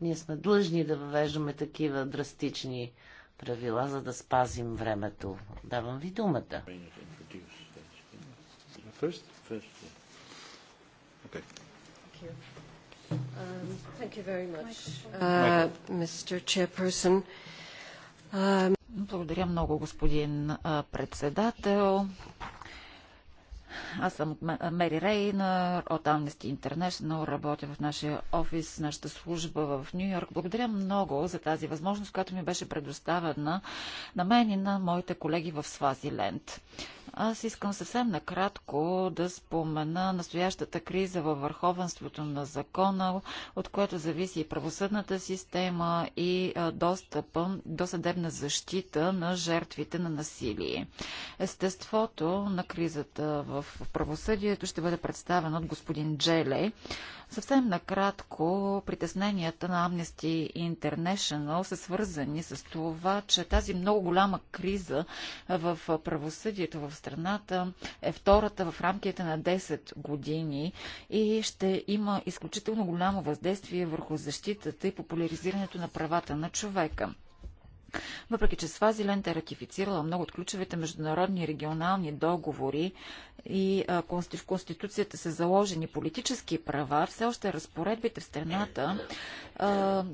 ние сме длъжни да въвеждаме такива драстични правила, за да спазим времето. Давам ви думата. Um, thank you very much, uh, Mr. Chairperson. Um, благодаря много, господин председател. Аз съм от Мери Рейн от Amnesty International, работя в нашия офис, нашата служба в Нью Йорк. Благодаря много за тази възможност, която ми беше предоставена на мен и на моите колеги в Свазиленд. Аз искам съвсем накратко да спомена настоящата криза във върховенството на закона, от което зависи и правосъдната система и достъпа до съдебна защита на жертвите на насилие. Естеството на кризата в в правосъдието ще бъде представен от господин Джеле. Съвсем накратко, притесненията на Amnesty International са свързани с това, че тази много голяма криза в правосъдието в страната е втората в рамките на 10 години и ще има изключително голямо въздействие върху защитата и популяризирането на правата на човека. Въпреки, че Свазиленд е ратифицирала много от ключовите международни и регионални договори и в Конституцията са заложени политически права, все още разпоредбите в страната а,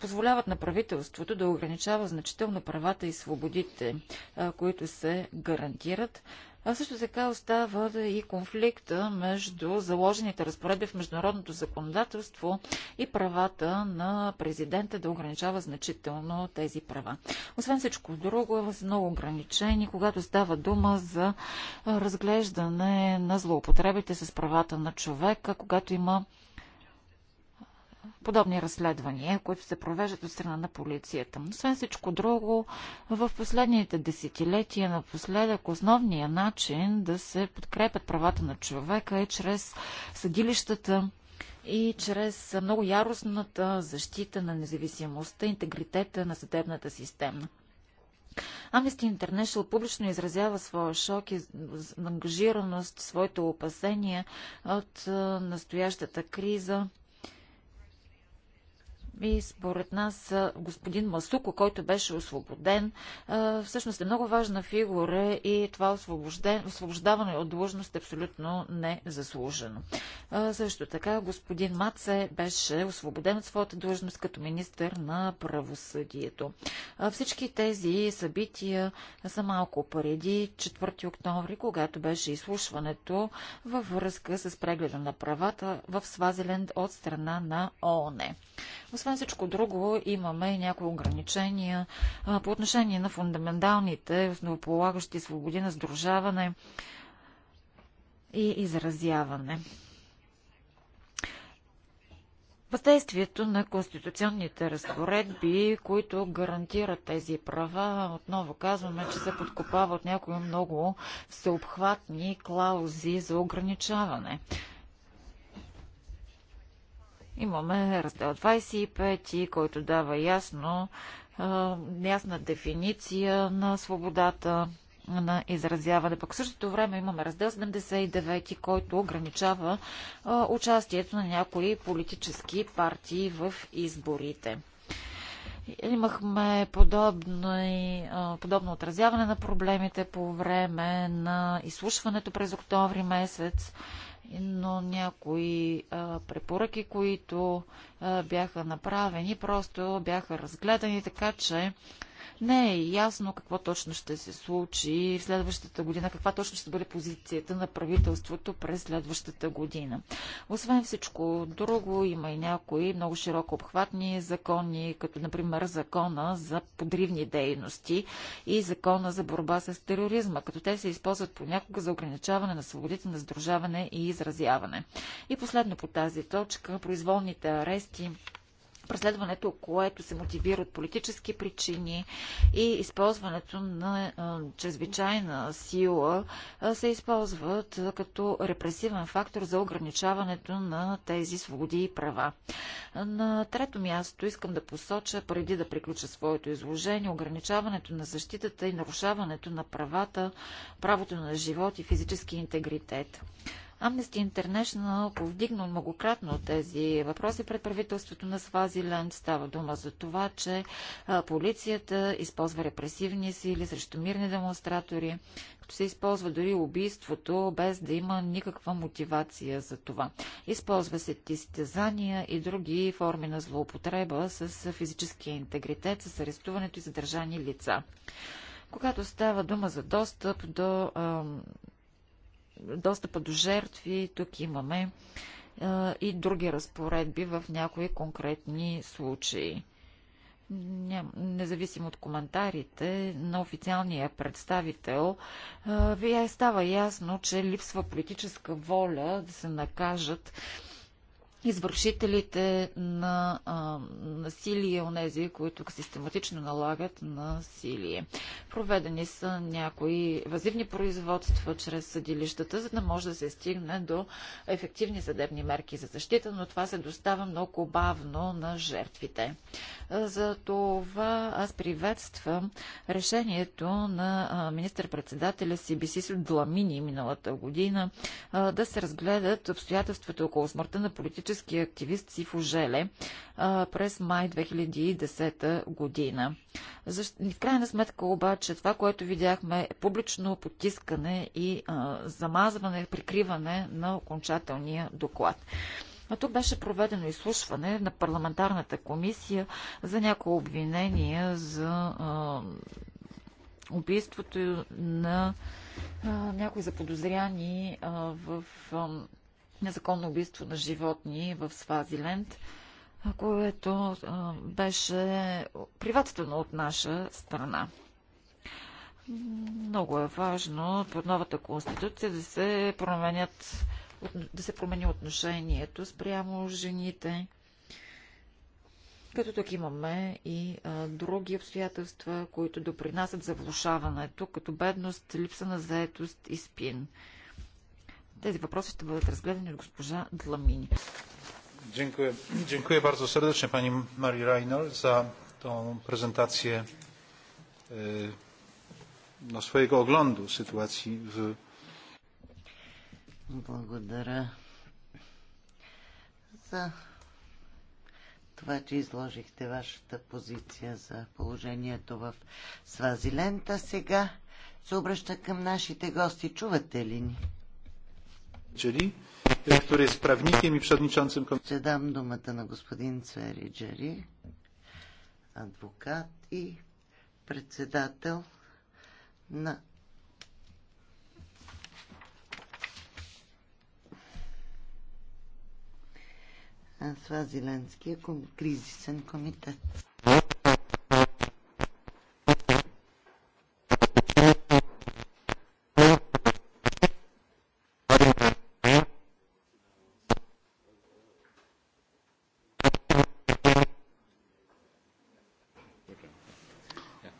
позволяват на правителството да ограничава значително правата и свободите, а, които се гарантират а също така остава е и конфликта между заложените разпоредби в международното законодателство и правата на президента да ограничава значително тези права. Освен всичко друго, е са много ограничени, когато става дума за разглеждане на злоупотребите с правата на човека, когато има подобни разследвания, които се провеждат от страна на полицията. Освен всичко друго, в последните десетилетия напоследък основният начин да се подкрепят правата на човека е чрез съдилищата и чрез много яростната защита на независимостта, интегритета на съдебната система. Amnesty International публично изразява своя шок и ангажираност, своите опасения от настоящата криза и според нас господин Масуко, който беше освободен, всъщност е много важна фигура и това освобождаване от длъжност е абсолютно незаслужено. Също така господин Маце беше освободен от своята длъжност като министър на правосъдието. Всички тези събития са малко преди 4 октомври, когато беше изслушването във връзка с прегледа на правата в Свазеленд от страна на ООН. Освен всичко друго, имаме и някои ограничения а, по отношение на фундаменталните, основополагащи свободи на сдружаване и изразяване. Въздействието на конституционните разпоредби, които гарантират тези права, отново казваме, че се подкопава от някои много всеобхватни клаузи за ограничаване. Имаме раздел 25, който дава ясно, ясна дефиниция на свободата на изразяване. Пък в същото време имаме раздел 79, който ограничава участието на някои политически партии в изборите. Имахме подобно, подобно отразяване на проблемите по време на изслушването през октомври месец но някои а, препоръки, които а, бяха направени, просто бяха разгледани, така че не е ясно какво точно ще се случи в следващата година, каква точно ще бъде позицията на правителството през следващата година. Освен всичко друго, има и някои много широко обхватни закони, като например закона за подривни дейности и закона за борба с тероризма, като те се използват понякога за ограничаване на свободите на сдружаване и изразяване. И последно по тази точка, произволните арести преследването, което се мотивира от политически причини и използването на чрезвичайна сила се използват като репресивен фактор за ограничаването на тези свободи и права. На трето място искам да посоча, преди да приключа своето изложение, ограничаването на защитата и нарушаването на правата, правото на живот и физически интегритет. Amnesty International повдигна многократно тези въпроси пред правителството на Свазиленд. Става дума за това, че полицията използва репресивни сили срещу мирни демонстратори, като се използва дори убийството, без да има никаква мотивация за това. Използва се тистезания и други форми на злоупотреба с физическия интегритет, с арестуването и задържани лица. Когато става дума за достъп до достъпа до жертви. Тук имаме и други разпоредби в някои конкретни случаи. Независимо от коментарите на официалния представител, вие става ясно, че липсва политическа воля да се накажат извършителите на а, насилие, онези, които систематично налагат насилие. Проведени са някои вазивни производства чрез съдилищата, за да може да се стигне до ефективни съдебни мерки за защита, но това се доставя много бавно на жертвите. За това аз приветствам решението на министър-председателя си Бисисо Дламини миналата година а, да се разгледат обстоятелствата около смъртта на политически политически активист Сифо Желе през май 2010 година. В крайна сметка обаче това, което видяхме е публично потискане и а, замазване, прикриване на окончателния доклад. А тук беше проведено изслушване на парламентарната комисия за някои обвинения за а, убийството на а, някои заподозряни а, в а, незаконно убийство на животни в Свазиленд, което беше приватствено от наша страна. Много е важно под новата конституция да се променят да се промени отношението спрямо жените. Като тук имаме и а, други обстоятелства, които допринасят за влушаването, като бедност, липса на заетост и спин. Тези въпроси ще бъдат разгледани от госпожа Дламини. Dziękuję, dziękuję bardzo serdecznie pani Marii Reiner za tą prezentację e, no, swojego oglądu sytuacji w. Благодаря за това, че изложихте вашата позиция за положението в Свазилента. Сега се обръща към нашите гости. Чувате ли ни? Джери, który jest prawnikiem i przewodniczącym Ще дам думата на господин Цвери Джери, адвокат и председател на Свазиленския кризисен комитет.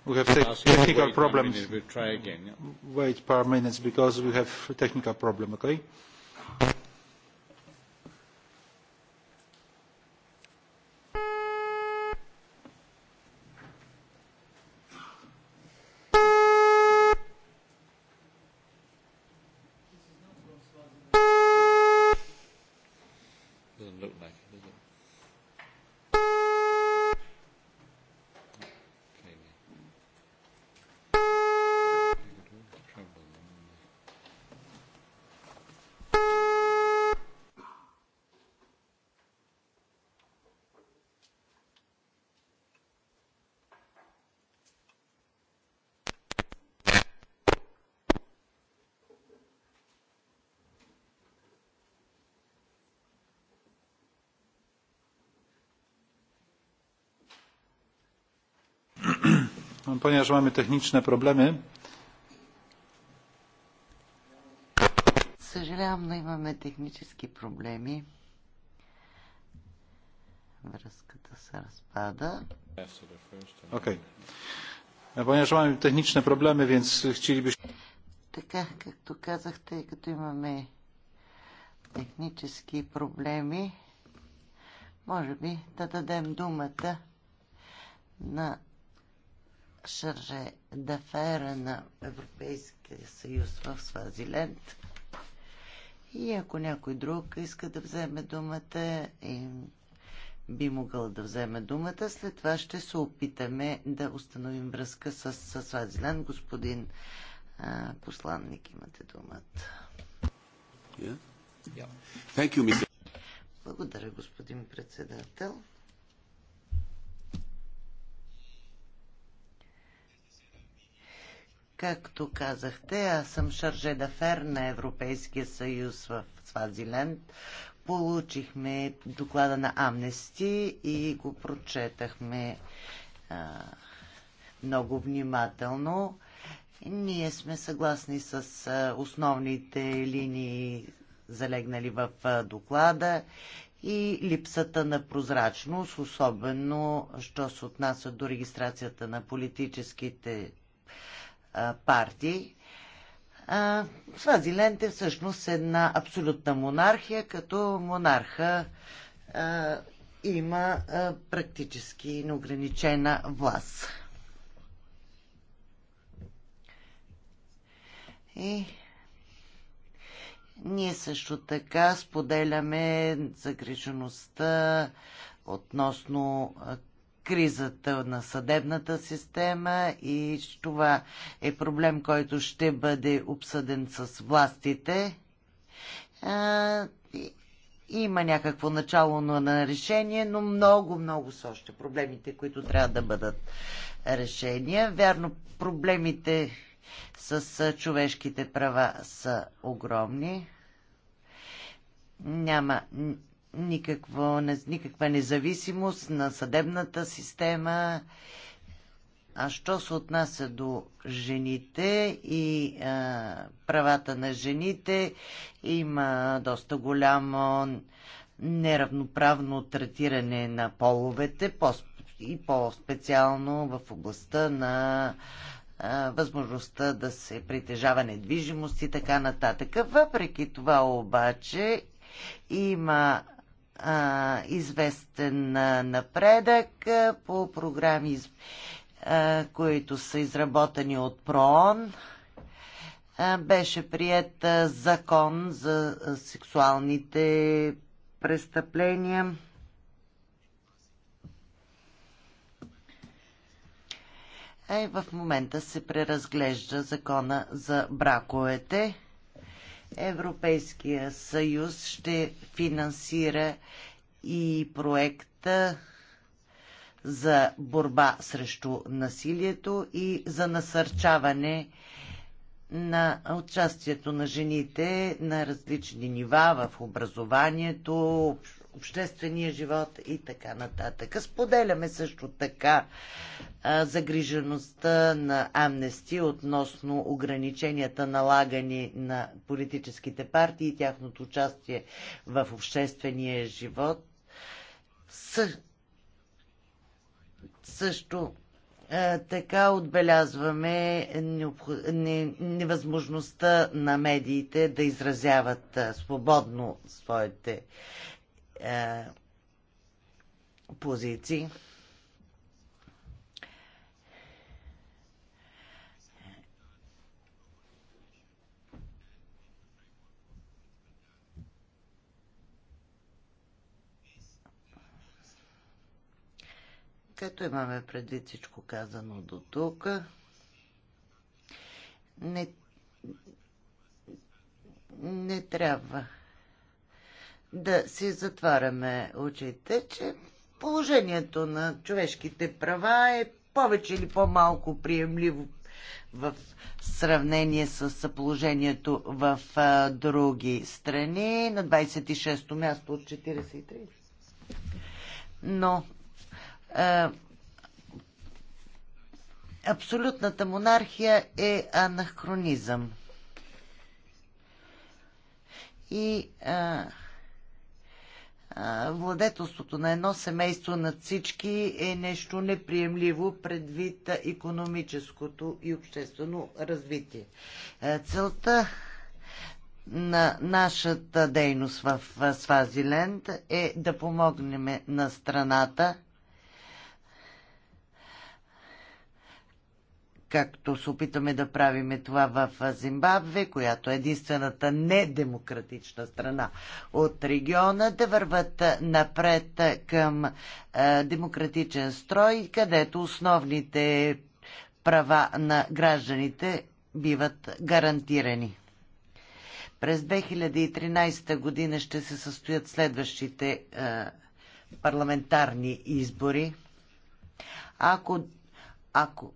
We have technical problems. Wait a few minutes because we have a technical problem, okay? ponieważ mamy techniczne problemy. Съжалявам, но имаме технически проблеми. Връзката се разпада. Окей. Okay. Ponieważ mamy techniczne problemy, więc chcielibyśmy... Така, както казахте, като имаме технически проблеми, може би да дадем думата на Шарже Дафера на Европейския съюз в Свазиленд. И ако някой друг иска да вземе думата, и би могъл да вземе думата. След това ще се опитаме да установим връзка с, с Свазиленд. Господин а, посланник, имате думата. Yeah. Yeah. You, Благодаря, господин председател. Както казахте, аз съм Шарже Дафер на Европейския съюз в Свазиленд. Получихме доклада на Амнести и го прочетахме а, много внимателно. Ние сме съгласни с основните линии, залегнали в доклада и липсата на прозрачност, особено що се отнася до регистрацията на политическите партии. Свазиленд е всъщност една абсолютна монархия, като монарха а, има а, практически неограничена власт. И ние също така споделяме загрижеността относно кризата на съдебната система и това е проблем, който ще бъде обсъден с властите. Има някакво начало на решение, но много, много са още проблемите, които трябва да бъдат решения. Вярно, проблемите с човешките права са огромни. Няма никакво, никаква независимост на съдебната система. А що се отнася до жените и а, правата на жените, има доста голямо неравноправно третиране на половете по и по-специално в областта на а, възможността да се притежава недвижимост и така нататък. Въпреки това обаче има а, известен а, напредък а, по програми, а, които са изработени от ПРООН. А, беше прият а, закон за а, сексуалните престъпления. А и в момента се преразглежда закона за браковете Европейския съюз ще финансира и проекта за борба срещу насилието и за насърчаване на участието на жените на различни нива в образованието, обществения живот и така нататък. Споделяме също така а, загрижеността на Амнести относно ограниченията налагани на политическите партии и тяхното участие в обществения живот. С... Също така отбелязваме невъзможността на медиите да изразяват свободно своите е, позиции. Като имаме предвид всичко казано до тук, не, не трябва да си затваряме очите, че положението на човешките права е повече или по-малко приемливо в сравнение с положението в а, други страни. На 26-то място от 43. Но а, абсолютната монархия е анахронизъм. И а, владетелството на едно семейство над всички е нещо неприемливо предвид економическото и обществено развитие. Целта на нашата дейност в Свазиленд е да помогнем на страната както се опитаме да правиме това в Зимбабве, която е единствената недемократична страна от региона, да върват напред към е, демократичен строй, където основните права на гражданите биват гарантирани. През 2013 година ще се състоят следващите е, парламентарни избори. Ако, ако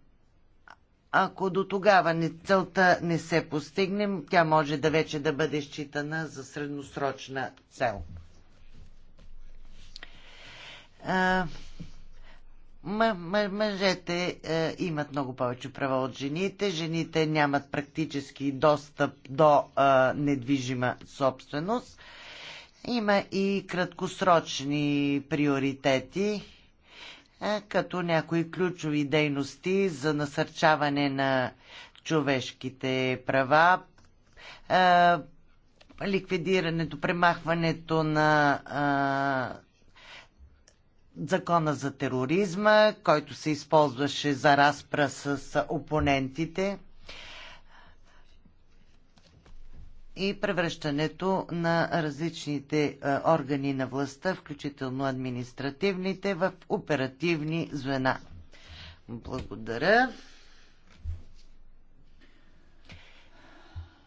ако до тогава не, целта не се постигне, тя може да вече да бъде считана за средносрочна цел. мъжете имат много повече права от жените. Жените нямат практически достъп до а, недвижима собственост. Има и краткосрочни приоритети е, като някои ключови дейности за насърчаване на човешките права, е, ликвидирането, премахването на е, закона за тероризма, който се използваше за разпра с опонентите. и превръщането на различните органи на властта, включително административните, в оперативни звена. Благодаря.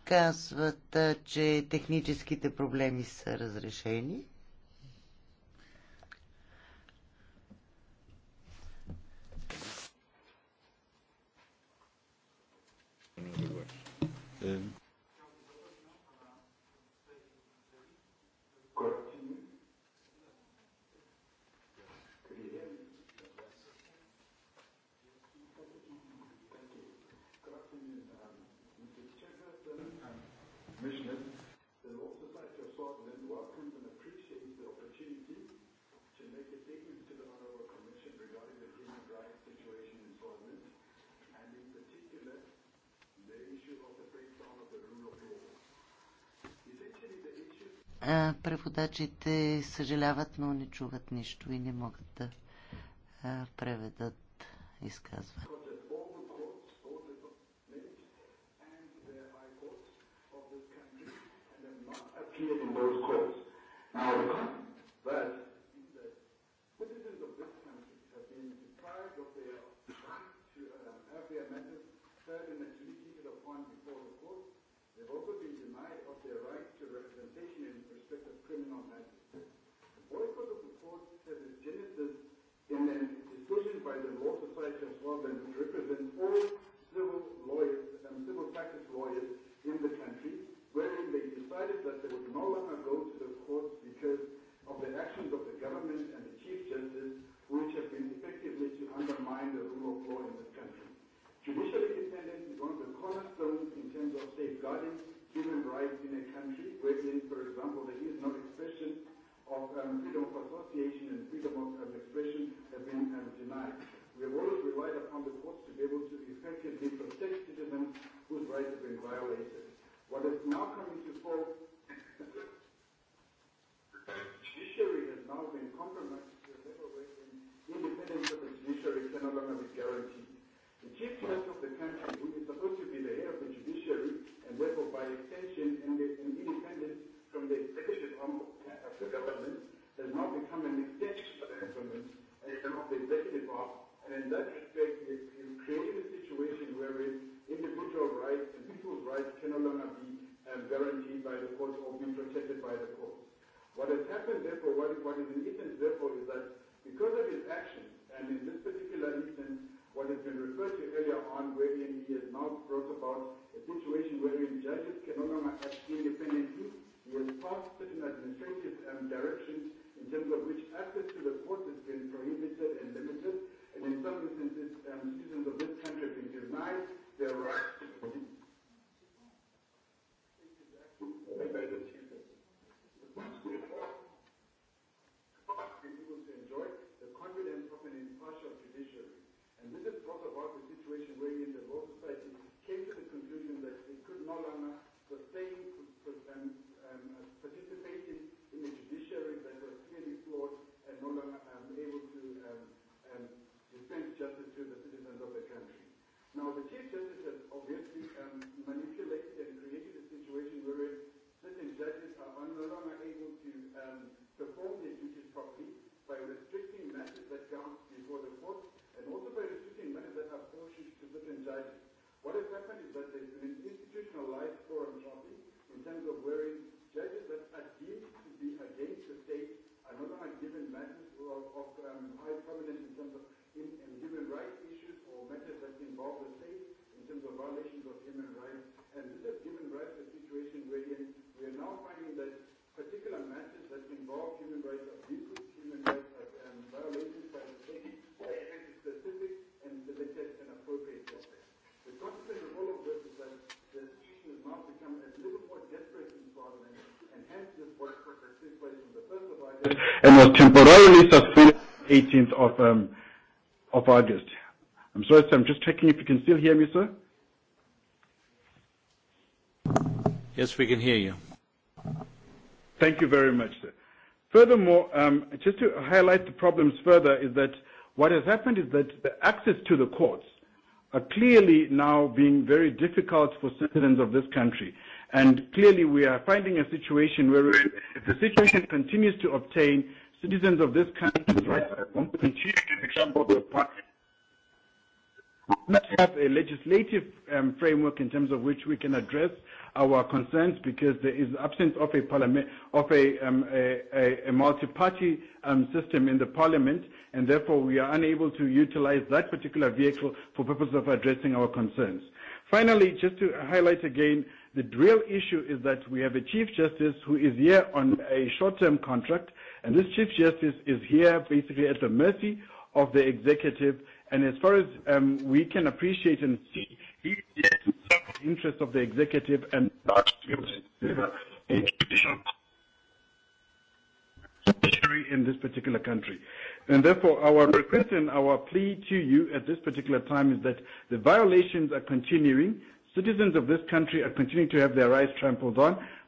Казват, че техническите проблеми са разрешени. Um преводачите съжаляват, но не чуват нищо и не могат да а, преведат изказване. Now and then decision by the Law Society of then which represents all civil lawyers and civil practice lawyers in the country, wherein they decided that they would no longer go to the courts because of the actions of the government and the Chief Justice, which have been effectively to undermine the rule of law in this country. Judicial independence is one of the cornerstones in terms of safeguarding human rights in a country wherein, for example, there is no expression of um, freedom of association and freedom of um, expression have been um, denied. We have always relied upon the courts to be able to effectively protect citizens whose rights have been violated. What is now coming to fall, judiciary has now been compromised to a level where independence of the judiciary can no longer be guaranteed. The chief judge of the country, who is supposed to be the head of the judiciary and therefore by extension and independence from the executive arm of the government has now become an extension of the government and of the executive arm. And in that respect, it is creating a situation wherein individual rights and people's rights can no longer be um, guaranteed by the courts or be protected by the courts. What has happened, therefore, what, what is in essence, therefore, is that because of his actions, and in this particular instance, what has been referred to earlier on, wherein he has now brought about a situation wherein judges can no longer act independently your thoughts certain administrative um, directions in terms of which access to the court has been prohibited and limited, and in some instances, um, citizens of this country have been denied their rights. the law society came to the conclusion that it could no longer sustain Now, the Chief Justice has obviously um, manipulated and created a situation wherein certain judges are no longer able to um, perform their duties properly by restricting matters that count before the court and also by restricting matters that are portioned to certain judges. What has happened is that there's been an institutionalized forum shopping in terms of wherein judges that are deemed to be against the state are no longer given matters of, of um, high prominence in terms of in, in human rights involve the state in terms of violations of human rights. And this is human rights a situation where we are now finding that particular matters that involve human rights abuses, human rights um, violations by the state are specific and limited and appropriate process. The consequence of all of this is that the institution has now become a little more desperate in Parliament, and hence this boycott that took place on the first of August and was temporarily suspended 18th of, um, of August. I'm sorry, sir. I'm just checking if you can still hear me, sir. Yes, we can hear you. Thank you very much, sir. Furthermore, um, just to highlight the problems further is that what has happened is that the access to the courts are clearly now being very difficult for citizens of this country. And clearly we are finding a situation where if the situation continues to obtain, citizens of this country to continue to trampled part have a legislative um, framework in terms of which we can address our concerns because there is absence of a parliament of a um, a, a, a multi-party um, system in the parliament, and therefore we are unable to utilize that particular vehicle for purposes of addressing our concerns. Finally, just to highlight again, the real issue is that we have a chief justice who is here on a short-term contract, and this chief justice is here basically at the mercy of the executive And as far as um, we can appreciate and see, he yes, the interest of the executive and in this particular country. And therefore, our request and our plea to you at this particular time is that the violations are continuing. Citizens of this country are continuing to have their rights trampled on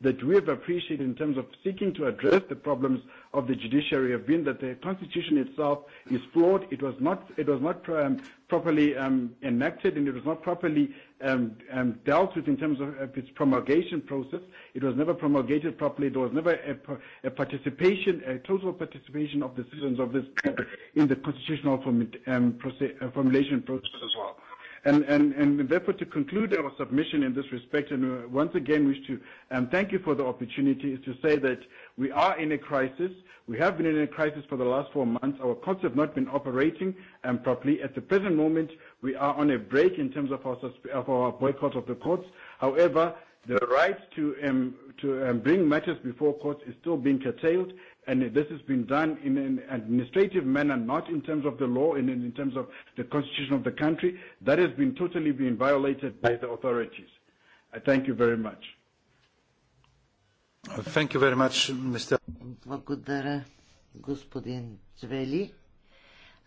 that we have appreciated in terms of seeking to address the problems of the judiciary have been that the constitution itself is flawed. It was not, it was not um, properly um, enacted and it was not properly um, um, dealt with in terms of uh its promulgation process. It was never promulgated properly. There was never a, a participation, a total participation of the citizens of this country in the constitutional form, um, process, uh, formulation process as well. And, and, and therefore, to conclude our submission in this respect, and once again wish to um, thank you for the opportunity, is to say that we are in a crisis. We have been in a crisis for the last four months. Our courts have not been operating um, properly. At the present moment, we are on a break in terms of our, of our boycott of the courts. However, the right to, um, to um, bring matters before courts is still being curtailed, And this has been done in an administrative manner, not in terms of the law and in terms of the constitution of the country. That has been totally been violated by the authorities. I thank you very much. Thank you very much, Mr. Благодаря, господин Цвели.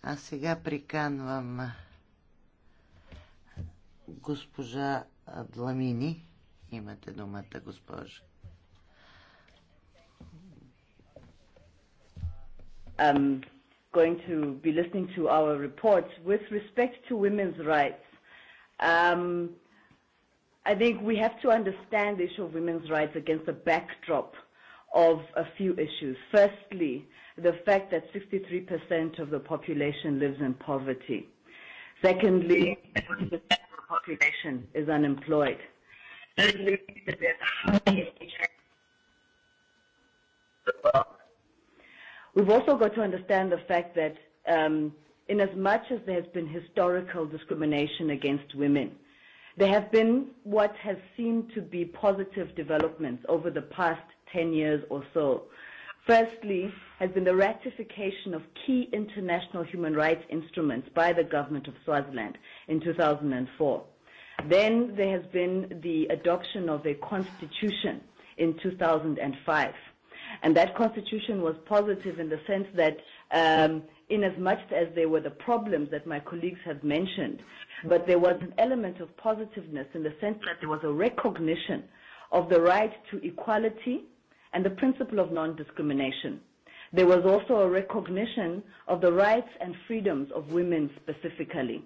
А сега приканвам госпожа Дламини. Имате думата, госпожа. um, going to be listening to our report. With respect to women's rights, um, I think we have to understand the issue of women's rights against the backdrop of a few issues. Firstly, the fact that 63% of the population lives in poverty. Secondly, of the population is unemployed. Thirdly, that We've also got to understand the fact that um, in as much as there has been historical discrimination against women, there have been what has seemed to be positive developments over the past 10 years or so. Firstly, has been the ratification of key international human rights instruments by the government of Swaziland in 2004. Then there has been the adoption of a constitution in 2005 And that constitution was positive in the sense that um, in as much as there were the problems that my colleagues have mentioned, but there was an element of positiveness in the sense that there was a recognition of the right to equality and the principle of non-discrimination. There was also a recognition of the rights and freedoms of women specifically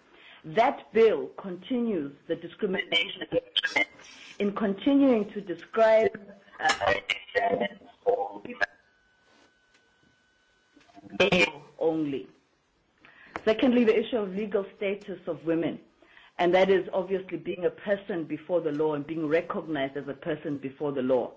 That bill continues the discrimination in continuing to describe uh, only. Secondly, the issue of legal status of women, and that is obviously being a person before the law and being recognized as a person before the law.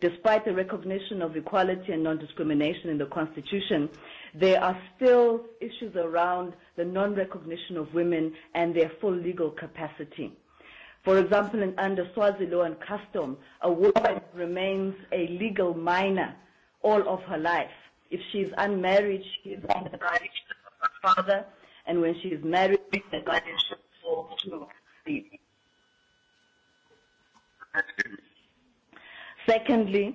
Despite the recognition of equality and non-discrimination in the Constitution, There are still issues around the non-recognition of women and their full legal capacity. For example, in, under Swazi law and custom, a woman remains a legal minor all of her life. If she is unmarried, she is under the guardianship of her father, and when she is married, the guardianship falls to the Secondly,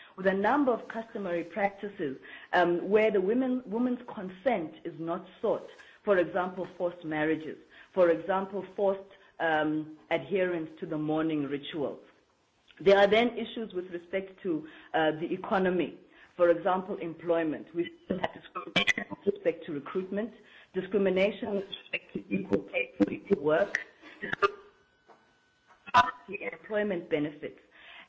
with a number of customary practices um, where the women, woman's consent is not sought. For example, forced marriages. For example, forced um, adherence to the morning rituals. There are then issues with respect to uh, the economy. For example, employment. We still have discrimination with respect to recruitment, discrimination with respect to equal pay for equal work, employment benefits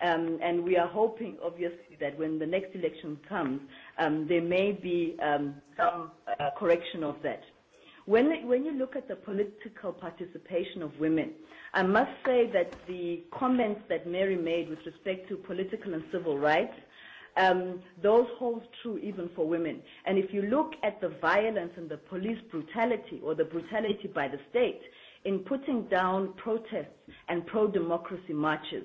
Um, and we are hoping, obviously, that when the next election comes, um, there may be um, some uh, correction of that. When, when you look at the political participation of women, I must say that the comments that Mary made with respect to political and civil rights, um, those hold true even for women. And if you look at the violence and the police brutality or the brutality by the state in putting down protests and pro-democracy marches,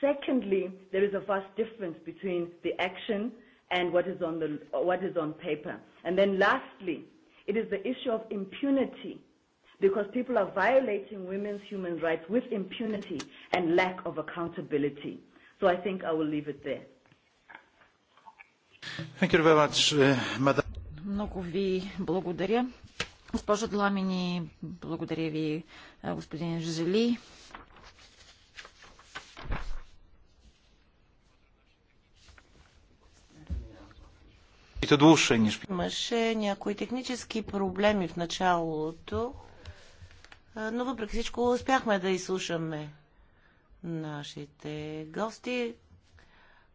Secondly, there is a vast difference between the action and what is on, the, what is on paper. And then lastly, it is the issue of impunity because people are violating women's human rights with impunity and lack of accountability. So I think I will leave it there. Thank you very much, uh, Много ви благодаря. Госпожа Дламини, благодаря ви, господин Жизели. и Имаше някои технически проблеми в началото, но въпреки всичко успяхме да изслушаме нашите гости,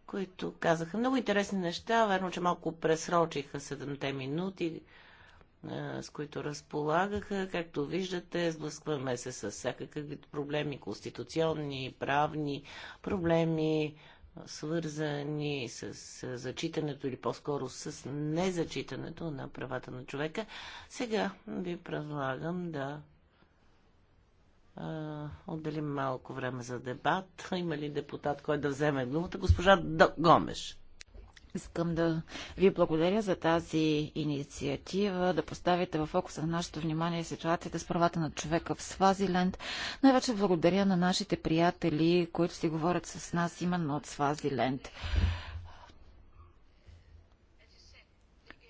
които казаха много интересни неща. Верно, че малко пресрочиха 7 минути, с които разполагаха. Както виждате, сблъскваме се с всякакви проблеми, конституционни, правни проблеми, свързани с зачитането или по-скоро с незачитането на правата на човека. Сега ви предлагам да а, отделим малко време за дебат. Има ли депутат, който да вземе думата? Госпожа Гомеш. Искам да ви благодаря за тази инициатива, да поставите в фокуса на нашето внимание ситуацията с правата на човека в Свазиленд. Най-вече благодаря на нашите приятели, които си говорят с нас именно от Свазиленд.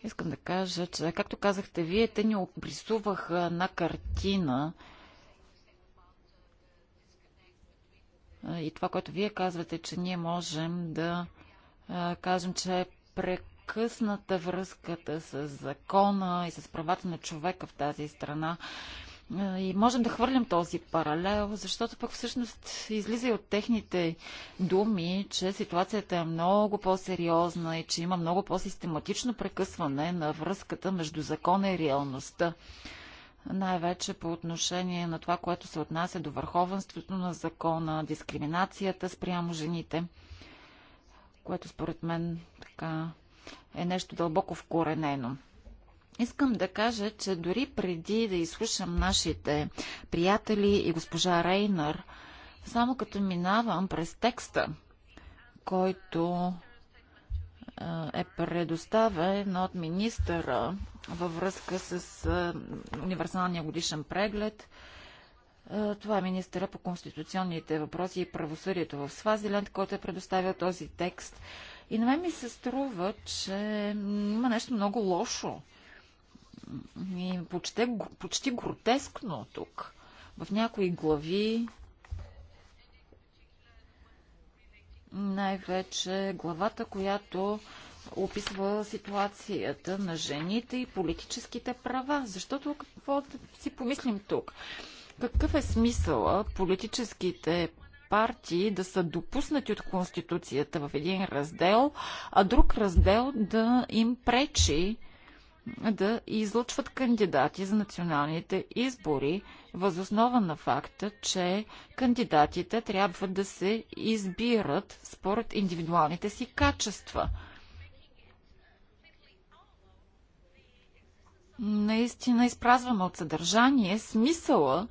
Искам да кажа, че, както казахте вие, те ни обрисуваха на картина и това, което вие казвате, че ние можем да кажем, че е прекъсната връзката с закона и с правата на човека в тази страна. И можем да хвърлим този паралел, защото пък всъщност излиза и от техните думи, че ситуацията е много по-сериозна и че има много по-систематично прекъсване на връзката между закона и реалността. Най-вече по отношение на това, което се отнася до върховенството на закона, дискриминацията спрямо жените – което според мен така е нещо дълбоко вкоренено. Искам да кажа, че дори преди да изслушам нашите приятели и госпожа Рейнар, само като минавам през текста, който е предоставен от министъра във връзка с универсалния годишен преглед, е, това е министъра по конституционните въпроси и правосъдието в Свазиленд, който е предоставил този текст. И на мен ми се струва, че има нещо много лошо и почти, почти гротескно тук. В някои глави, най-вече главата, която описва ситуацията на жените и политическите права. Защото какво да си помислим тук? Какъв е смисъла политическите партии да са допуснати от Конституцията в един раздел, а друг раздел да им пречи да излучват кандидати за националните избори, възоснова на факта, че кандидатите трябва да се избират според индивидуалните си качества. Наистина изпразваме от съдържание смисъла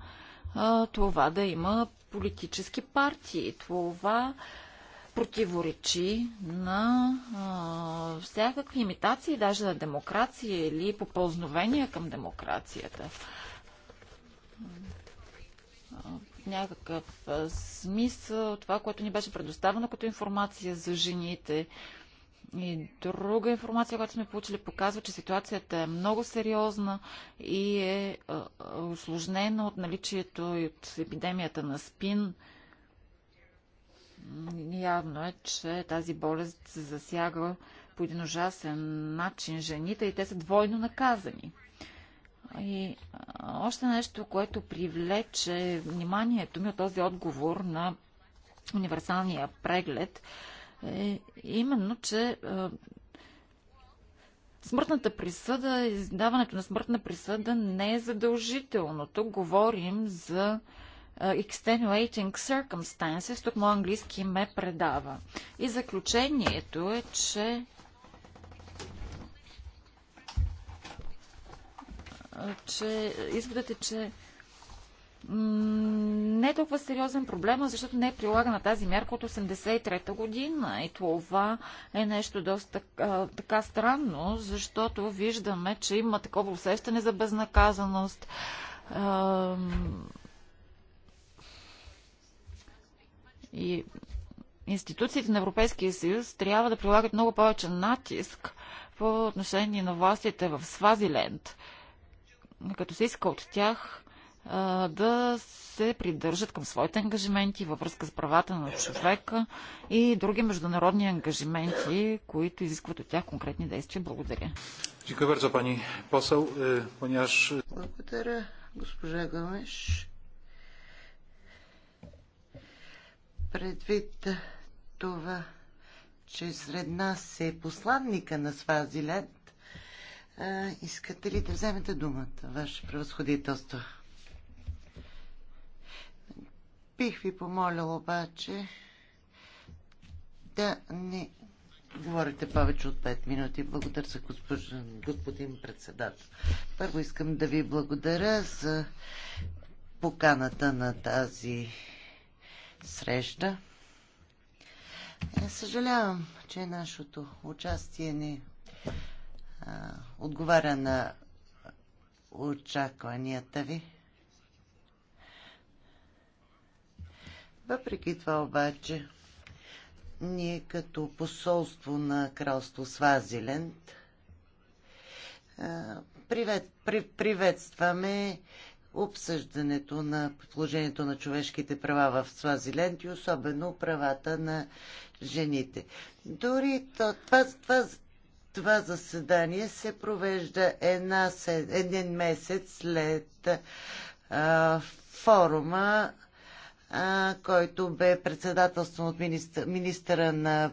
а, това да има политически партии. Това противоречи на а, всякакви имитации, даже на демокрация или попълзновения към демокрацията. В някакъв смисъл това, което ни беше предоставено като информация за жените, а, и друга информация, която сме получили, показва, че ситуацията е много сериозна и е осложнена от наличието и от епидемията на спин. Явно е, че тази болест се засяга по един ужасен начин жените и те са двойно наказани. И още нещо, което привлече вниманието ми от този отговор на универсалния преглед, е именно, че Смъртната присъда, издаването на смъртна присъда не е задължително. Тук говорим за extenuating circumstances. Тук моят английски ме предава. И заключението е, че че изводът е, че не е толкова сериозен проблема, защото не е прилагана тази мярка от 83-та година. И това е нещо доста а, така странно, защото виждаме, че има такова усещане за безнаказаност. А, и институциите на Европейския съюз трябва да прилагат много повече натиск по отношение на властите в Свазиленд, като се иска от тях да се придържат към своите ангажименти във връзка с правата на човека и други международни ангажименти, които изискват от тях конкретни действия. Благодаря. Благодаря, госпожа Гамеш. Предвид това, че сред нас е посланника на Свазилет, искате ли да вземете думата, Ваше превъзходителство? Бих ви помолил обаче да не говорите повече от 5 минути. Благодаря за господин, господин председател. Първо искам да ви благодаря за поканата на тази среща. Съжалявам, че нашето участие не а, отговаря на очакванията ви. Въпреки това обаче, ние като посолство на кралство Свазиленд привет, при, приветстваме обсъждането на положението на човешките права в Свазиленд и особено правата на жените. Дори това, това, това заседание се провежда една, един месец след а, форума който бе председателстван от министър, на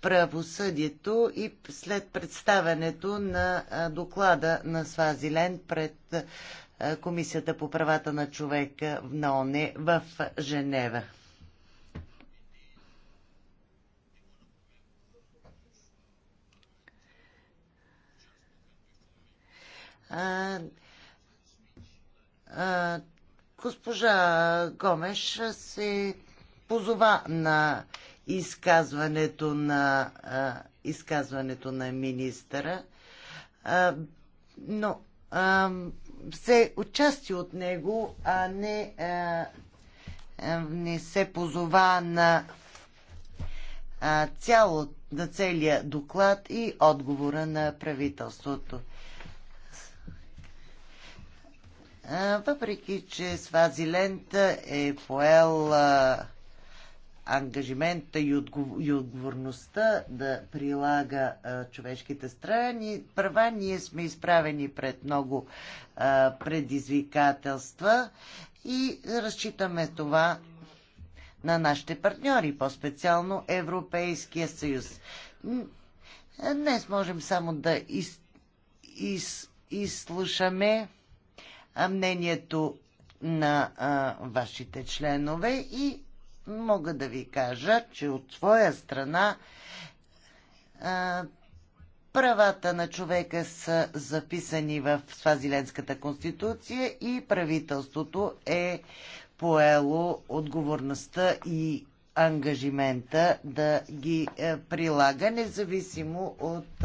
правосъдието и след представенето на доклада на Свазилен пред Комисията по правата на човека на ОНЕ в Женева. А, а, Госпожа Гомеш се позова на изказването на, а, изказването на министъра, а, но а, се отчасти от него, а не, а, не се позова на цяло, на целия доклад и отговора на правителството. Въпреки, че Свазиленд е поел ангажимента и, отговор, и отговорността да прилага а, човешките страни, права, ние сме изправени пред много а, предизвикателства и разчитаме това на нашите партньори, по-специално Европейския съюз. Днес можем само да из, из, изслушаме мнението на а, вашите членове и мога да ви кажа, че от своя страна а, правата на човека са записани в Свазиленската конституция и правителството е поело отговорността и ангажимента да ги е, прилага, независимо от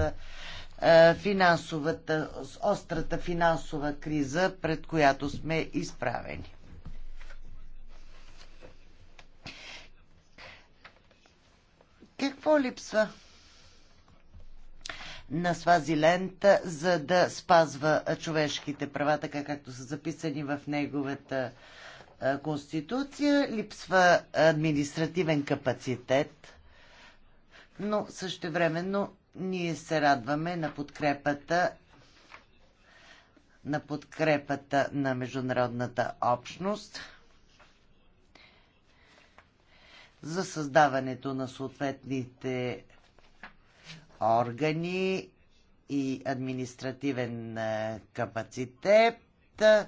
е, финансовата, острата финансова криза, пред която сме изправени. Какво липсва на лента за да спазва човешките права, така както са записани в неговата е, конституция? Липсва административен капацитет, но същевременно ние се радваме на подкрепата на подкрепата на международната общност за създаването на съответните органи и административен е, капацитет, е,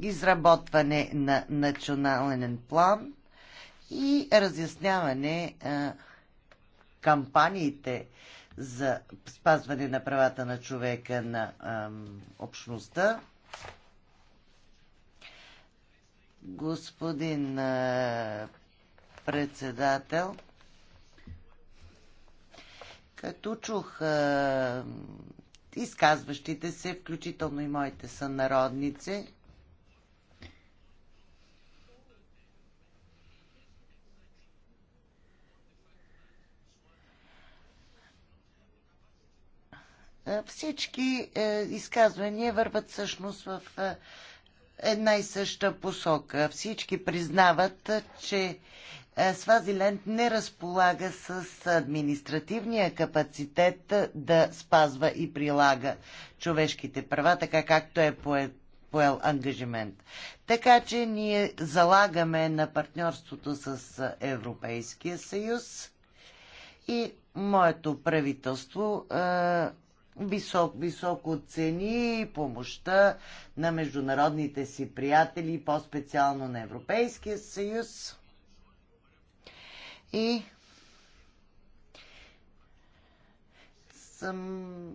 изработване на национален план и разясняване е, кампаниите за спазване на правата на човека на ам, общността. Господин а, председател, като чух а, изказващите се, включително и моите сънародници, Е, всички е, изказвания върват всъщност в е, една и съща посока. Всички признават, че Свазиленд не разполага с административния капацитет да спазва и прилага човешките права, така както е поет поел ангажимент. Така че ние залагаме на партньорството с Европейския съюз и моето правителство висок, високо цени помощта на международните си приятели, по-специално на Европейския съюз. И съм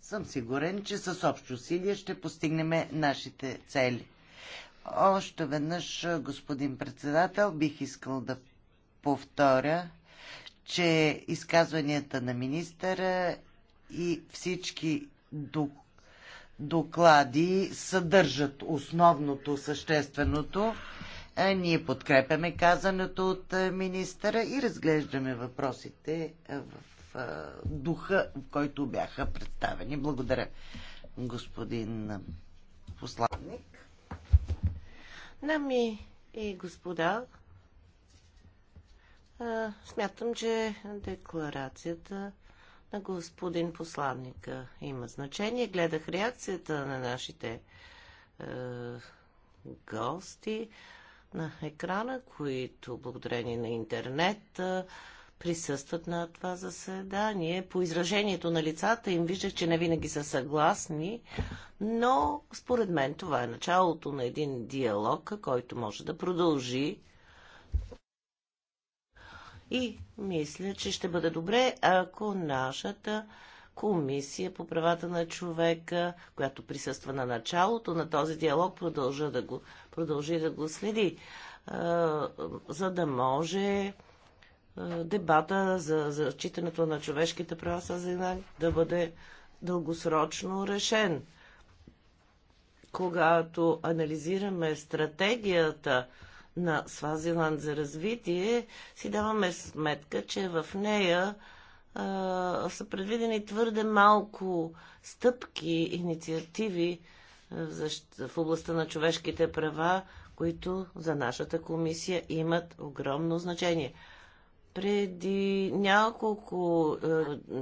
съм сигурен, че с общо усилие ще постигнем нашите цели. Още веднъж, господин председател, бих искал да повторя, че изказванията на министъра и всички доклади съдържат основното, същественото. Е, ние подкрепяме казаното от е, министъра и разглеждаме въпросите е, в духа, в който бяха представени. Благодаря, господин посланник. Нами и господа, смятам, че декларацията на господин посланника има значение. Гледах реакцията на нашите е, гости на екрана, които благодарение на интернет е, присъстват на това заседание. По изражението на лицата им виждах, че не винаги са съгласни, но според мен това е началото на един диалог, който може да продължи и мисля, че ще бъде добре, ако нашата комисия по правата на човека, която присъства на началото на този диалог, продължа да го, продължи да го следи, за да може дебата за зачитането на човешките права са да бъде дългосрочно решен. Когато анализираме стратегията на Свазиланд за развитие, си даваме сметка, че в нея а, са предвидени твърде малко стъпки, инициативи в, защ... в областта на човешките права, които за нашата комисия имат огромно значение. Преди няколко е,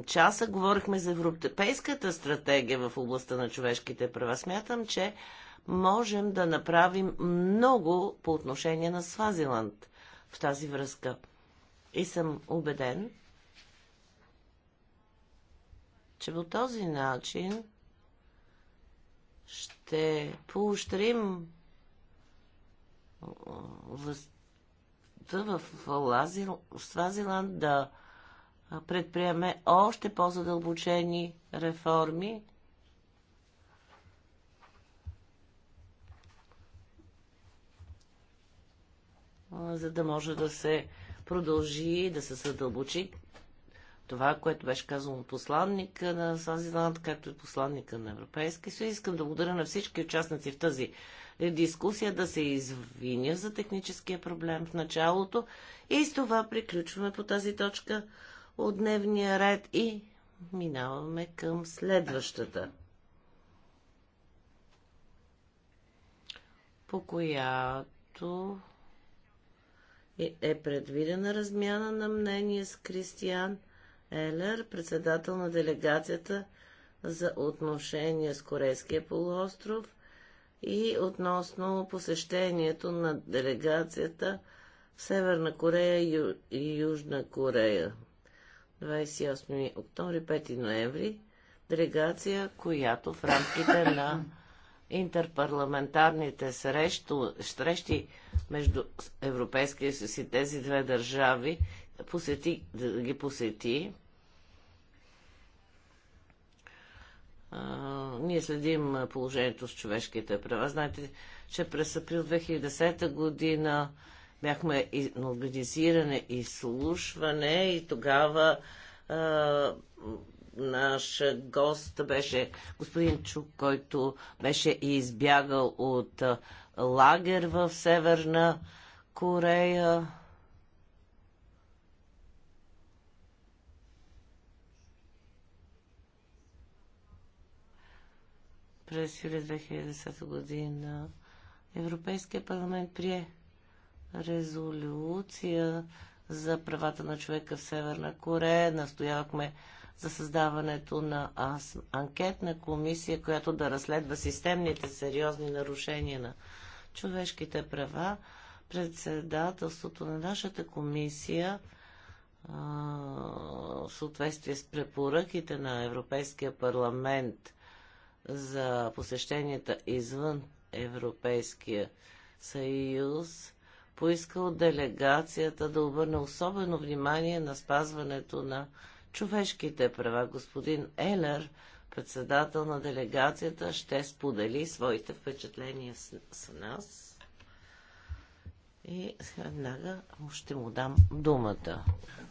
часа говорихме за европейската стратегия в областта на човешките права. Смятам, че можем да направим много по отношение на Свазиланд в тази връзка. И съм убеден, че по този начин ще поощрим властта в Свазиланд да предприеме още по-задълбочени реформи за да може да се продължи, да се съдълбочи това, което беше казано от посланника на Свазиланд, както и посланника на Европейския съюз. Искам да благодаря на всички участници в тази дискусия, да се извиня за техническия проблем в началото. И с това приключваме по тази точка от дневния ред и минаваме към следващата. По която е предвидена размяна на мнение с Кристиан Елер, председател на делегацията за отношения с Корейския полуостров и относно посещението на делегацията в Северна Корея и Южна Корея. 28 октомври, 5 ноември, делегация, която в рамките на интерпарламентарните срещи, срещи между Европейския съюз и тези две държави, посети, да ги посети. А, ние следим положението с човешките права. Знаете, че през април 2010 година бяхме на организиране изслушване и тогава а, Наш гост беше господин Чук, който беше избягал от лагер в Северна Корея. през юли 2010 година Европейския парламент прие резолюция за правата на човека в Северна Корея. Настоявахме за създаването на анкетна комисия, която да разследва системните сериозни нарушения на човешките права. Председателството на нашата комисия в съответствие с препоръките на Европейския парламент за посещенията извън Европейския съюз, поиска от делегацията да обърне особено внимание на спазването на човешките права. Господин Елер, председател на делегацията, ще сподели своите впечатления с, с нас. И веднага ще му дам думата.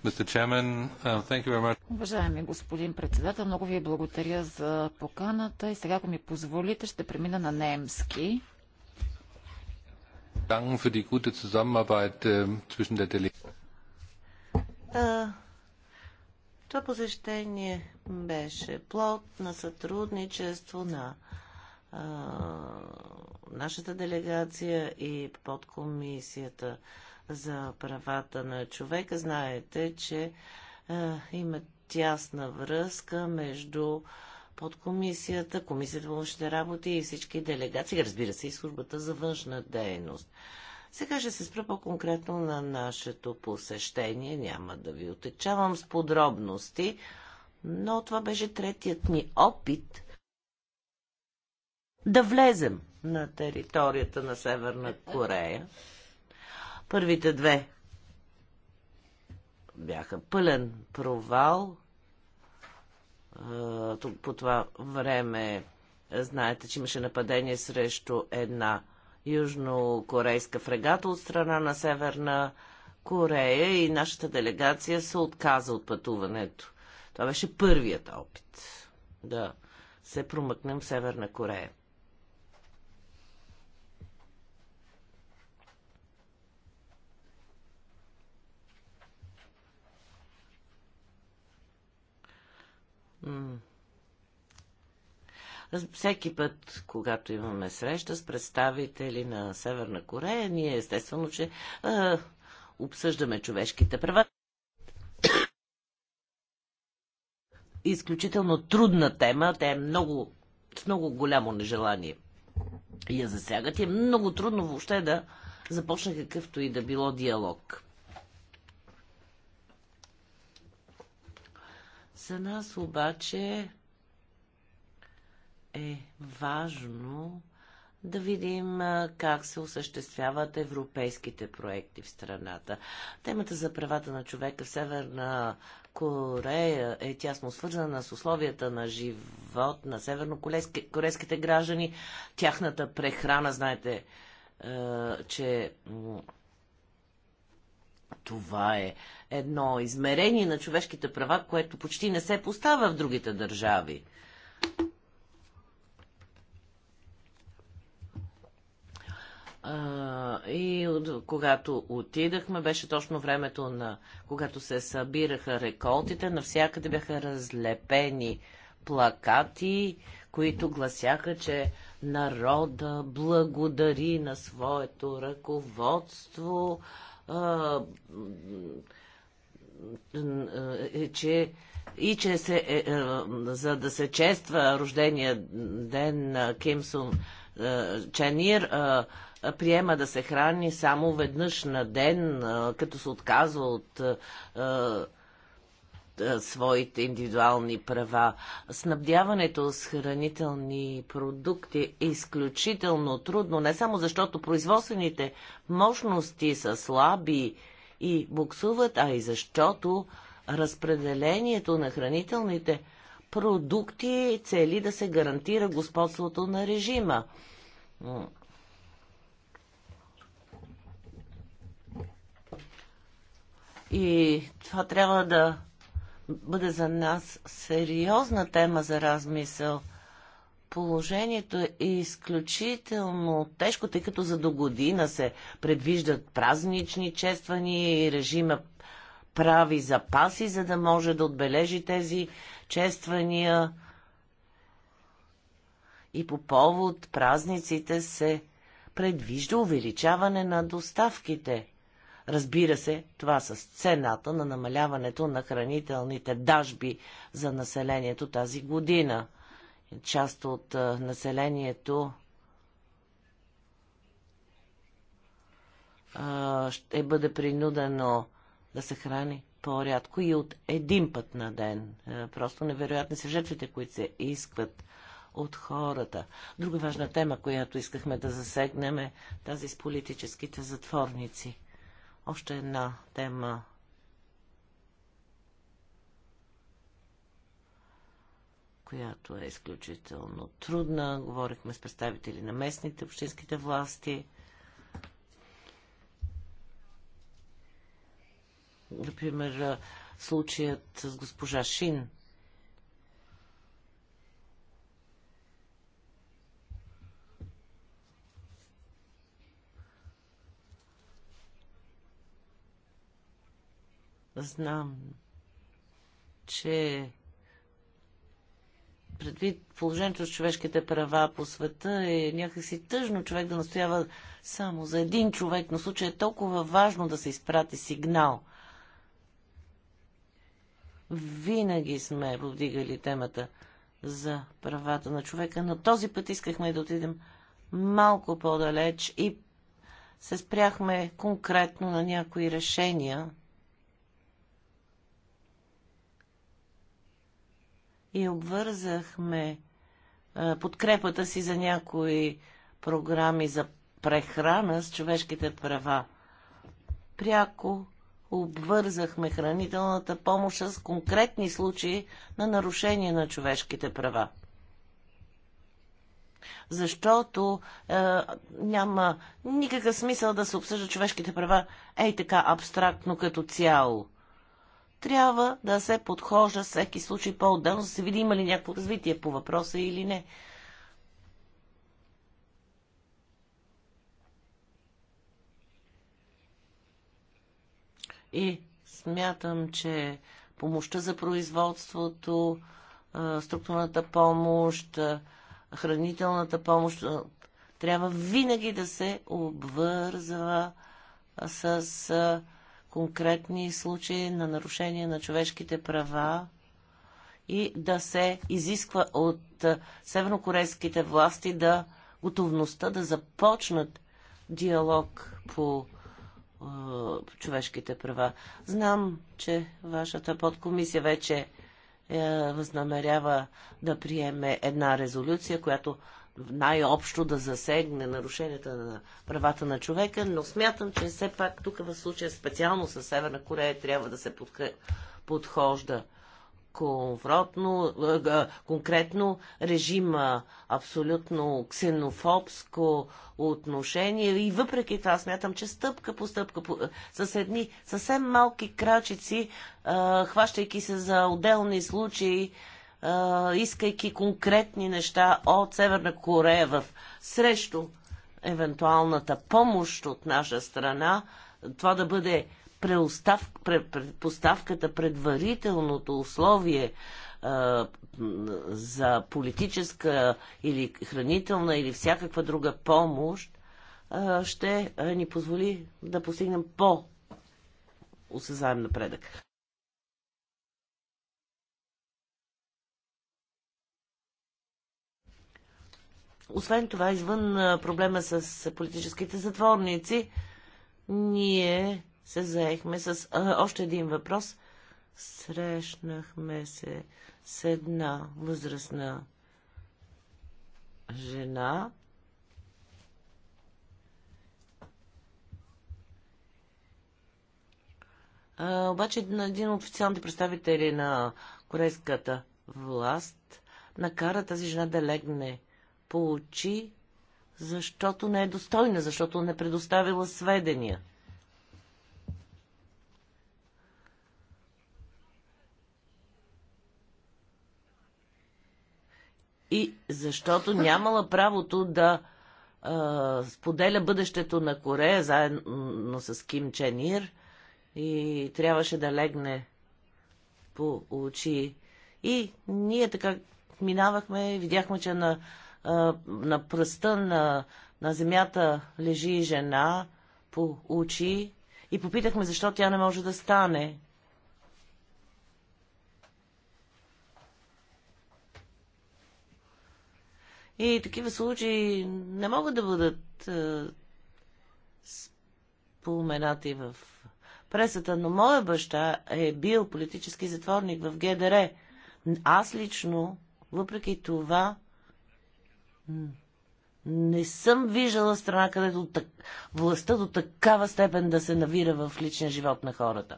Uh, Уважаеми господин председател, много ви благодаря за поканата и сега, ако ми позволите, ще премина на немски. Danken für die gute Zusammenarbeit uh, zwischen der Delegation. Uh, това посещение беше плод на сътрудничество на а, нашата делегация и подкомисията за правата на човека. Знаете, че а, има тясна връзка между подкомисията, комисията по външните работи и всички делегации, разбира се, и службата за външна дейност. Сега ще се спра по-конкретно на нашето посещение. Няма да ви отечавам с подробности, но това беше третият ми опит да влезем на територията на Северна Корея. Първите две бяха пълен провал. По това време знаете, че имаше нападение срещу една южнокорейска фрегата от страна на Северна Корея и нашата делегация се отказа от пътуването. Това беше първият опит да се промъкнем в Северна Корея. Mm. Всеки път, когато имаме среща с представители на Северна Корея, ние естествено, че а, обсъждаме човешките права. Изключително трудна тема, тя е много, с много голямо нежелание я засягат и е много трудно въобще да започне какъвто и да било диалог. За нас обаче е важно да видим как се осъществяват европейските проекти в страната. Темата за правата на човека в Северна Корея е тясно свързана с условията на живот на севернокорейските граждани, тяхната прехрана, знаете, че това е едно измерение на човешките права, което почти не се поставя в другите държави. и от, когато отидахме, беше точно времето на когато се събираха реколтите, навсякъде бяха разлепени плакати, които гласяха, че народа благодари на своето ръководство, а, е, че и че се, е, е, за да се чества рождения ден на Кимсон е, Чанир, е, приема да се храни само веднъж на ден, като се отказва от своите индивидуални права. Снабдяването с хранителни продукти е изключително трудно, не само защото производствените мощности са слаби и буксуват, а и защото разпределението на хранителните продукти цели да се гарантира господството на режима. И това трябва да бъде за нас сериозна тема за размисъл. Положението е изключително тежко, тъй като за до година се предвиждат празнични чествания и режима прави запаси, за да може да отбележи тези чествания. И по повод празниците се предвижда увеличаване на доставките – Разбира се, това с цената на намаляването на хранителните дажби за населението тази година. Част от населението ще бъде принудено да се храни по-рядко и от един път на ден. Просто невероятни са жертвите, които се искат от хората. Друга важна тема, която искахме да засегнем е тази с политическите затворници. Още една тема. която е изключително трудна. Говорихме с представители на местните общинските власти. Например, случаят с госпожа Шин, Знам, че предвид положението с човешките права по света е някакси тъжно човек да настоява само за един човек, но случай е толкова важно да се изпрати сигнал. Винаги сме повдигали темата за правата на човека, но този път искахме да отидем малко по-далеч и се спряхме конкретно на някои решения, и обвързахме подкрепата си за някои програми за прехрана с човешките права. Пряко обвързахме хранителната помощ с конкретни случаи на нарушение на човешките права. Защото е, няма никакъв смисъл да се обсъжда човешките права ей така абстрактно като цяло – трябва да се подхожда всеки случай по-отделно, да се види има ли някакво развитие по въпроса или не. И смятам, че помощта за производството, структурната помощ, хранителната помощ трябва винаги да се обвързва с конкретни случаи на нарушение на човешките права и да се изисква от севернокорейските власти да готовността да започнат диалог по е, човешките права. Знам, че вашата подкомисия вече е, възнамерява да приеме една резолюция, която най-общо да засегне нарушенията на правата на човека, но смятам, че все пак тук в случая специално с Северна Корея трябва да се подхожда конфронтно, конкретно режима абсолютно ксенофобско отношение и въпреки това смятам, че стъпка по стъпка по, с едни съвсем малки крачици, хващайки се за отделни случаи, искайки конкретни неща от Северна Корея в срещу евентуалната помощ от наша страна, това да бъде преостав, предпоставката, предварителното условие за политическа или хранителна или всякаква друга помощ, ще ни позволи да постигнем по-осезаем напредък. Освен това, извън проблема с политическите затворници, ние се заехме с а, още един въпрос. Срещнахме се с една възрастна жена. А, обаче на един от официалните представители на корейската власт накара тази жена да легне получи, защото не е достойна, защото не предоставила сведения. И защото нямала правото да а, споделя бъдещето на Корея заедно с Ким Чен Ир и трябваше да легне по очи. И ние така минавахме, видяхме, че на на пръста на, на земята лежи жена, очи и попитахме защо тя не може да стане. И такива случаи не могат да бъдат е, споменати в пресата, но моя баща е бил политически затворник в ГДР. Аз лично, въпреки това, не съм виждала страна, където так... властта до такава степен да се навира в личния живот на хората.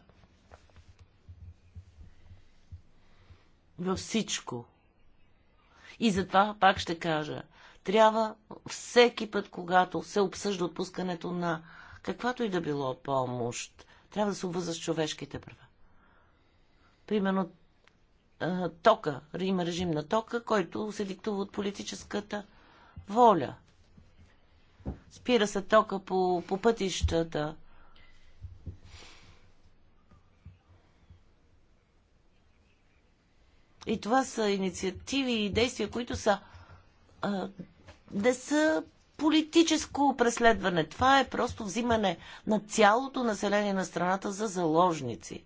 Във всичко. И затова пак ще кажа, трябва всеки път, когато се обсъжда отпускането на каквато и да било помощ, трябва да се обвърза с човешките права. Примерно тока, има режим на тока, който се диктува от политическата воля. Спира се тока по, по пътищата. И това са инициативи и действия, които са а, не са политическо преследване. Това е просто взимане на цялото население на страната за заложници.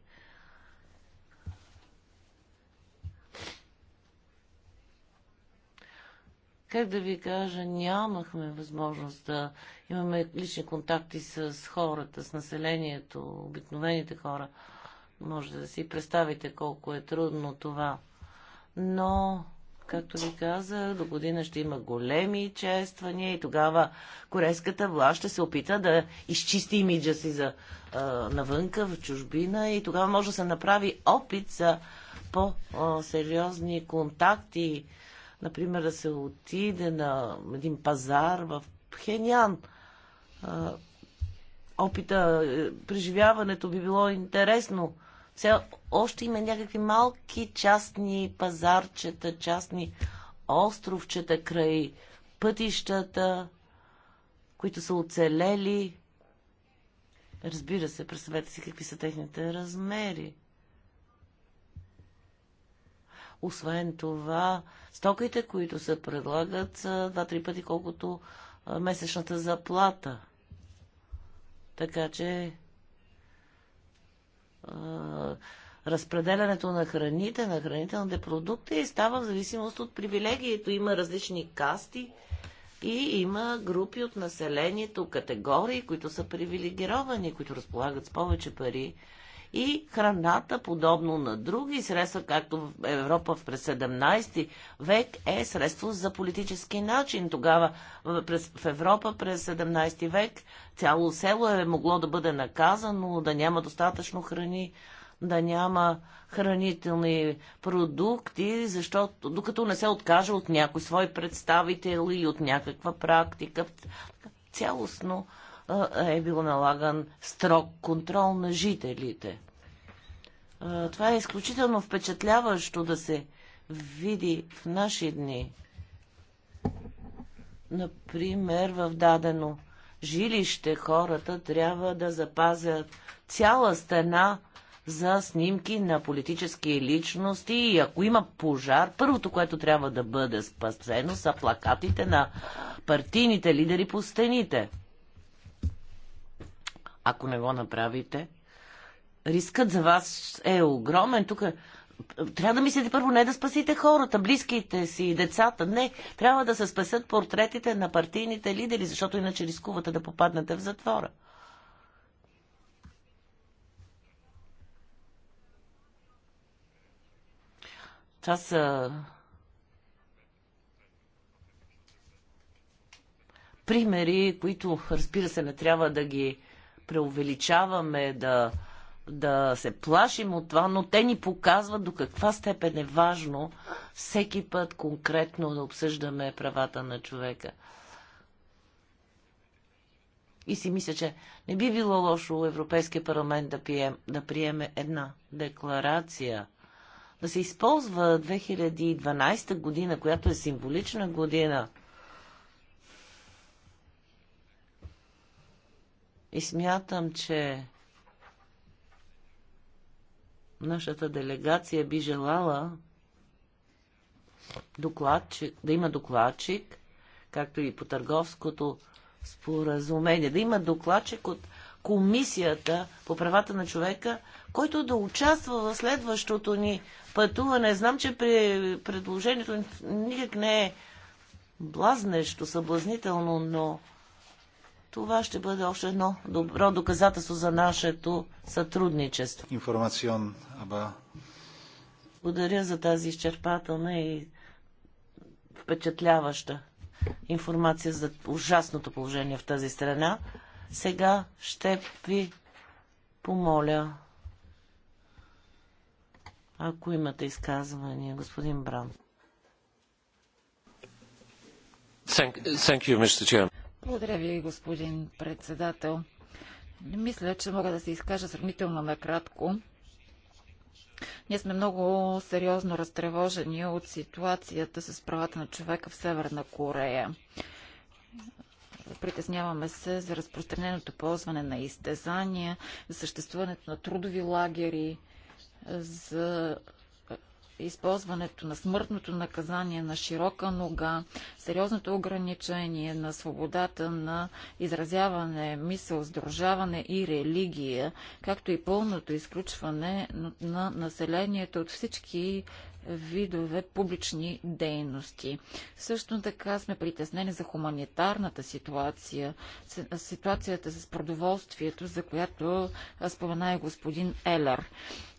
Как да ви кажа, нямахме възможност да имаме лични контакти с хората, с населението, обикновените хора. Може да си представите колко е трудно това. Но, както ви каза, до година ще има големи чествания и тогава корейската власт ще се опита да изчисти имиджа си за а, навънка, в чужбина и тогава може да се направи опит за по-сериозни контакти Например, да се отиде на един пазар в Пхенян. Опита, е, преживяването би било интересно. Все още има някакви малки частни пазарчета, частни островчета край пътищата, които са оцелели. Разбира се, представете си какви са техните размери. Освен това, стоките, които се предлагат, са два-три пъти колкото месечната заплата. Така че а, разпределянето на храните, на хранителните продукти става в зависимост от привилегието. Има различни касти и има групи от населението, категории, които са привилегировани, които разполагат с повече пари и храната, подобно на други средства, както в Европа през 17 век е средство за политически начин. Тогава в Европа през 17 век цяло село е могло да бъде наказано, да няма достатъчно храни, да няма хранителни продукти, защото докато не се откаже от някой свой представител или от някаква практика, цялостно е бил налаган строг контрол на жителите. Това е изключително впечатляващо да се види в наши дни. Например, в дадено жилище хората трябва да запазят цяла стена за снимки на политически личности и ако има пожар, първото, което трябва да бъде спасено са плакатите на партийните лидери по стените. Ако не го направите, рискът за вас е огромен. Тук е, трябва да мислите първо не да спасите хората, близките си, децата. Не, трябва да се спасят портретите на партийните лидери, защото иначе рискувате да попаднете в затвора. Това са примери, които, разбира се, не трябва да ги преувеличаваме, да, да се плашим от това, но те ни показват до каква степен е важно всеки път конкретно да обсъждаме правата на човека. И си мисля, че не би било лошо Европейския парламент да, пием, да приеме една декларация, да се използва 2012 година, която е символична година – И смятам, че нашата делегация би желала докладчик, да има докладчик, както и по търговското споразумение, да има докладчик от Комисията по правата на човека, който да участва в следващото ни пътуване. Знам, че при предложението никак не е блазнещо, съблазнително, но това ще бъде още едно добро доказателство за нашето сътрудничество. Информацион, аба. Благодаря за тази изчерпателна и впечатляваща информация за ужасното положение в тази страна. Сега ще ви помоля, ако имате изказвания, господин Бран. Thank, thank you, Mr. Chairman. Благодаря ви, господин председател. Мисля, че мога да се изкажа сравнително накратко. Ние сме много сериозно разтревожени от ситуацията с правата на човека в Северна Корея. Притесняваме се за разпространеното ползване на изтезания, за съществуването на трудови лагери, за използването на смъртното наказание на широка нога, сериозното ограничение на свободата на изразяване, мисъл, сдружаване и религия, както и пълното изключване на населението от всички видове публични дейности. Също така сме притеснени за хуманитарната ситуация, ситуацията с продоволствието, за която спомена и господин Елер.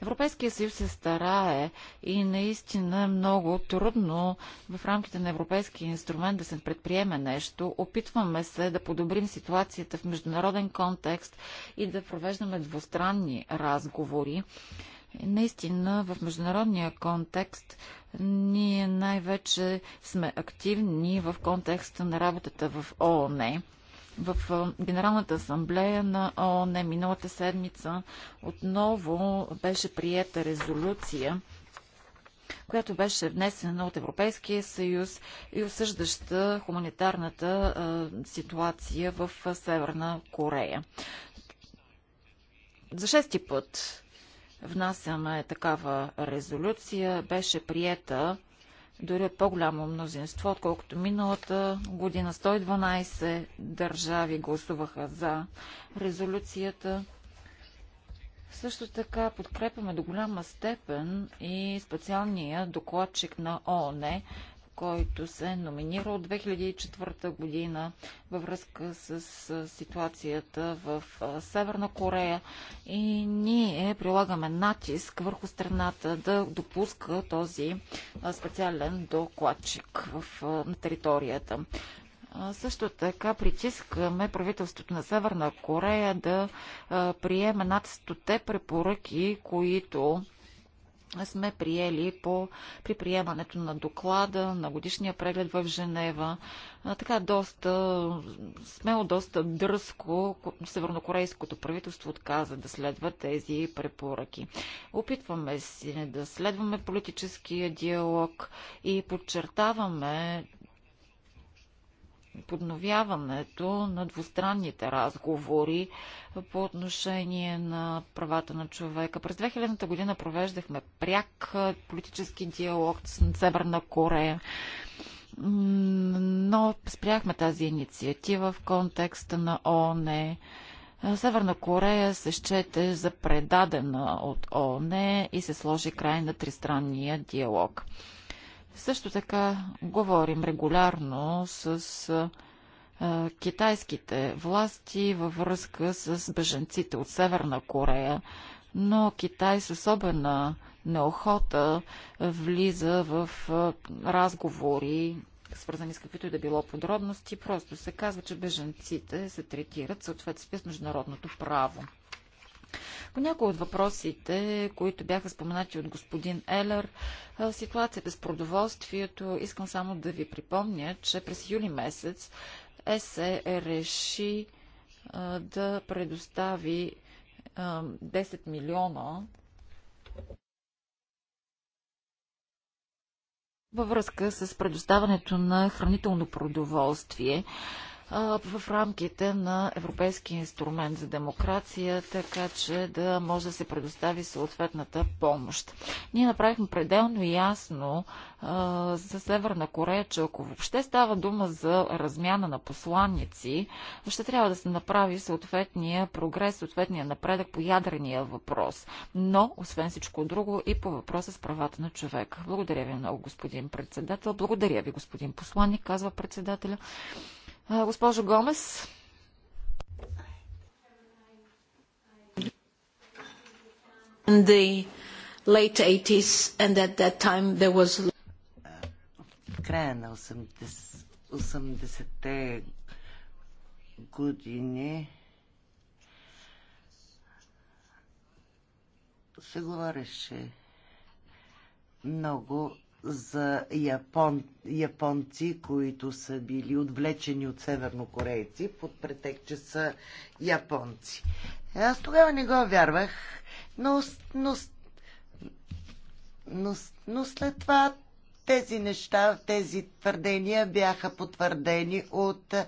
Европейския съюз се старае и наистина е много трудно в рамките на Европейския инструмент да се предприеме нещо. Опитваме се да подобрим ситуацията в международен контекст и да провеждаме двустранни разговори. Наистина, в международния контекст ние най-вече сме активни в контекста на работата в ООН. В Генералната асамблея на ООН миналата седмица отново беше приета резолюция, която беше внесена от Европейския съюз и осъждаща хуманитарната а, ситуация в Северна Корея. За шести път внасяме такава резолюция. Беше приета дори от по-голямо мнозинство, отколкото миналата година. 112 държави гласуваха за резолюцията. Също така подкрепяме до голяма степен и специалния докладчик на ООН който се номинира от 2004 година във връзка с ситуацията в Северна Корея и ние прилагаме натиск върху страната да допуска този специален докладчик в, на територията. Също така притискаме правителството на Северна Корея да приеме над 100 препоръки, които сме приели по, при приемането на доклада, на годишния преглед в Женева. А, така доста, смело доста дръско, севернокорейското правителство отказа да следва тези препоръки. Опитваме си да следваме политическия диалог и подчертаваме, подновяването на двустранните разговори по отношение на правата на човека. През 2000-та година провеждахме пряк политически диалог с Северна Корея. Но спряхме тази инициатива в контекста на ООН. Северна Корея се счете за предадена от ООН и се сложи край на тристранния диалог. Също така говорим регулярно с китайските власти във връзка с беженците от Северна Корея, но Китай с особена неохота влиза в разговори, свързани с каквито и да било подробности. Просто се казва, че беженците се третират съответствие с международното право. По някои от въпросите, които бяха споменати от господин Елер, ситуацията с продоволствието, искам само да ви припомня, че през юли месец ЕСЕ реши да предостави 10 милиона във връзка с предоставането на хранително продоволствие в рамките на Европейския инструмент за демокрация, така че да може да се предостави съответната помощ. Ние направихме пределно ясно а, за Северна Корея, че ако въобще става дума за размяна на посланници, ще трябва да се направи съответния прогрес, съответния напредък по ядрения въпрос. Но, освен всичко друго, и по въпроса с правата на човека. Благодаря ви много, господин председател. Благодаря ви, господин посланник, казва председателя. Госпожо Гомес. в края на 80-те години се говореше много за япон, японци, които са били отвлечени от севернокорейци под претек, че са японци. Аз тогава не го вярвах, но, но, но, но след това тези неща, тези твърдения бяха потвърдени от е,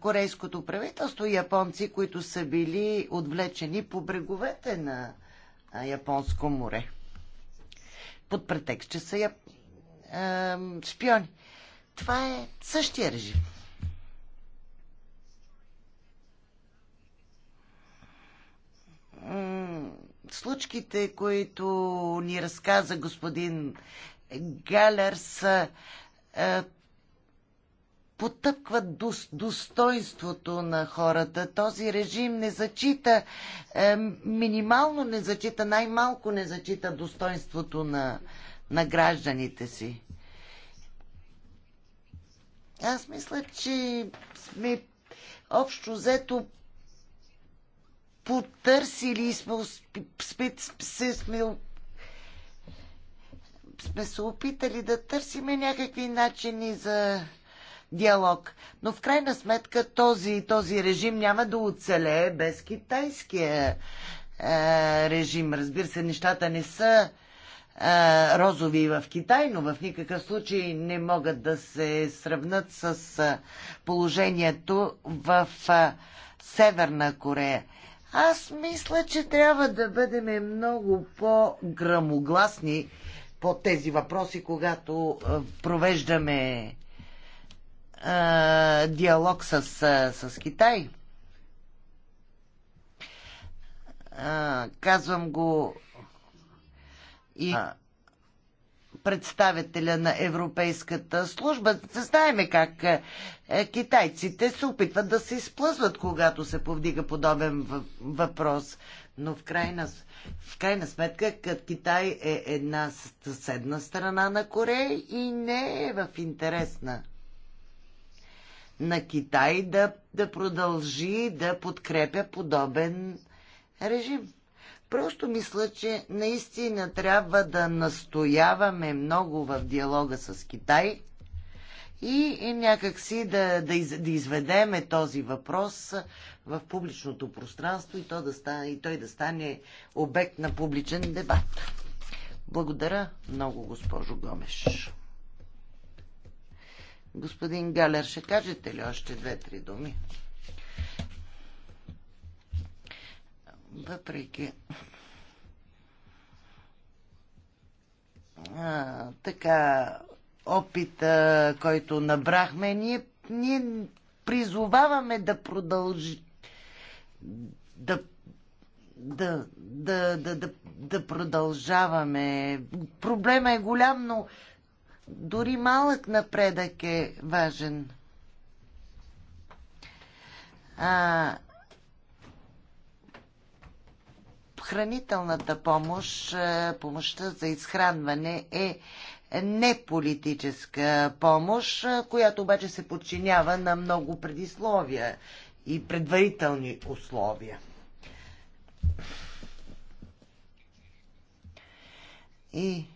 корейското правителство и японци, които са били отвлечени по бреговете на Японско море под претекст, че са я, е, шпиони. Това е същия режим. Случките, които ни разказа господин Галер, са е, потъпкват достоинството на хората. Този режим не зачита, е, минимално не зачита, най-малко не зачита достоинството на, на гражданите си. Аз мисля, че сме общо взето потърсили и сме, сме, сме, сме сме се опитали да търсиме някакви начини за диалог. Но в крайна сметка този, този режим няма да оцелее без китайския е, режим. Разбира се, нещата не са е, розови в Китай, но в никакъв случай не могат да се сравнат с е, положението в е, Северна Корея. Аз мисля, че трябва да бъдем много по-грамогласни по тези въпроси, когато е, провеждаме диалог с, с Китай. А, казвам го и представителя на Европейската служба. Знаеме как е, китайците се опитват да се изплъзват, когато се повдига подобен въпрос. Но в крайна, в крайна сметка, като Китай е една съседна страна на Корея и не е в интерес на на Китай да, да продължи да подкрепя подобен режим. Просто мисля, че наистина трябва да настояваме много в диалога с Китай и, и някакси да, да, из, да изведеме този въпрос в публичното пространство и, то да стане, и той да стане обект на публичен дебат. Благодаря много, госпожо Гомеш. Господин Галер, ще кажете ли още две-три думи? Въпреки а, така опита, който набрахме, ние, ние призоваваме да продължи да да, да, да, да, да продължаваме. Проблема е голям, но дори малък напредък е важен. А, хранителната помощ, помощта за изхранване е не политическа помощ, която обаче се подчинява на много предисловия и предварителни условия. И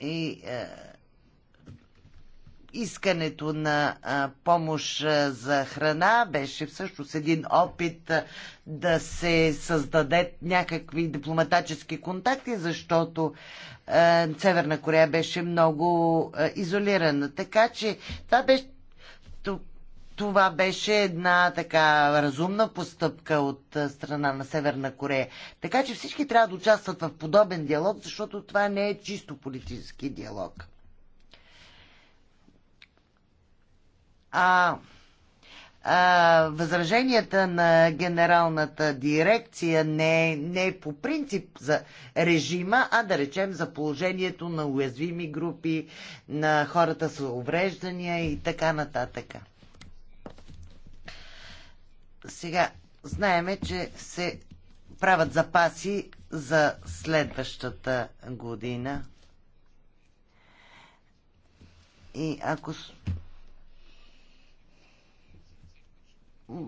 и е, искането на а, е, помощ а, е, за храна беше всъщност един опит а, е, да се създадат някакви дипломатически контакти, защото а, Северна Корея беше много а, изолирана. Така че това беше това беше една така разумна постъпка от страна на Северна Корея. Така че всички трябва да участват в подобен диалог, защото това не е чисто политически диалог. А, а възраженията на генералната дирекция не, не е по принцип за режима, а да речем за положението на уязвими групи, на хората с увреждания и така нататък. Сега знаеме, че се правят запаси за следващата година. И ако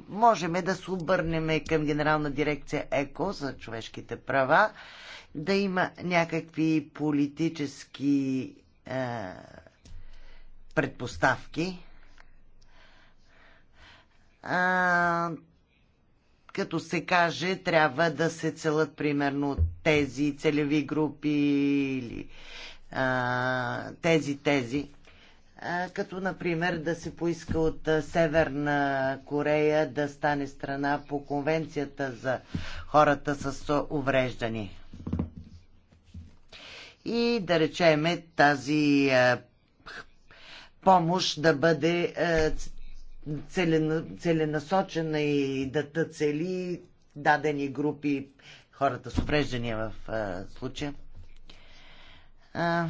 можем да се обърнем към Генерална дирекция ЕКО за човешките права, да има някакви политически е, предпоставки. А, като се каже, трябва да се целят примерно тези целеви групи или а, тези тези. А, като, например, да се поиска от Северна Корея да стане страна по конвенцията за хората с увреждани. И да речеме тази а, помощ да бъде целена, целенасочена и да цели дадени групи хората с увреждания в а, случая. А,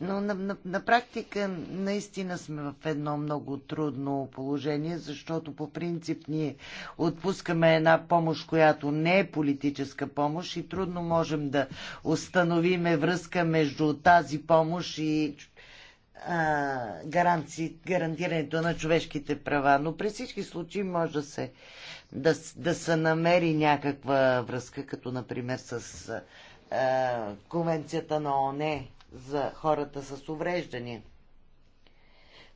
но на, на, на практика наистина сме в едно много трудно положение, защото по принцип ние отпускаме една помощ, която не е политическа помощ и трудно можем да установиме връзка между тази помощ и гаранци, гарантирането на човешките права, но при всички случаи може да се, да, да се намери някаква връзка, като например с а, Конвенцията на ОНЕ за хората с увреждания.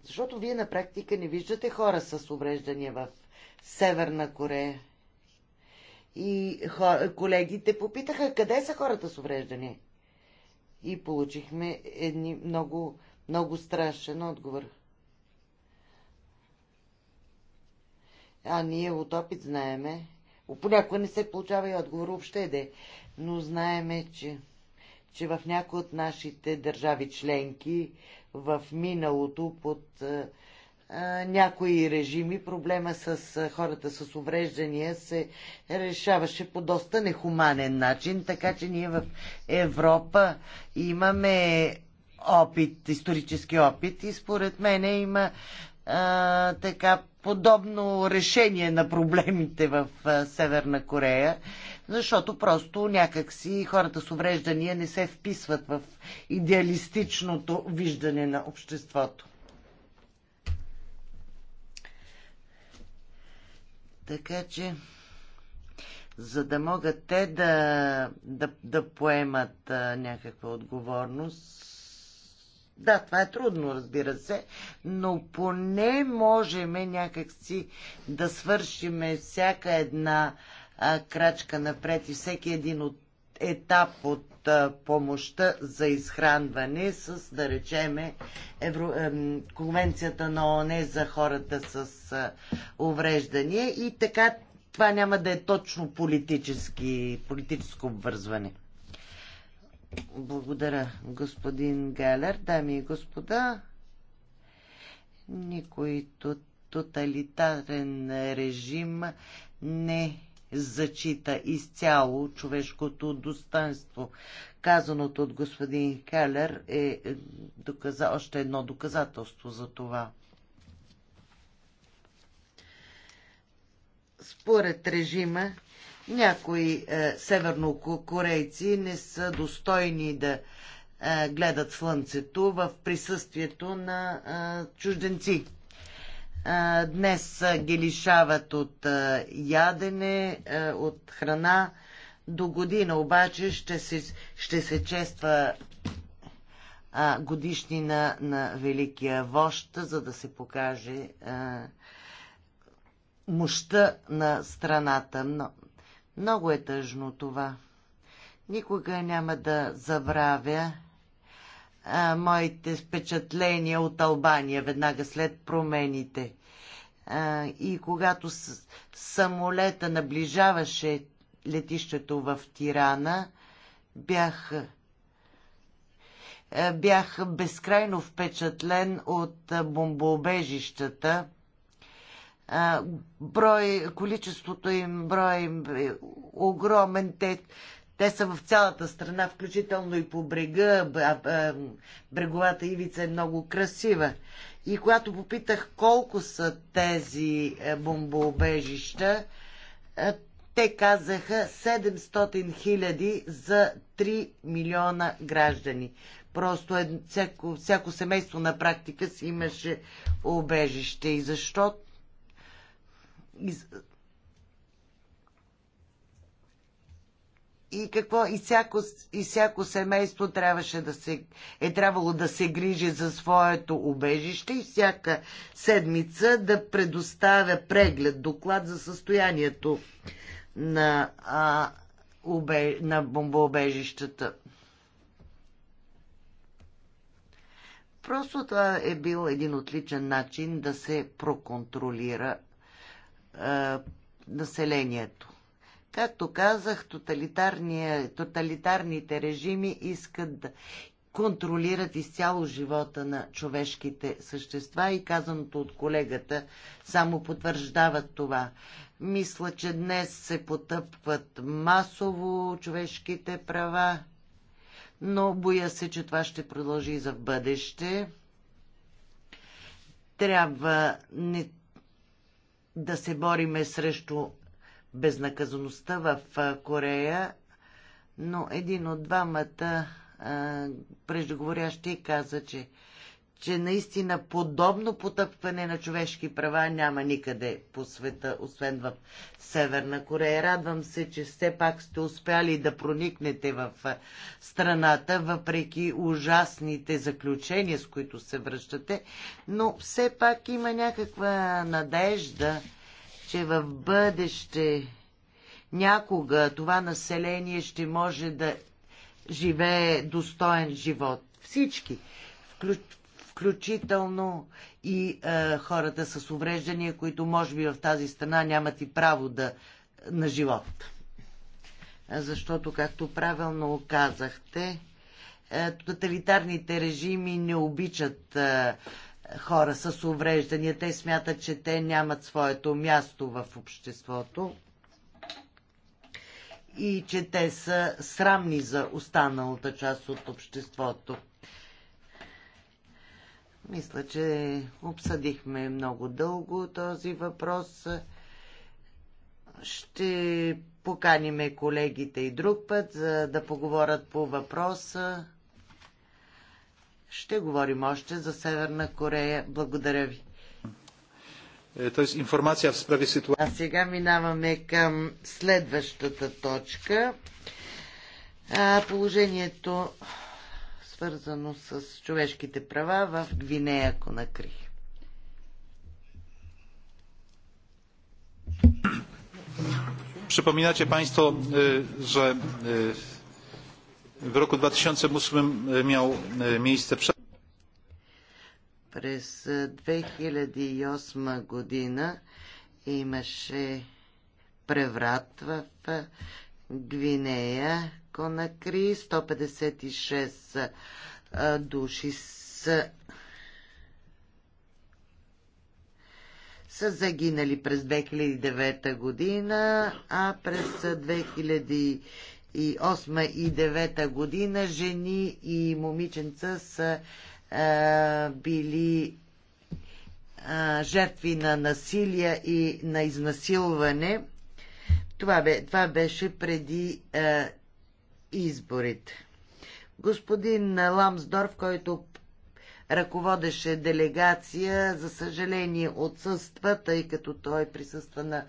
Защото вие на практика не виждате хора с увреждания в Северна Корея. И хор... колегите попитаха къде са хората с увреждания. И получихме едни много много страшен отговор. А ние от опит знаеме. Понякога не се получава и отговор въобще де. Но знаеме, че, че в някои от нашите държави членки в миналото под а, някои режими проблема с а, хората с увреждания се решаваше по доста нехуманен начин, така че ние в Европа имаме опит, исторически опит и според мен има а, така подобно решение на проблемите в а, Северна Корея, защото просто някакси хората с увреждания не се вписват в идеалистичното виждане на обществото. Така че, за да могат те да, да, да поемат а, някаква отговорност, да, това е трудно, разбира се, но поне можеме някакси да свършиме всяка една а, крачка напред и всеки един от етап от а, помощта за изхранване с, да речеме, Евро, е, Конвенцията на ООН за хората с а, увреждания и така това няма да е точно политически, политическо обвързване. Благодаря, господин Гелер. Дами и господа, никой тоталитарен режим не зачита изцяло човешкото достоинство. Казаното от господин Келер е доказа, още едно доказателство за това. Според режима, някои е, севернокорейци не са достойни да е, гледат слънцето в присъствието на е, чужденци. Е, днес е, ги лишават от е, ядене, е, от храна. До година обаче ще се, ще се чества а, е, годишнина на Великия вожд, за да се покаже а, е, мощта на страната. Но, много е тъжно това. Никога няма да забравя а, моите впечатления от Албания веднага след промените. А, и когато с, самолета наближаваше летището в Тирана, бях, бях безкрайно впечатлен от бомбоубежищата – брой, количеството им, брой им е огромен. Те, те са в цялата страна, включително и по брега. Бреговата ивица е много красива. И когато попитах колко са тези е, бомбоубежища, е, те казаха 700 хиляди за 3 милиона граждани. Просто е, всяко, всяко семейство на практика си имаше обежище. И защо и какво и всяко, и всяко семейство трябваше да се, е трябвало да се грижи за своето убежище и всяка седмица да предоставя преглед, доклад за състоянието на, а, убе, на бомбоубежищата. Просто това е бил един отличен начин да се проконтролира а, населението. Както казах, тоталитарните режими искат да контролират изцяло живота на човешките същества и казаното от колегата само потвърждават това. Мисля, че днес се потъпват масово човешките права, но боя се, че това ще продължи и за в бъдеще. Трябва не да се бориме срещу безнаказаността в Корея, но един от двамата преждеговорящи каза, че че наистина подобно потъпване на човешки права няма никъде по света, освен в Северна Корея. Радвам се, че все пак сте успяли да проникнете в страната, въпреки ужасните заключения, с които се връщате, но все пак има някаква надежда, че в бъдеще някога това население ще може да живее достоен живот. Всички, включително и е, хората с увреждания, които може би в тази страна нямат и право да, на живот. Защото, както правилно казахте, е, тоталитарните режими не обичат е, хора с увреждания. Те смятат, че те нямат своето място в обществото и че те са срамни за останалата част от обществото. Мисля, че обсъдихме много дълго този въпрос. Ще поканиме колегите и друг път, за да поговорят по въпроса. Ще говорим още за Северна Корея. Благодаря ви. Т.е. информация в справи ситуация. А сега минаваме към следващата точка. А, положението свързано с човешките права в Гвинея Конакри. Przypominacie Państwo, że w roku 2008 miał miejsce през 2008 година имаше преврат в Гвинея Конакри, 156 души са са загинали през 2009 година, а през 2008 и 2009 година жени и момиченца са а, били а, жертви на насилие и на изнасилване. Това, бе, това беше преди а, изборите. Господин Ламсдорф, който ръководеше делегация, за съжаление отсъства, тъй като той присъства на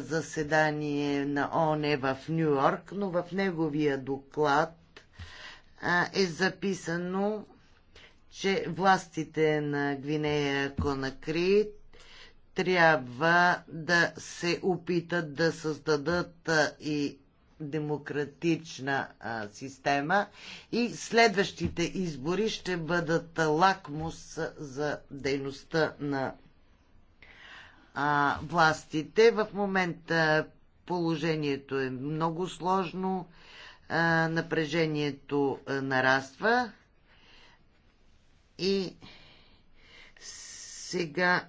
заседание на ОНЕ в Нью Йорк, но в неговия доклад е записано, че властите на Гвинея Конакри трябва да се опитат да създадат и демократична а, система и следващите избори ще бъдат лакмус за дейността на а, властите. В момента положението е много сложно, а, напрежението а, нараства и сега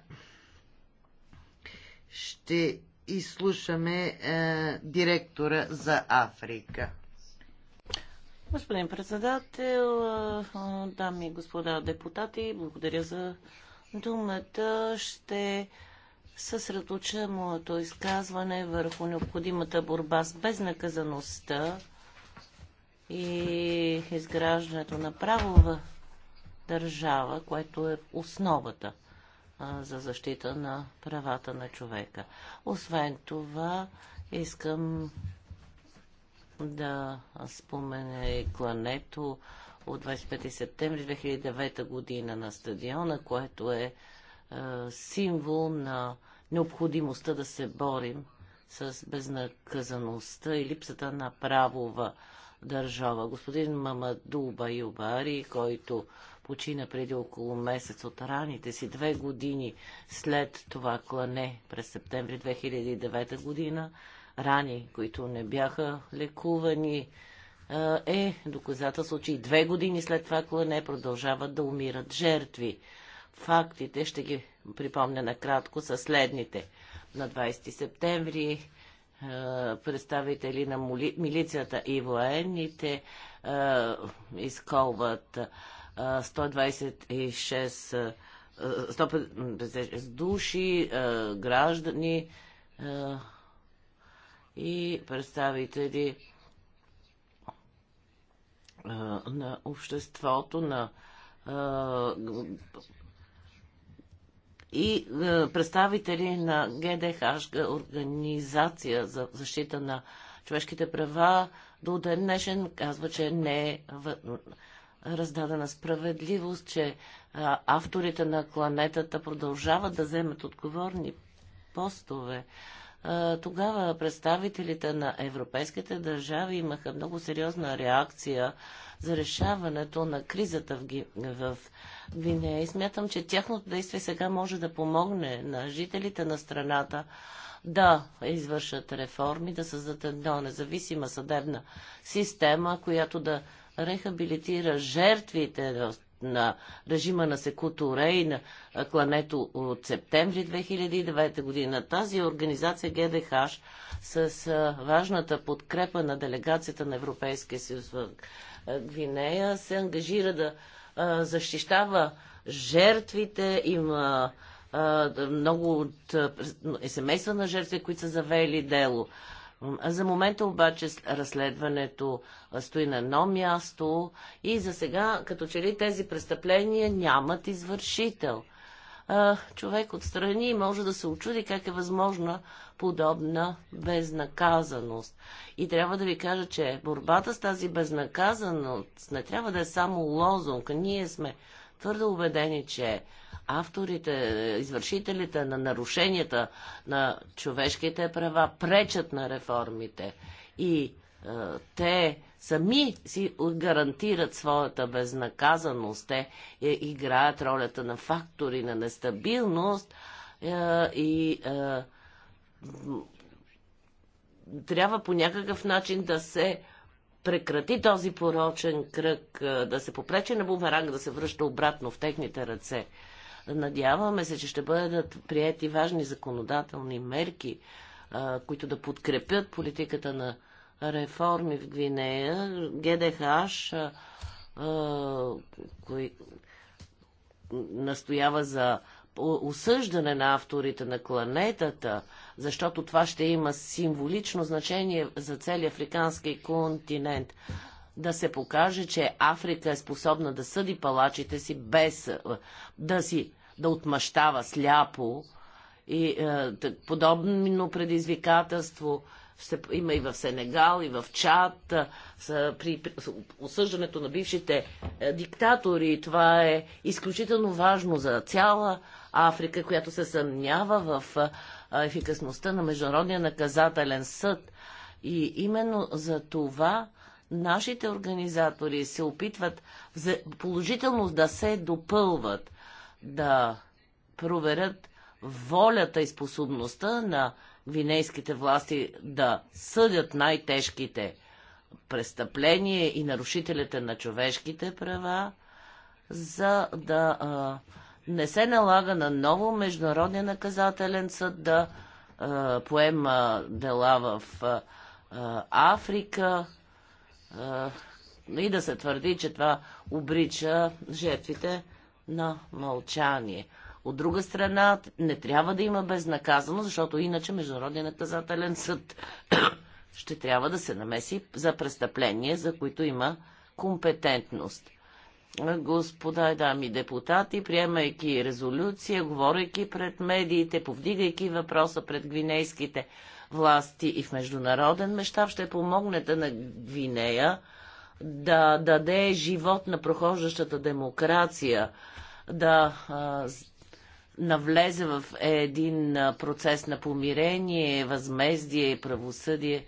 ще изслушаме е, директора за Африка. Господин председател, е, дами и господа депутати, благодаря за думата. Ще съсредоточа моето изказване върху необходимата борба с безнаказаността и изграждането на правова държава, което е основата – за защита на правата на човека. Освен това, искам да спомене и клането от 25 септември 2009 година на стадиона, което е, е символ на необходимостта да се борим с безнаказаността и липсата на правова държава. Господин Мамаду Баюбари, който почина преди около месец от раните си, две години след това клане през септември 2009 година, рани, които не бяха лекувани, е, е доказателство, че и две години след това клане продължават да умират жертви. Фактите, ще ги припомня накратко, са следните. На 20 септември е, представители на милицията и военните е, изколват 126 души, граждани и представители на обществото, на и представители на ГДХ, Организация за защита на човешките права, до ден днешен казва, че не е раздадена справедливост, че авторите на кланетата продължават да вземат отговорни постове. тогава представителите на европейските държави имаха много сериозна реакция за решаването на кризата в, Ги... в Гвинея. И смятам, че тяхното действие сега може да помогне на жителите на страната да извършат реформи, да създадат една независима съдебна система, която да рехабилитира жертвите на режима на Секуто Рей на клането от септември 2009 година. Тази организация ГДХ с важната подкрепа на делегацията на Европейския съюз в Гвинея се ангажира да защищава жертвите, има много от семейства на жертви, които са завели дело. За момента обаче разследването стои на едно място и за сега, като че ли тези престъпления нямат извършител. Човек отстрани може да се очуди как е възможна подобна безнаказаност. И трябва да ви кажа, че борбата с тази безнаказаност не трябва да е само лозунг. Ние сме твърдо убедени, че авторите, извършителите на нарушенията на човешките права пречат на реформите и е, те сами си гарантират своята безнаказаност, те е, играят ролята на фактори на нестабилност е, и е, трябва по някакъв начин да се прекрати този порочен кръг, е, да се попречи на бумеранг, да се връща обратно в техните ръце. Надяваме се, че ще бъдат прияти важни законодателни мерки, които да подкрепят политиката на реформи в Гвинея. ГДХ кой настоява за осъждане на авторите на кланетата, защото това ще има символично значение за целия африкански континент да се покаже, че Африка е способна да съди палачите си без е, да си да отмъщава сляпо и е, подобно предизвикателство ще има и в Сенегал, и в Чад, е, при, при осъждането на бившите е, диктатори. Това е изключително важно за цяла Африка, която се съмнява в е, ефикасността на Международния наказателен съд. И именно за това нашите организатори се опитват положително да се допълват, да проверят волята и способността на гвинейските власти да съдят най-тежките престъпления и нарушителите на човешките права, за да а, не се налага на ново международния наказателен съд да а, поема дела в а, Африка и да се твърди, че това обрича жертвите на мълчание. От друга страна, не трябва да има безнаказано, защото иначе Международният наказателен съд ще трябва да се намеси за престъпление, за които има компетентност. Господа и дами депутати, приемайки резолюция, говорейки пред медиите, повдигайки въпроса пред гвинейските власти и в международен мащаб ще помогнете на Гвинея да даде живот на прохождащата демокрация, да а, навлезе в един процес на помирение, възмездие и правосъдие.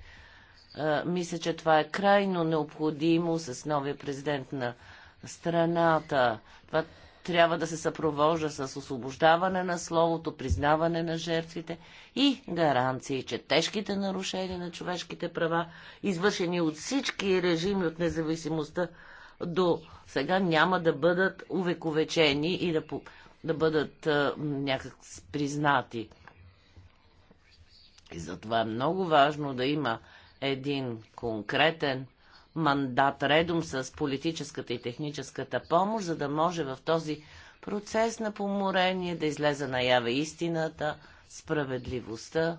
А, мисля, че това е крайно необходимо с новия президент на страната. Това трябва да се съпровожда с освобождаване на словото, признаване на жертвите и гаранции, че тежките нарушения на човешките права, извършени от всички режими от независимостта до сега, няма да бъдат увековечени и да, да бъдат а, някак признати. И затова е много важно да има един конкретен мандат редом с политическата и техническата помощ, за да може в този процес на поморение да излезе наяве истината, справедливостта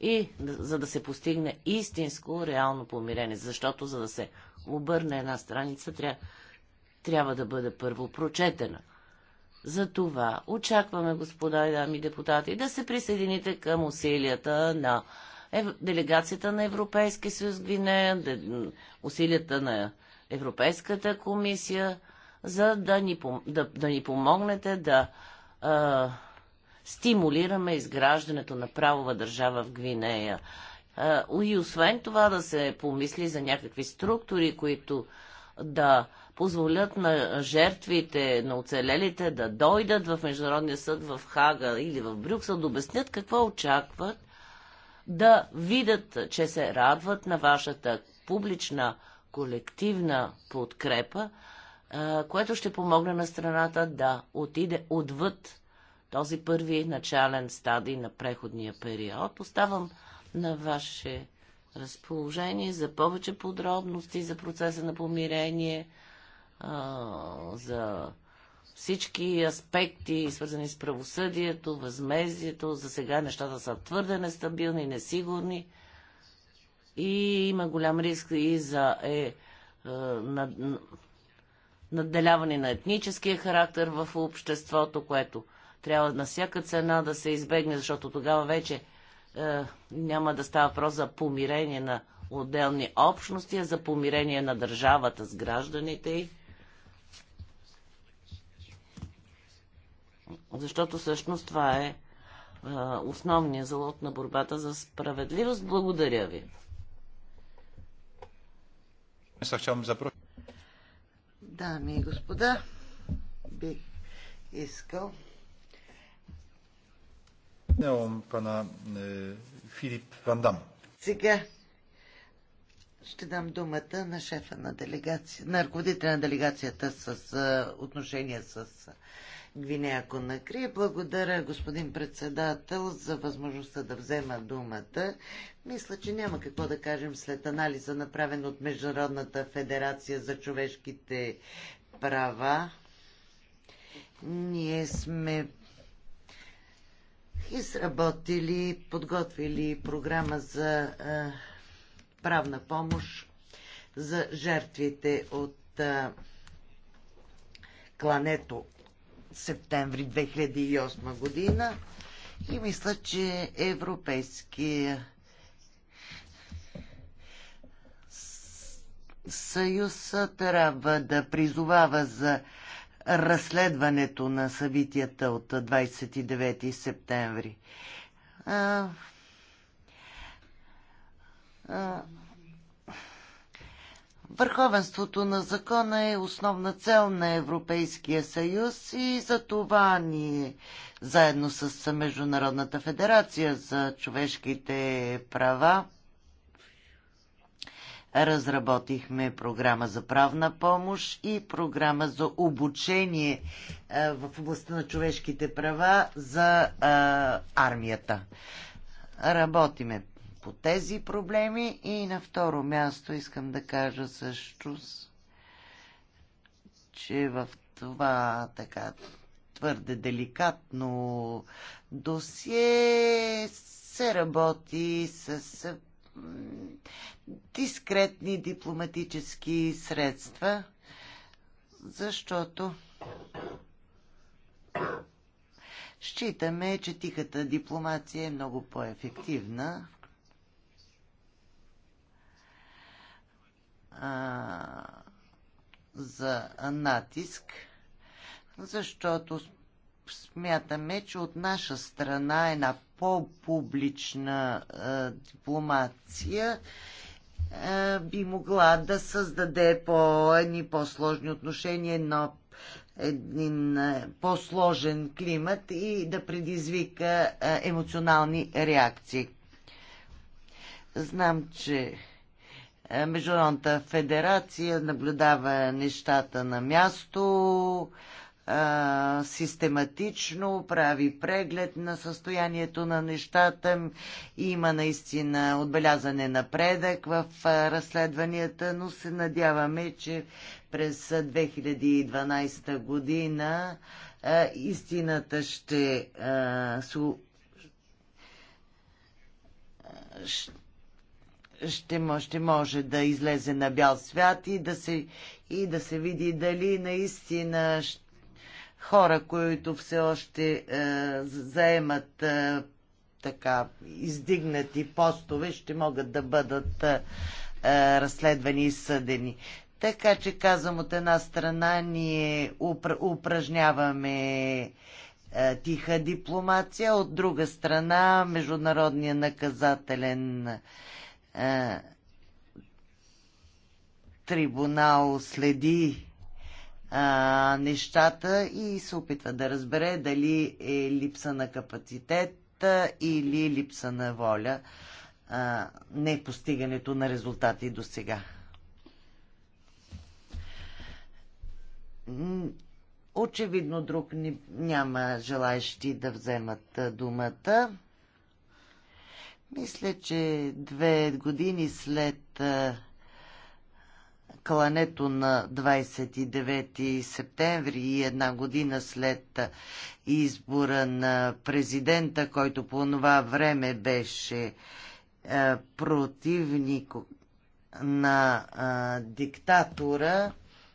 и за да се постигне истинско, реално помирение. Защото за да се обърне една страница, трябва да бъде първо прочетена. За това очакваме, господа и дами депутати, да се присъедините към усилията на делегацията на Европейския съюз Гвинея, усилията на Европейската комисия, за да ни, пом... да, да ни помогнете да а, стимулираме изграждането на правова държава в Гвинея. А, и освен това да се помисли за някакви структури, които да позволят на жертвите, на оцелелите да дойдат в Международния съд в Хага или в Брюксел, да обяснят какво очакват да видят, че се радват на вашата публична, колективна подкрепа, което ще помогне на страната да отиде отвъд този първи начален стадий на преходния период. Оставам на ваше разположение за повече подробности за процеса на помирение, за всички аспекти, свързани с правосъдието, възмездието. За сега нещата са твърде нестабилни, несигурни и има голям риск и за е, е, над, надделяване на етническия характер в обществото, което трябва на всяка цена да се избегне, защото тогава вече е, няма да става въпрос за помирение на отделни общности, а за помирение на държавата с гражданите и Защото всъщност това е, е основния залог на борбата за справедливост. Благодаря ви. Дами и господа, бих искал пана Филип Вандам. Сега ще дам думата на шефа на делегация, на ръководителя на делегацията с е, отношения с Гвинея Конакри. Благодаря, господин председател, за възможността да взема думата. Мисля, че няма какво да кажем след анализа, направен от Международната федерация за човешките права. Ние сме изработили, подготвили програма за а, правна помощ за жертвите от а, клането септември 2008 година и мисля, че Европейския съюз трябва да призовава за разследването на събитията от 29 септември. А, а, Върховенството на закона е основна цел на Европейския съюз и за това ние заедно с Международната федерация за човешките права разработихме програма за правна помощ и програма за обучение е, в областта на човешките права за е, армията. Работиме по тези проблеми и на второ място искам да кажа също, че в това така твърде деликатно досие се работи с дискретни дипломатически средства, защото считаме, че тихата дипломация е много по-ефективна а, за натиск, защото смятаме, че от наша страна е една по-публична дипломация а, би могла да създаде по едни по-сложни отношения, но един по-сложен климат и да предизвика емоционални реакции. Знам, че е, Международната федерация наблюдава нещата на място, е, систематично прави преглед на състоянието на нещата. Има наистина отбелязане напредък в е, разследванията, но се надяваме, че през 2012 година истината ще ще, ще може да излезе на бял свят и да се, и да се види дали наистина хора, които все още е, заемат е, така издигнати постове, ще могат да бъдат е, е разследвани и съдени. Така че казвам от една страна, ние упражняваме е, тиха дипломация, от друга страна Международния наказателен е, трибунал следи а, е, нещата и се опитва да разбере дали е липса на капацитет е, или липса на воля, а, не постигането на резултати до сега. Очевидно друг няма желаещи да вземат думата. Мисля, че две години след клането на 29 септември и една година след избора на президента, който по това време беше противник на диктатура, диктатора,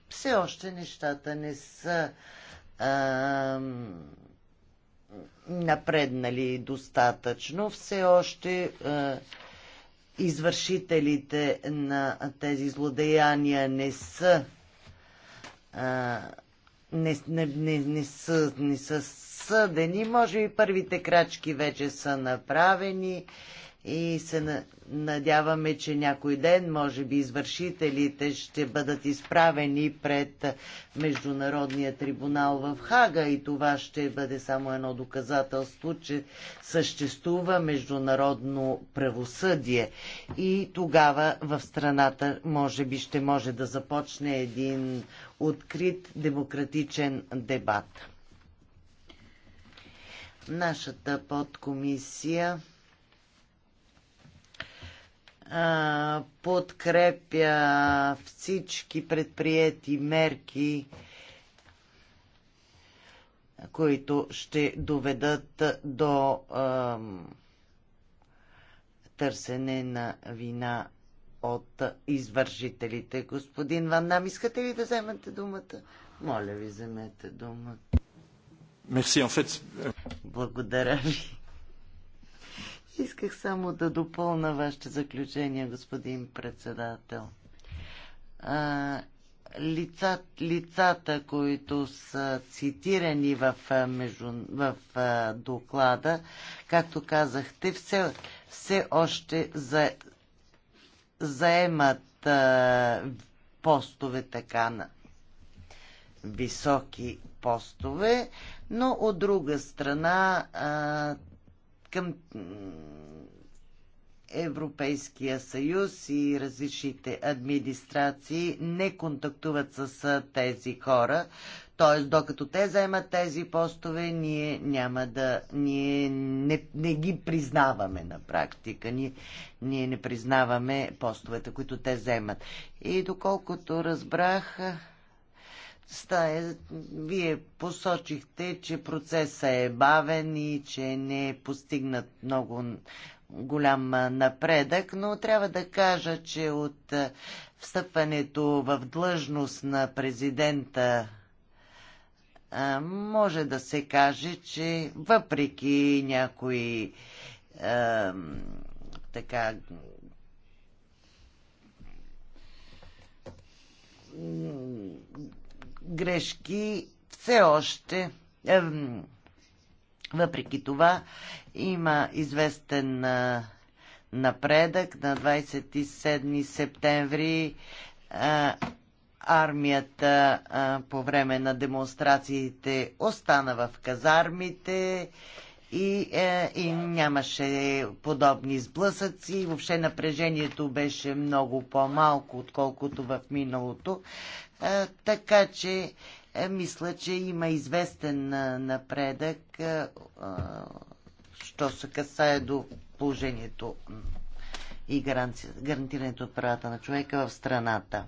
все още нещата не са напреднали достатъчно. Все още е, извършителите на тези злодеяния не са е, не, не, не, не, са, не са съдени. Може би първите крачки вече са направени и се надяваме, че някой ден, може би, извършителите ще бъдат изправени пред Международния трибунал в Хага и това ще бъде само едно доказателство, че съществува международно правосъдие. И тогава в страната, може би, ще може да започне един открит демократичен дебат. Нашата подкомисия подкрепя всички предприяти мерки, които ще доведат до а, търсене на вина от извършителите. Господин Ван Нам, искате ли да вземете думата? Моля ви, вземете думата. Благодаря ви. Исках само да допълна вашето заключение, господин председател. А, лица, лицата, които са цитирани в, между, в а, доклада, както казахте, все, все още за, заемат а, постове така на високи постове, но от друга страна а, към Европейския съюз и различните администрации не контактуват с тези хора. Т.е. докато те заемат тези постове, ние няма да. Ние не, не ги признаваме на практика. Ние, ние не признаваме постовете, които те заемат. И доколкото разбрах, Стая, е, вие посочихте, че процесът е бавен и че не е постигнат много голям напредък, но трябва да кажа, че от встъпването в длъжност на президента може да се каже, че въпреки някои е, така грешки все още. въпреки това има известен напредък. На 27 септември армията по време на демонстрациите остана в казармите и, е, и нямаше подобни сблъсъци. Въобще напрежението беше много по-малко, отколкото в миналото. Е, така че е, мисля, че има известен е, напредък, е, е, що се касае до положението и гарантирането от правата на човека в страната.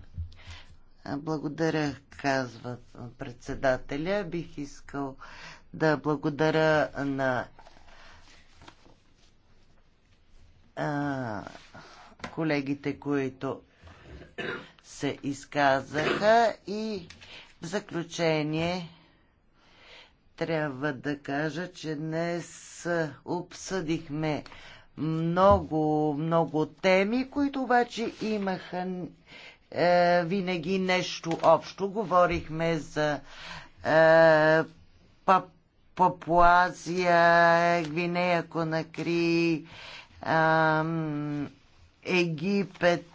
Е, благодаря, казва председателя. Бих искал да благодаря на а, колегите, които се изказаха и в заключение трябва да кажа, че днес обсъдихме много, много теми, които обаче имаха е, винаги нещо общо. Говорихме за е, пап Папуазия, Гвинея, Конакри, Египет,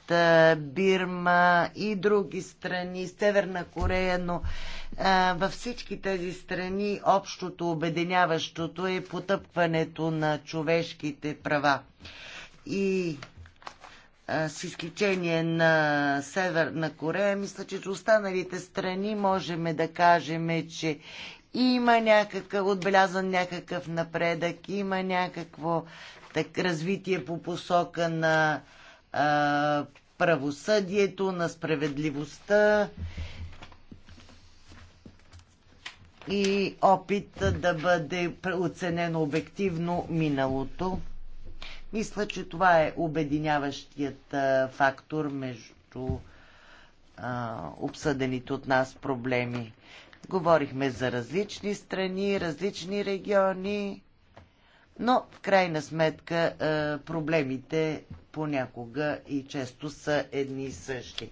Бирма и други страни, Северна Корея, но във всички тези страни общото обединяващото е потъпването на човешките права. И с изключение на Северна Корея, мисля, че останалите страни можем да кажем, че има някакъв, отбелязан някакъв напредък, има някакво так, развитие по посока на а, правосъдието, на справедливостта и опит да бъде оценено обективно миналото. Мисля, че това е обединяващият фактор между а, обсъдените от нас проблеми. Говорихме за различни страни, различни региони, но в крайна сметка е, проблемите понякога и често са едни и същи.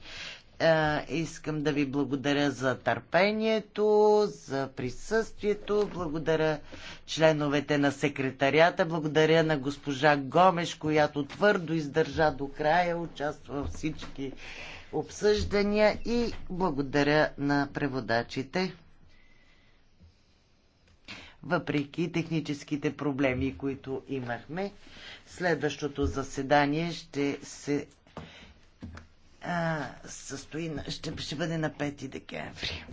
Е, искам да ви благодаря за търпението, за присъствието, благодаря членовете на секретарията, благодаря на госпожа Гомеш, която твърдо издържа до края, участва във всички обсъждания и благодаря на преводачите въпреки техническите проблеми, които имахме. Следващото заседание ще се а, състои, ще, ще бъде на 5 декември.